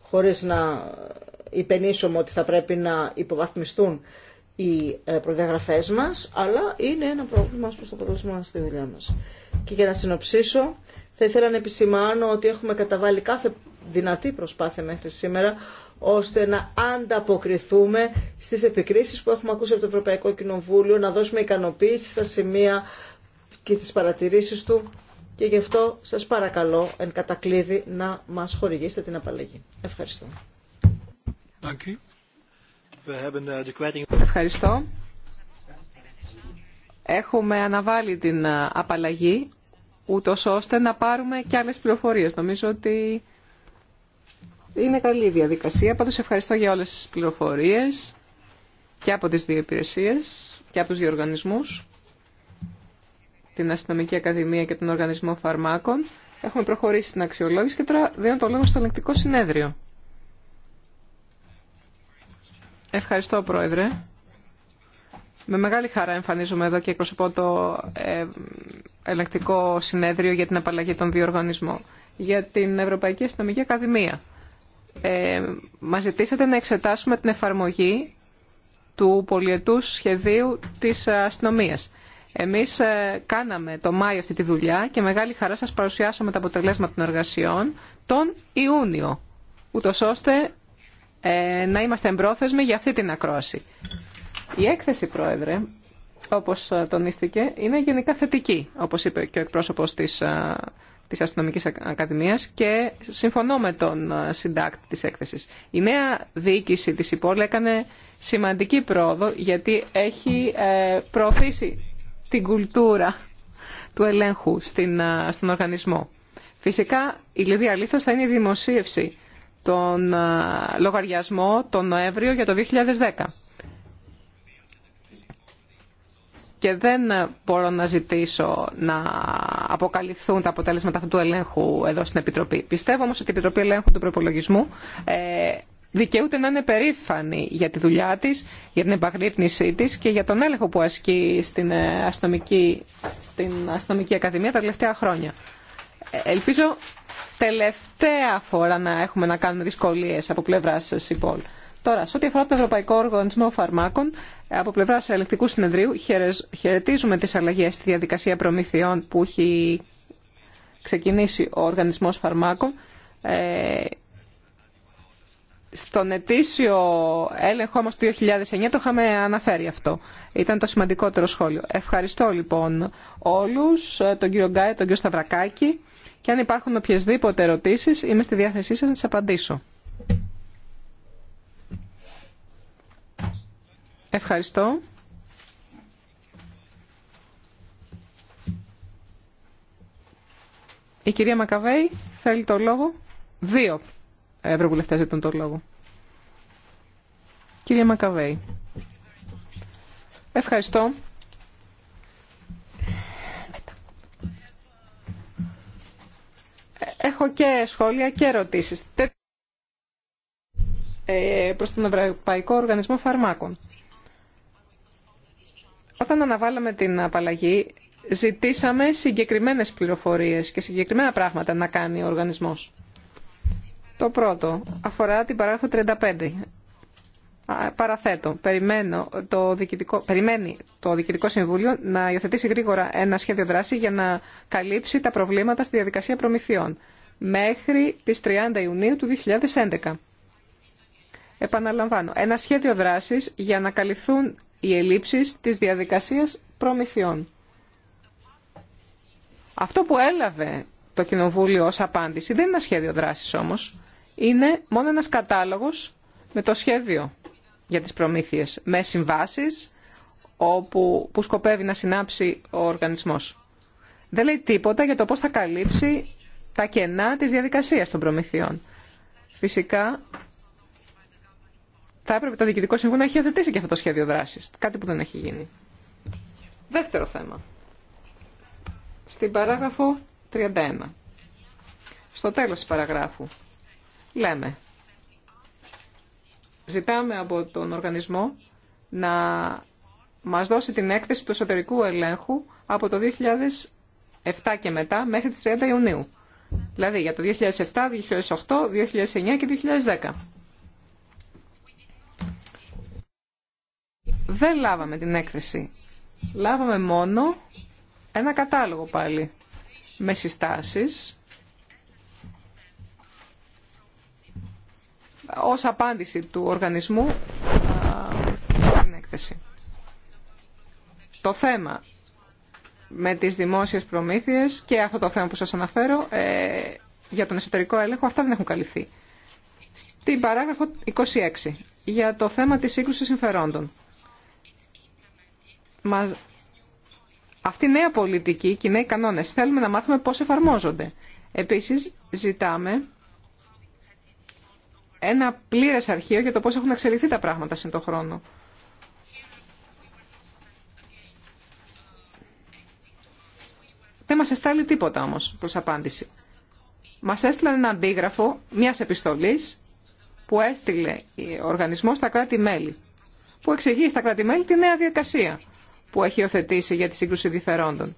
χωρίς να υπενήσουμε ότι θα πρέπει να υποβαθμιστούν οι ε, προδιαγραφές μας, αλλά είναι ένα πρόβλημα προς το αποτέλεσμα στη δουλειά μας. Και για να συνοψίσω, θα ήθελα να επισημάνω ότι έχουμε καταβάλει κάθε δυνατή προσπάθεια μέχρι σήμερα, ώστε να ανταποκριθούμε στις επικρίσεις που έχουμε ακούσει από το Ευρωπαϊκό Κοινοβούλιο, να δώσουμε ικανοποίηση στα σημεία και τις παρατηρήσεις του και γι' αυτό σας παρακαλώ εν κατακλείδη να μας χορηγήσετε την απαλλαγή. Ευχαριστώ. Eh, ευχαριστώ. Έχουμε αναβάλει την ε, απαλλαγή, ούτω ώστε να πάρουμε και άλλες πληροφορίες. Νομίζω ότι είναι καλή η διαδικασία. Πάντως ευχαριστώ για όλες τις πληροφορίες και από τις δύο υπηρεσίε και από τους δύο οργανισμούς, την Αστυνομική Ακαδημία και τον Οργανισμό Φαρμάκων. Έχουμε προχωρήσει στην αξιολόγηση και τώρα δίνω το λόγο στο ελεγκτικό συνέδριο. Ευχαριστώ, Πρόεδρε. Με μεγάλη χαρά εμφανίζομαι εδώ και εκπροσωπώ το ε, Ελεκτικό Συνέδριο για την Απαλλαγή των δύο οργανισμών, για την Ευρωπαϊκή Αστυνομική Ακαδημία. Ε, μας ζητήσατε να εξετάσουμε την εφαρμογή του πολιετού σχεδίου της αστυνομίας. Εμείς ε, κάναμε το Μάιο αυτή τη δουλειά και μεγάλη χαρά σας παρουσιάσαμε τα αποτελέσματα των εργασιών τον Ιούνιο, ούτως ώστε ε, να είμαστε εμπρόθεσμοι για αυτή την ακρόαση. Η έκθεση, Πρόεδρε, όπως ε, τονίστηκε, είναι γενικά θετική, όπως είπε και ο εκπρόσωπος της, ε, της Αστυνομικής Ακαδημίας και συμφωνώ με τον συντάκτη της έκθεσης. Η νέα διοίκηση της ΥΠΟΛ έκανε σημαντική πρόοδο γιατί έχει προωθήσει την κουλτούρα του ελέγχου στην, στον οργανισμό. Φυσικά η λιδία αλήθως θα είναι η δημοσίευση τον ε, λογαριασμό τον Νοέμβριο για το 2010. Και δεν μπορώ να ζητήσω να αποκαλυφθούν τα αποτέλεσματα αυτού του ελέγχου εδώ στην Επιτροπή. Πιστεύω όμως ότι η Επιτροπή Ελέγχου του Προπολογισμού ε, δικαιούται να είναι περήφανη για τη δουλειά της, για την επαγρύπνησή της και για τον έλεγχο που ασκεί στην ε, αστυνομική, στην αστυνομική Ακαδημία τα τελευταία χρόνια. Ελπίζω τελευταία φορά να έχουμε να κάνουμε δυσκολίε από πλευρά ΣΥΠΟΛ. Τώρα, σε ό,τι αφορά το Ευρωπαϊκό Οργανισμό Φαρμάκων, από πλευρά Ελεκτικού Συνεδρίου χαιρετίζουμε τι αλλαγέ στη διαδικασία προμηθειών που έχει ξεκινήσει ο Οργανισμό Φαρμάκων. Ε, στον ετήσιο έλεγχο όμως 2009 το είχαμε αναφέρει αυτό. Ήταν το σημαντικότερο σχόλιο. Ευχαριστώ λοιπόν όλους, τον κύριο Γκάι, τον κύριο Σταυρακάκη και αν υπάρχουν οποιασδήποτε ερωτήσεις είμαι στη διάθεσή σας να τις απαντήσω. Ευχαριστώ. Η κυρία Μακαβέη θέλει το λόγο. Δύο ευρωβουλευτές ζητούν τον λόγο. Κύριε Μακαβέη. Ευχαριστώ. Ε, έχω και σχόλια και ερωτήσεις. Ε, προς τον Ευρωπαϊκό Οργανισμό Φαρμάκων. Όταν αναβάλαμε την απαλλαγή, ζητήσαμε συγκεκριμένες πληροφορίες και συγκεκριμένα πράγματα να κάνει ο οργανισμός. Το πρώτο αφορά την παράγραφο 35. Παραθέτω, περιμένω το διοικητικό, περιμένει το Διοικητικό Συμβούλιο να υιοθετήσει γρήγορα ένα σχέδιο δράση για να καλύψει τα προβλήματα στη διαδικασία προμηθειών μέχρι τις 30 Ιουνίου του 2011. Επαναλαμβάνω, ένα σχέδιο δράσης για να καλυφθούν οι ελλείψεις της διαδικασίας προμηθειών. Αυτό που έλαβε το Κοινοβούλιο ως απάντηση δεν είναι ένα σχέδιο δράσης όμως είναι μόνο ένας κατάλογος με το σχέδιο για τις προμήθειες, με συμβάσεις όπου, που σκοπεύει να συνάψει ο οργανισμός. Δεν λέει τίποτα για το πώς θα καλύψει τα κενά της διαδικασίας των προμηθειών. Φυσικά, θα έπρεπε το Διοικητικό Συμβούλιο να έχει αθετήσει και αυτό το σχέδιο δράσης. Κάτι που δεν έχει γίνει. Δεύτερο θέμα. Στην παράγραφο 31. Στο τέλος της παραγράφου λέμε. Ζητάμε από τον οργανισμό να μας δώσει την έκθεση του εσωτερικού ελέγχου από το 2007 και μετά μέχρι τις 30 Ιουνίου. Δηλαδή για το 2007, 2008, 2009 και 2010. Δεν λάβαμε την έκθεση. Λάβαμε μόνο ένα κατάλογο πάλι με συστάσεις ως απάντηση του οργανισμού στην έκθεση. Το θέμα με τις δημόσιες προμήθειες και αυτό το θέμα που σας αναφέρω ε, για τον εσωτερικό έλεγχο, αυτά δεν έχουν καλυφθεί. Στην παράγραφο 26, για το θέμα της σύγκρουση συμφερόντων. Μα... Αυτή η νέα πολιτική και οι νέοι κανόνες θέλουμε να μάθουμε πώς εφαρμόζονται. Επίσης, ζητάμε ένα πλήρες αρχείο για το πώ έχουν εξελιχθεί τα πράγματα σύν το χρόνο. Δεν μα εστάλει τίποτα όμως προς απάντηση. Μας έστειλαν ένα αντίγραφο μιας επιστολής που έστειλε ο οργανισμός στα κράτη-μέλη, που εξηγεί στα κράτη-μέλη τη νέα διακασία που έχει υιοθετήσει για τη σύγκρουση διφερόντων.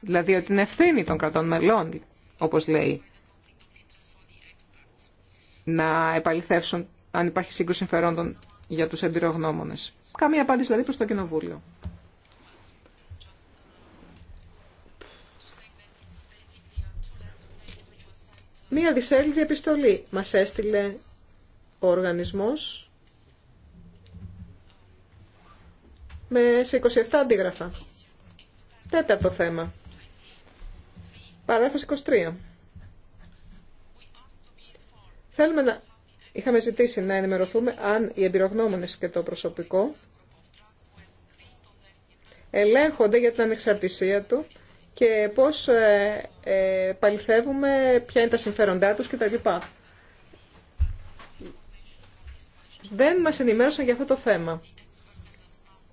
Δηλαδή ότι είναι ευθύνη των κρατών μελών, όπω λέει, να επαληθεύσουν αν υπάρχει σύγκρουση συμφερόντων για τους εμπειρογνώμονες. Καμία απάντηση δηλαδή προς το Κοινοβούλιο. Μία δυσέλιδη επιστολή μας έστειλε ο οργανισμός με σε 27 αντίγραφα. Τέταρτο θέμα. Παράγραφος 23. Θέλουμε να... Είχαμε ζητήσει να ενημερωθούμε αν οι εμπειρογνώμονες και το προσωπικό ελέγχονται για την ανεξαρτησία του και πώς ε, ε, παληθεύουμε ποια είναι τα συμφέροντά τους κτλ. Δεν μας ενημέρωσαν για αυτό το θέμα.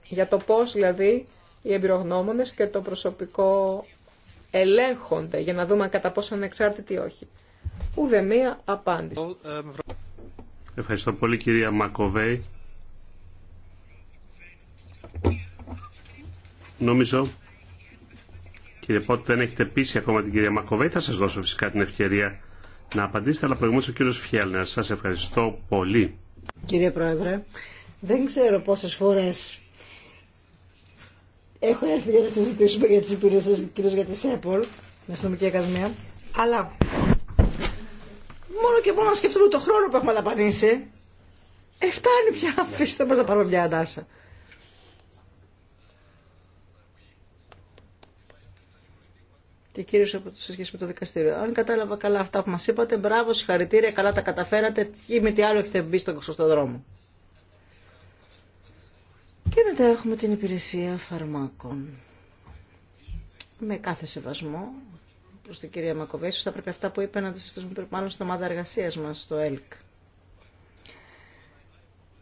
Για το πώς δηλαδή οι εμπειρογνώμονες και το προσωπικό ελέγχονται για να δούμε κατά πόσο ανεξάρτητοι ή όχι ούτε μία απάντηση. Ευχαριστώ πολύ κυρία Μακοβέη. Νομίζω, κύριε Πότ, δεν έχετε πείσει ακόμα την κυρία Μακοβέη. Θα σας δώσω φυσικά την ευκαιρία να απαντήσετε, αλλά προηγουμένως ο κύριος Φιέλνερ. Σας ευχαριστώ πολύ. Κύριε Πρόεδρε, δεν ξέρω πόσες φορές έχω έρθει για να συζητήσουμε για τις υπηρεσίες κυρίως για τη ΣΕΠΟΛ, την Αστυνομική Ακαδημία, αλλά μόνο και μόνο να σκεφτούμε το χρόνο που έχουμε δαπανίσει. εφτάνει μια πια, αφήστε μας να πάρουμε μια ανάσα. Και κύριος, από το σχέση με το δικαστήριο. Αν κατάλαβα καλά αυτά που μας είπατε, μπράβο, συγχαρητήρια, καλά τα καταφέρατε ή με τι άλλο έχετε μπει στον σωστό δρόμο. Και μετά έχουμε την υπηρεσία φαρμάκων. Με κάθε σεβασμό προ την κυρία Μακοβέη. θα πρέπει αυτά που είπε να τα συζητήσουμε μάλλον στην ομάδα εργασία μα, στο ΕΛΚ.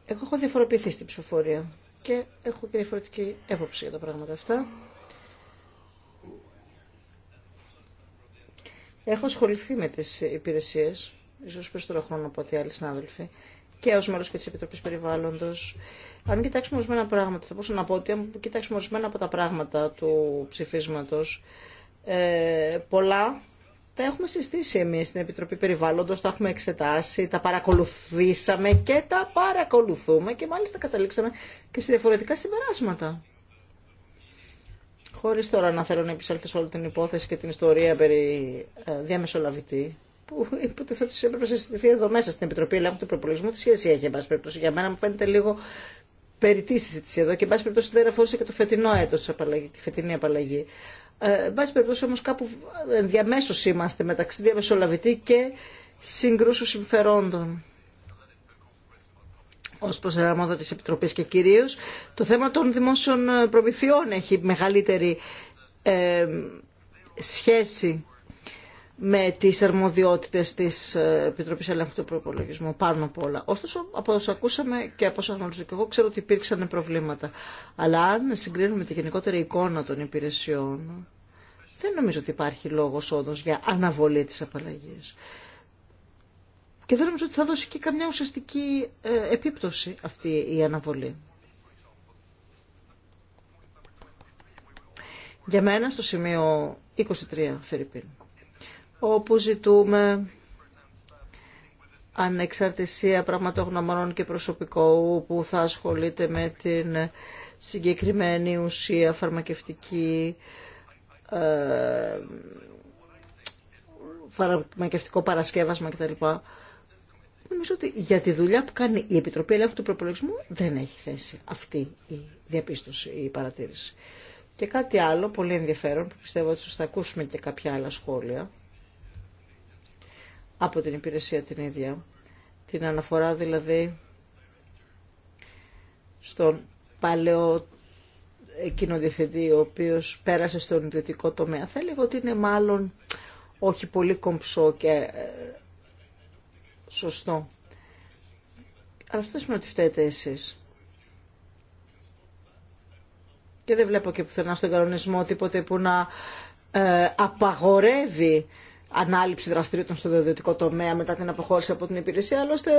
Εγώ έχω διαφοροποιηθεί στην ψηφοφορία και έχω και διαφορετική έποψη για τα πράγματα αυτά. Έχω ασχοληθεί με τις υπηρεσίες, ίσως περισσότερο χρόνο από ό,τι άλλοι συνάδελφοι, και ω μέλο και τη επιτροπή περιβάλλοντο. Αν κοιτάξουμε ορισμένα πράγματα, θα μπορούσα να πω ότι αν κοιτάξουμε ορισμένα από τα πράγματα του ψηφίσματος, ε, πολλά τα έχουμε συστήσει εμείς στην Επιτροπή Περιβάλλοντος, τα έχουμε εξετάσει, τα παρακολουθήσαμε και τα παρακολουθούμε και μάλιστα καταλήξαμε και σε διαφορετικά συμπεράσματα. Χωρί τώρα να θέλω να επισέλθω σε όλη την υπόθεση και την ιστορία περί ε, διαμεσολαβητή, που υποτιθέτω ότι έπρεπε να συζητηθεί εδώ μέσα στην Επιτροπή Ελέγχου του Προπολογισμού, τι σχέση έχει, εν περιπτώσει. Για μένα μου φαίνεται λίγο περί τη εδώ και, εν περιπτώσει, δεν αφορούσε και το φετινό έτο, τη φετινή απαλλαγή. Ε, εν πάση περιπτώσει όμως κάπου διαμέσως είμαστε μεταξύ διαμεσολαβητή και συγκρούσου συμφερόντων Ως προς την της τη και κυρίω το θέμα των δημόσιων προμηθειών έχει μεγαλύτερη ε, σχέση με τις αρμοδιότητες της ε, Επιτροπής Ελέγχου του Προπολογισμού πάνω απ' όλα. Ωστόσο, από όσα ακούσαμε και από όσα γνωρίζω και εγώ, ξέρω ότι υπήρξαν προβλήματα. Αλλά αν συγκρίνουμε τη γενικότερη εικόνα των υπηρεσιών, δεν νομίζω ότι υπάρχει λόγος όντω για αναβολή της απαλλαγής. Και δεν νομίζω ότι θα δώσει και καμιά ουσιαστική ε, επίπτωση αυτή η αναβολή. Για μένα στο σημείο 23, Φερρυπίνου όπου ζητούμε ανεξαρτησία πραγματογνωμών και προσωπικού που θα ασχολείται με την συγκεκριμένη ουσία φαρμακευτική ε, φαρμακευτικό παρασκεύασμα κτλ. Νομίζω ότι για τη δουλειά που κάνει η Επιτροπή Ελέγχου του Προπολογισμού δεν έχει θέση αυτή η διαπίστωση, η παρατήρηση. Και κάτι άλλο πολύ ενδιαφέρον που πιστεύω ότι θα ακούσουμε και κάποια άλλα σχόλια από την υπηρεσία την ίδια. Την αναφορά δηλαδή στον παλαιό εκείνο διευθυντή ο οποίος πέρασε στον ιδιωτικό τομέα. Θα έλεγα ότι είναι μάλλον όχι πολύ κομψό και ε, σωστό. Αλλά αυτό σημαίνει ότι φταίτε εσείς. Και δεν βλέπω και πουθενά στον κανονισμό τίποτε που να ε, απαγορεύει ανάληψη δραστηριότητων στο ιδιωτικό τομέα μετά την αποχώρηση από την υπηρεσία. Άλλωστε,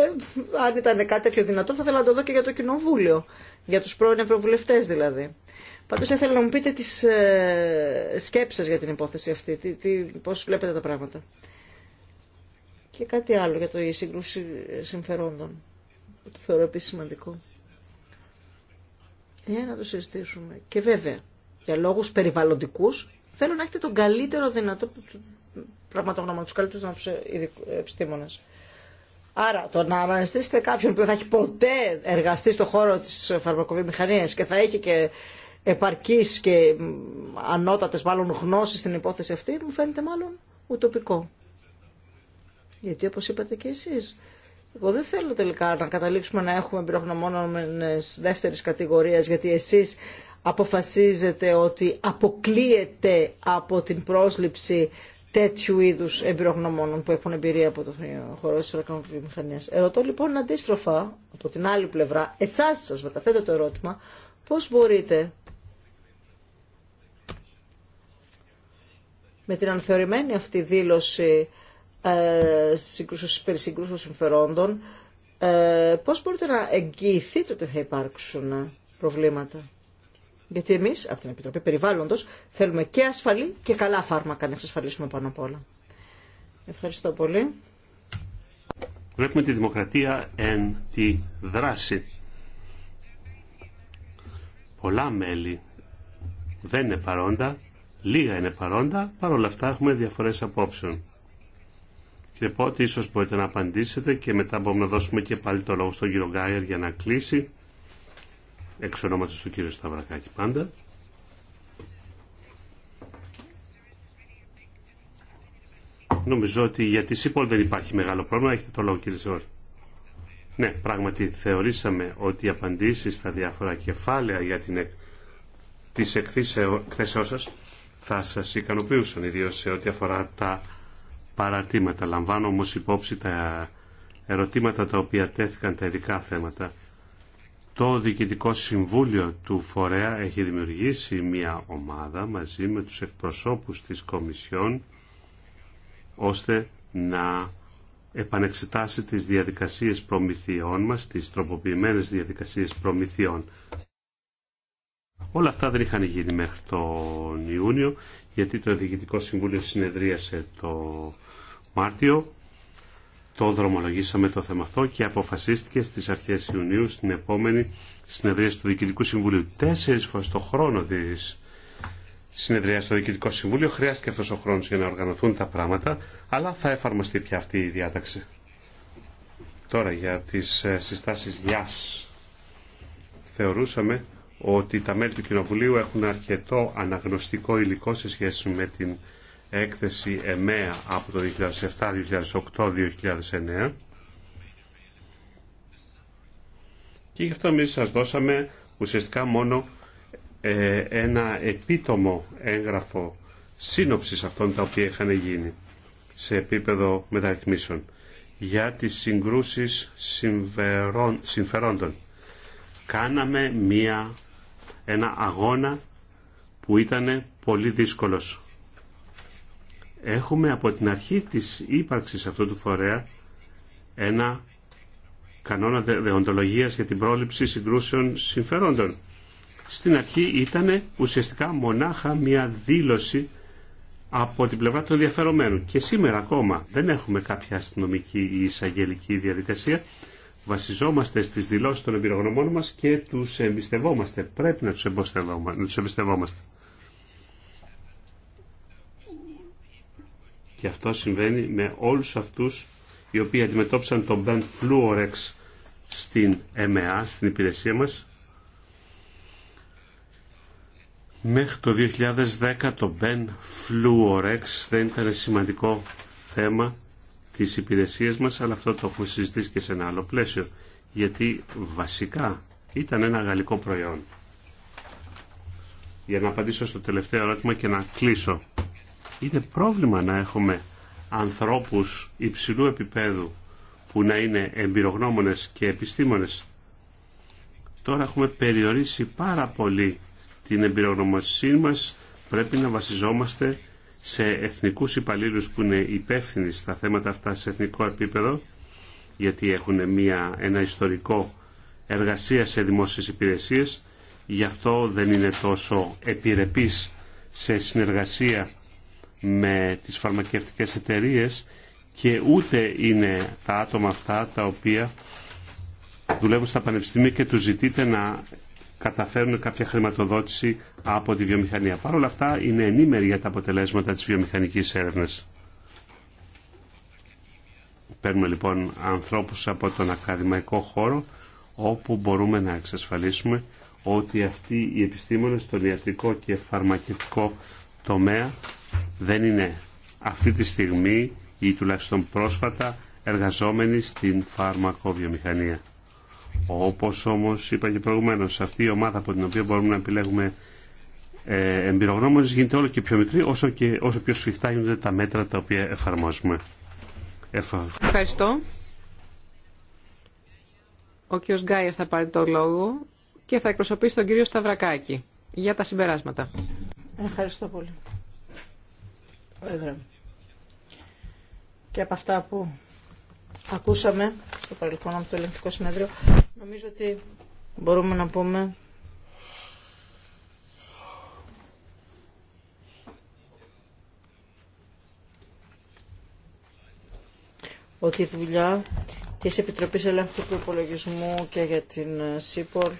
αν ήταν κάτι τέτοιο δυνατό, θα ήθελα να το δω και για το Κοινοβούλιο. Για του πρώην Ευρωβουλευτέ δηλαδή. Πάντω, ήθελα να μου πείτε τι ε, σκέψει για την υπόθεση αυτή. Τι, Πώ βλέπετε τα πράγματα. Και κάτι άλλο για το σύγκρουση συμφερόντων. Που το θεωρώ επίση σημαντικό. Για ε, να το συζητήσουμε. Και βέβαια, για λόγου, περιβαλλοντικού, θέλω να έχετε τον καλύτερο δυνατό πραγματογνώμα, του καλύτερου επιστήμονε. Άρα το να αναστήσετε κάποιον που δεν θα έχει ποτέ εργαστεί στον χώρο τη φαρμακοβιομηχανίας και θα έχει και επαρκή και ανώτατε, μάλλον γνώσει στην υπόθεση αυτή μου φαίνεται μάλλον ουτοπικό. Γιατί όπω είπατε και εσεί, εγώ δεν θέλω τελικά να καταλήξουμε να έχουμε εμπειρογνωμόνε δεύτερη κατηγορία, γιατί εσεί αποφασίζετε ότι αποκλείεται από την πρόσληψη τέτοιου είδου εμπειρογνωμόνων που έχουν εμπειρία από το χώρο τη φαρμακοβιομηχανίας. Ερωτώ λοιπόν αντίστροφα από την άλλη πλευρά, εσά σα μεταθέτω το ερώτημα, πώ μπορείτε με την ανθεωρημένη αυτή δήλωση ε, συγκρούσεως, περί συγκρούσεως συμφερόντων, ε, πώς μπορείτε να εγγυηθείτε ότι θα υπάρξουν προβλήματα. Γιατί εμεί, από την Επιτροπή Περιβάλλοντος θέλουμε και ασφαλή και καλά φάρμακα να εξασφαλίσουμε πάνω απ' όλα. Ευχαριστώ πολύ. Βλέπουμε τη δημοκρατία εν τη δράση. Πολλά μέλη δεν είναι παρόντα, λίγα είναι παρόντα, παρόλα αυτά έχουμε διαφορές απόψεων. Και πότε ίσως μπορείτε να απαντήσετε και μετά μπορούμε να δώσουμε και πάλι το λόγο στον κύριο Γκάιερ για να κλείσει εξ ονόματος του κύριου Σταυρακάκη πάντα. Νομίζω ότι για τη ΣΥΠΟΛ δεν υπάρχει μεγάλο πρόβλημα. Έχετε το λόγο κύριε Σεώρη. Ναι, πράγματι θεωρήσαμε ότι οι απαντήσεις στα διάφορα κεφάλαια για την, τις εκθέσεις σας θα σας ικανοποιούσαν, ιδίως σε ό,τι αφορά τα παρατήματα. Λαμβάνω όμως υπόψη τα ερωτήματα τα οποία τέθηκαν τα ειδικά θέματα το Διοικητικό Συμβούλιο του Φορέα έχει δημιουργήσει μια ομάδα μαζί με τους εκπροσώπους της Κομισιόν ώστε να επανεξετάσει τις διαδικασίες προμηθειών μας, τις τροποποιημένες διαδικασίες προμηθειών. Όλα αυτά δεν είχαν γίνει μέχρι τον Ιούνιο, γιατί το Διοικητικό Συμβούλιο συνεδρίασε το Μάρτιο το δρομολογήσαμε το θέμα αυτό και αποφασίστηκε στις αρχές Ιουνίου στην επόμενη συνεδρία του Διοικητικού Συμβουλίου. Τέσσερις φορές το χρόνο της συνεδρία του Διοικητικό Συμβουλίου χρειάστηκε αυτός ο χρόνος για να οργανωθούν τα πράγματα, αλλά θα εφαρμοστεί πια αυτή η διάταξη. Τώρα για τις ε, συστάσεις ΓΙΑΣ. Θεωρούσαμε ότι τα μέλη του Κοινοβουλίου έχουν αρκετό αναγνωστικό υλικό σε σχέση με την έκθεση ΕΜΕΑ από το 2007-2008-2009 και γι' αυτό εμείς σας δώσαμε ουσιαστικά μόνο ε, ένα επίτομο έγγραφο σύνοψης αυτών τα οποία είχαν γίνει σε επίπεδο μεταρρυθμίσεων για τις συγκρούσεις συμφερόντων. Κάναμε μία, ένα αγώνα που ήταν πολύ δύσκολος έχουμε από την αρχή της ύπαρξης αυτού του φορέα ένα κανόνα δεοντολογίας για την πρόληψη συγκρούσεων συμφερόντων. Στην αρχή ήταν ουσιαστικά μονάχα μια δήλωση από την πλευρά των ενδιαφερομένων. Και σήμερα ακόμα δεν έχουμε κάποια αστυνομική ή εισαγγελική διαδικασία. Βασιζόμαστε στις δηλώσεις των εμπειρογνωμών μας και τους εμπιστευόμαστε. Πρέπει να τους εμπιστευόμαστε. Και αυτό συμβαίνει με όλους αυτούς οι οποίοι αντιμετώπισαν τον Ben Fluorex στην ΕΜΕΑ, στην υπηρεσία μας. Μέχρι το 2010 το Ben Fluorex δεν ήταν σημαντικό θέμα της υπηρεσίας μας, αλλά αυτό το έχουμε συζητήσει και σε ένα άλλο πλαίσιο, γιατί βασικά ήταν ένα γαλλικό προϊόν. Για να απαντήσω στο τελευταίο ερώτημα και να κλείσω είναι πρόβλημα να έχουμε ανθρώπους υψηλού επίπεδου που να είναι εμπειρογνώμονες και επιστήμονες. Τώρα έχουμε περιορίσει πάρα πολύ την εμπειρογνωμοσύνη μας. Πρέπει να βασιζόμαστε σε εθνικούς υπαλλήλου που είναι υπεύθυνοι στα θέματα αυτά σε εθνικό επίπεδο, γιατί έχουν μια, ένα ιστορικό εργασία σε δημόσιες υπηρεσίες. Γι' αυτό δεν είναι τόσο επιρρεπής σε συνεργασία με τις φαρμακευτικές εταιρείες και ούτε είναι τα άτομα αυτά τα οποία δουλεύουν στα πανεπιστήμια και τους ζητείτε να καταφέρουν κάποια χρηματοδότηση από τη βιομηχανία. Παρ' όλα αυτά είναι ενήμεροι για τα αποτελέσματα της βιομηχανικής έρευνας. Παίρνουμε λοιπόν ανθρώπους από τον ακαδημαϊκό χώρο όπου μπορούμε να εξασφαλίσουμε ότι αυτοί οι επιστήμονες στον ιατρικό και φαρμακευτικό τομέα δεν είναι αυτή τη στιγμή ή τουλάχιστον πρόσφατα εργαζόμενοι στην φαρμακοβιομηχανία. Όπως όμως είπα και προηγουμένως, αυτή η ομάδα από την οποία μπορούμε να επιλέγουμε ε, εμπειρογνώμονες γίνεται όλο και πιο μικρή όσο, και, όσο πιο σφιχτά γίνονται τα μέτρα τα οποία εφαρμόζουμε. Ευχαριστώ. Ο κύριος Γκάιερ θα πάρει το λόγο και θα εκπροσωπήσει τον κύριο Σταυρακάκη για τα συμπεράσματα. Ευχαριστώ πολύ. Και από αυτά που ακούσαμε στο παρελθόν από το ελεγκτικό συνέδριο, νομίζω ότι μπορούμε να πούμε ότι η δουλειά της Επιτροπής Ελέγχου του Υπολογισμού και για την ε, ΣΥΠΟΛ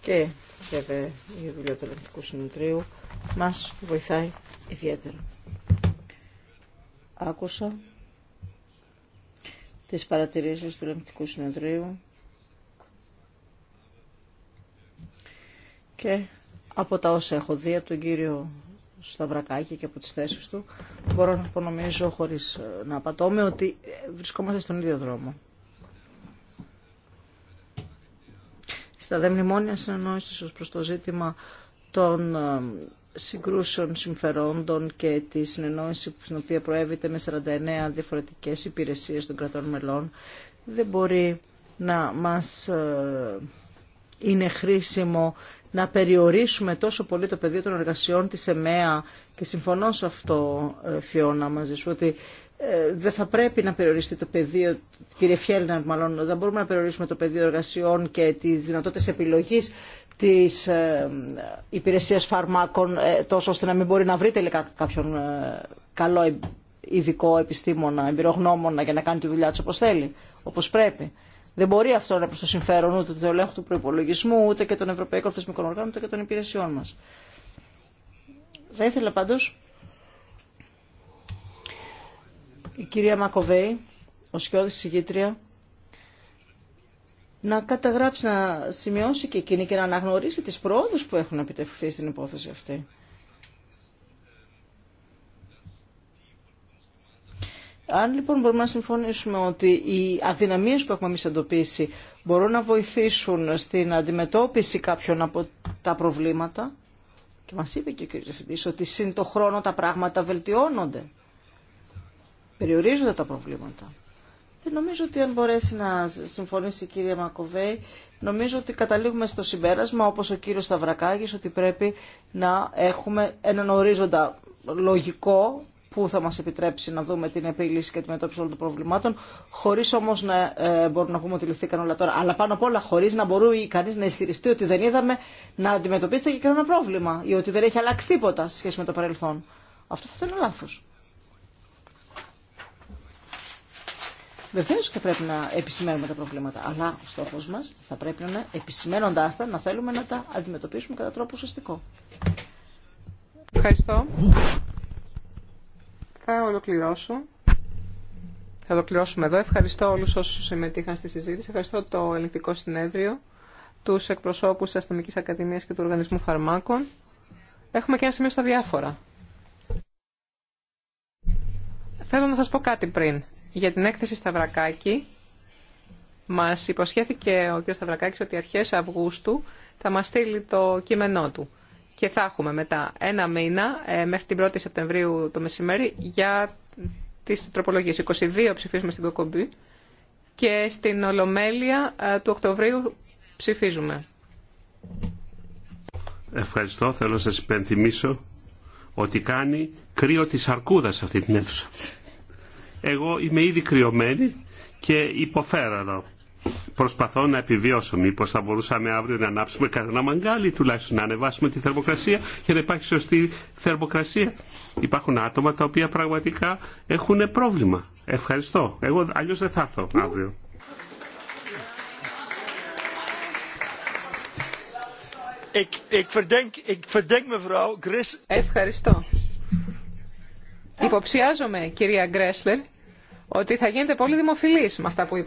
και βέβαια η δουλειά του Ελεγκτικού Συνεδρίου μας βοηθάει ιδιαίτερα. Άκουσα τις παρατηρήσεις του Λεμπτικού Συνεδρίου και από τα όσα έχω δει από τον κύριο Σταυρακάκη και από τις θέσεις του μπορώ να απονομίζω χωρίς ε, να απατώμε ότι ε, βρισκόμαστε στον ίδιο δρόμο. Στα δε μνημόνια συνεννόησης ως προς το ζήτημα των ε, συγκρούσεων συμφερόντων και τη συνεννόηση στην οποία προέβηται με 49 διαφορετικέ υπηρεσίε των κρατών μελών δεν μπορεί να μας ε, είναι χρήσιμο να περιορίσουμε τόσο πολύ το πεδίο των εργασιών της ΕΜΕΑ και συμφωνώ σε αυτό ε, Φιώνα μαζί σου ότι ε, δεν θα πρέπει να περιοριστεί το πεδίο, κύριε Φιέλνερ μάλλον, δεν μπορούμε να περιορίσουμε το πεδίο εργασιών και τις δυνατότητες επιλογής της ε, υπηρεσίας φαρμάκων ε, τόσο ώστε να μην μπορεί να βρει τελικά κάποιον ε, καλό ειδικό επιστήμονα, εμπειρογνώμονα για να κάνει τη δουλειά του όπως θέλει, όπως πρέπει. Δεν μπορεί αυτό να προς το συμφέρον ούτε του ελέγχου του προϋπολογισμού, ούτε και των Ευρωπαϊκών Θεσμικών Οργάνων, ούτε και των υπηρεσιών μας. Θα ήθελα πάντως η κυρία Μακοβέη, ο σκιώδης συγγήτρια, να καταγράψει, να σημειώσει και εκείνη και να αναγνωρίσει τις πρόοδους που έχουν επιτευχθεί στην υπόθεση αυτή. Αν λοιπόν μπορούμε να συμφωνήσουμε ότι οι αδυναμίες που έχουμε εμείς εντοπίσει μπορούν να βοηθήσουν στην αντιμετώπιση κάποιων από τα προβλήματα και μας είπε και ο κ. Διευθυντής ότι συν το χρόνο τα πράγματα βελτιώνονται, περιορίζονται τα προβλήματα. Και νομίζω ότι αν μπορέσει να συμφωνήσει η κυρία Μακοβέη, νομίζω ότι καταλήγουμε στο συμπέρασμα, όπως ο κύριος Σταυρακάκης, ότι πρέπει να έχουμε έναν ορίζοντα λογικό που θα μας επιτρέψει να δούμε την επίλυση και τη μετώπιση όλων των προβλημάτων, χωρίς όμως να ε, μπορούμε να πούμε ότι λυθήκαν όλα τώρα. Αλλά πάνω απ' όλα χωρίς να μπορεί κανείς να ισχυριστεί ότι δεν είδαμε να αντιμετωπίσετε και κανένα πρόβλημα ή ότι δεν έχει αλλάξει τίποτα σε σχέση με το παρελθόν. Αυτό θα ήταν λάθος. Βεβαίω και πρέπει να επισημαίνουμε τα προβλήματα, αλλά ο στόχο μα θα πρέπει να είναι επισημένοντά τα να θέλουμε να τα αντιμετωπίσουμε κατά τρόπο ουσιαστικό. Ευχαριστώ. Θα ολοκληρώσω. Θα ολοκληρώσουμε εδώ. Ευχαριστώ όλου όσου συμμετείχαν στη συζήτηση. Ευχαριστώ το Ελληνικό Συνέδριο, του εκπροσώπου τη Αστυνομική Ακαδημία και του Οργανισμού Φαρμάκων. Έχουμε και ένα σημείο στα διάφορα. Θέλω να σας πω κάτι πριν. Για την έκθεση Σταυρακάκη, μας υποσχέθηκε ο κ. Σταυρακάκη ότι αρχές Αυγούστου θα μα στείλει το κείμενό του. Και θα έχουμε μετά ένα μήνα ε, μέχρι την 1η Σεπτεμβρίου το μεσημέρι για τις τροπολογίες. 22 ψηφίζουμε στην Κοκομπή και στην Ολομέλεια ε, του Οκτωβρίου ψηφίζουμε. Ευχαριστώ. Θέλω να σας υπενθυμίσω ότι κάνει κρύο τη αρκούδα αυτή την αίθουσα εγώ είμαι ήδη κρυωμένη και υποφέραδο. Προσπαθώ να επιβιώσω. Μήπω θα μπορούσαμε αύριο να ανάψουμε κανένα μαγκάλι, τουλάχιστον να ανεβάσουμε τη θερμοκρασία για να υπάρχει σωστή θερμοκρασία. Υπάρχουν άτομα τα οποία πραγματικά έχουν πρόβλημα. Ευχαριστώ. Εγώ αλλιώ δεν θα έρθω αύριο. Ευχαριστώ. Υποψιάζομαι, κυρία Γκρέσλερ, ότι θα γίνετε πολύ δημοφιλείς με αυτά που είπατε.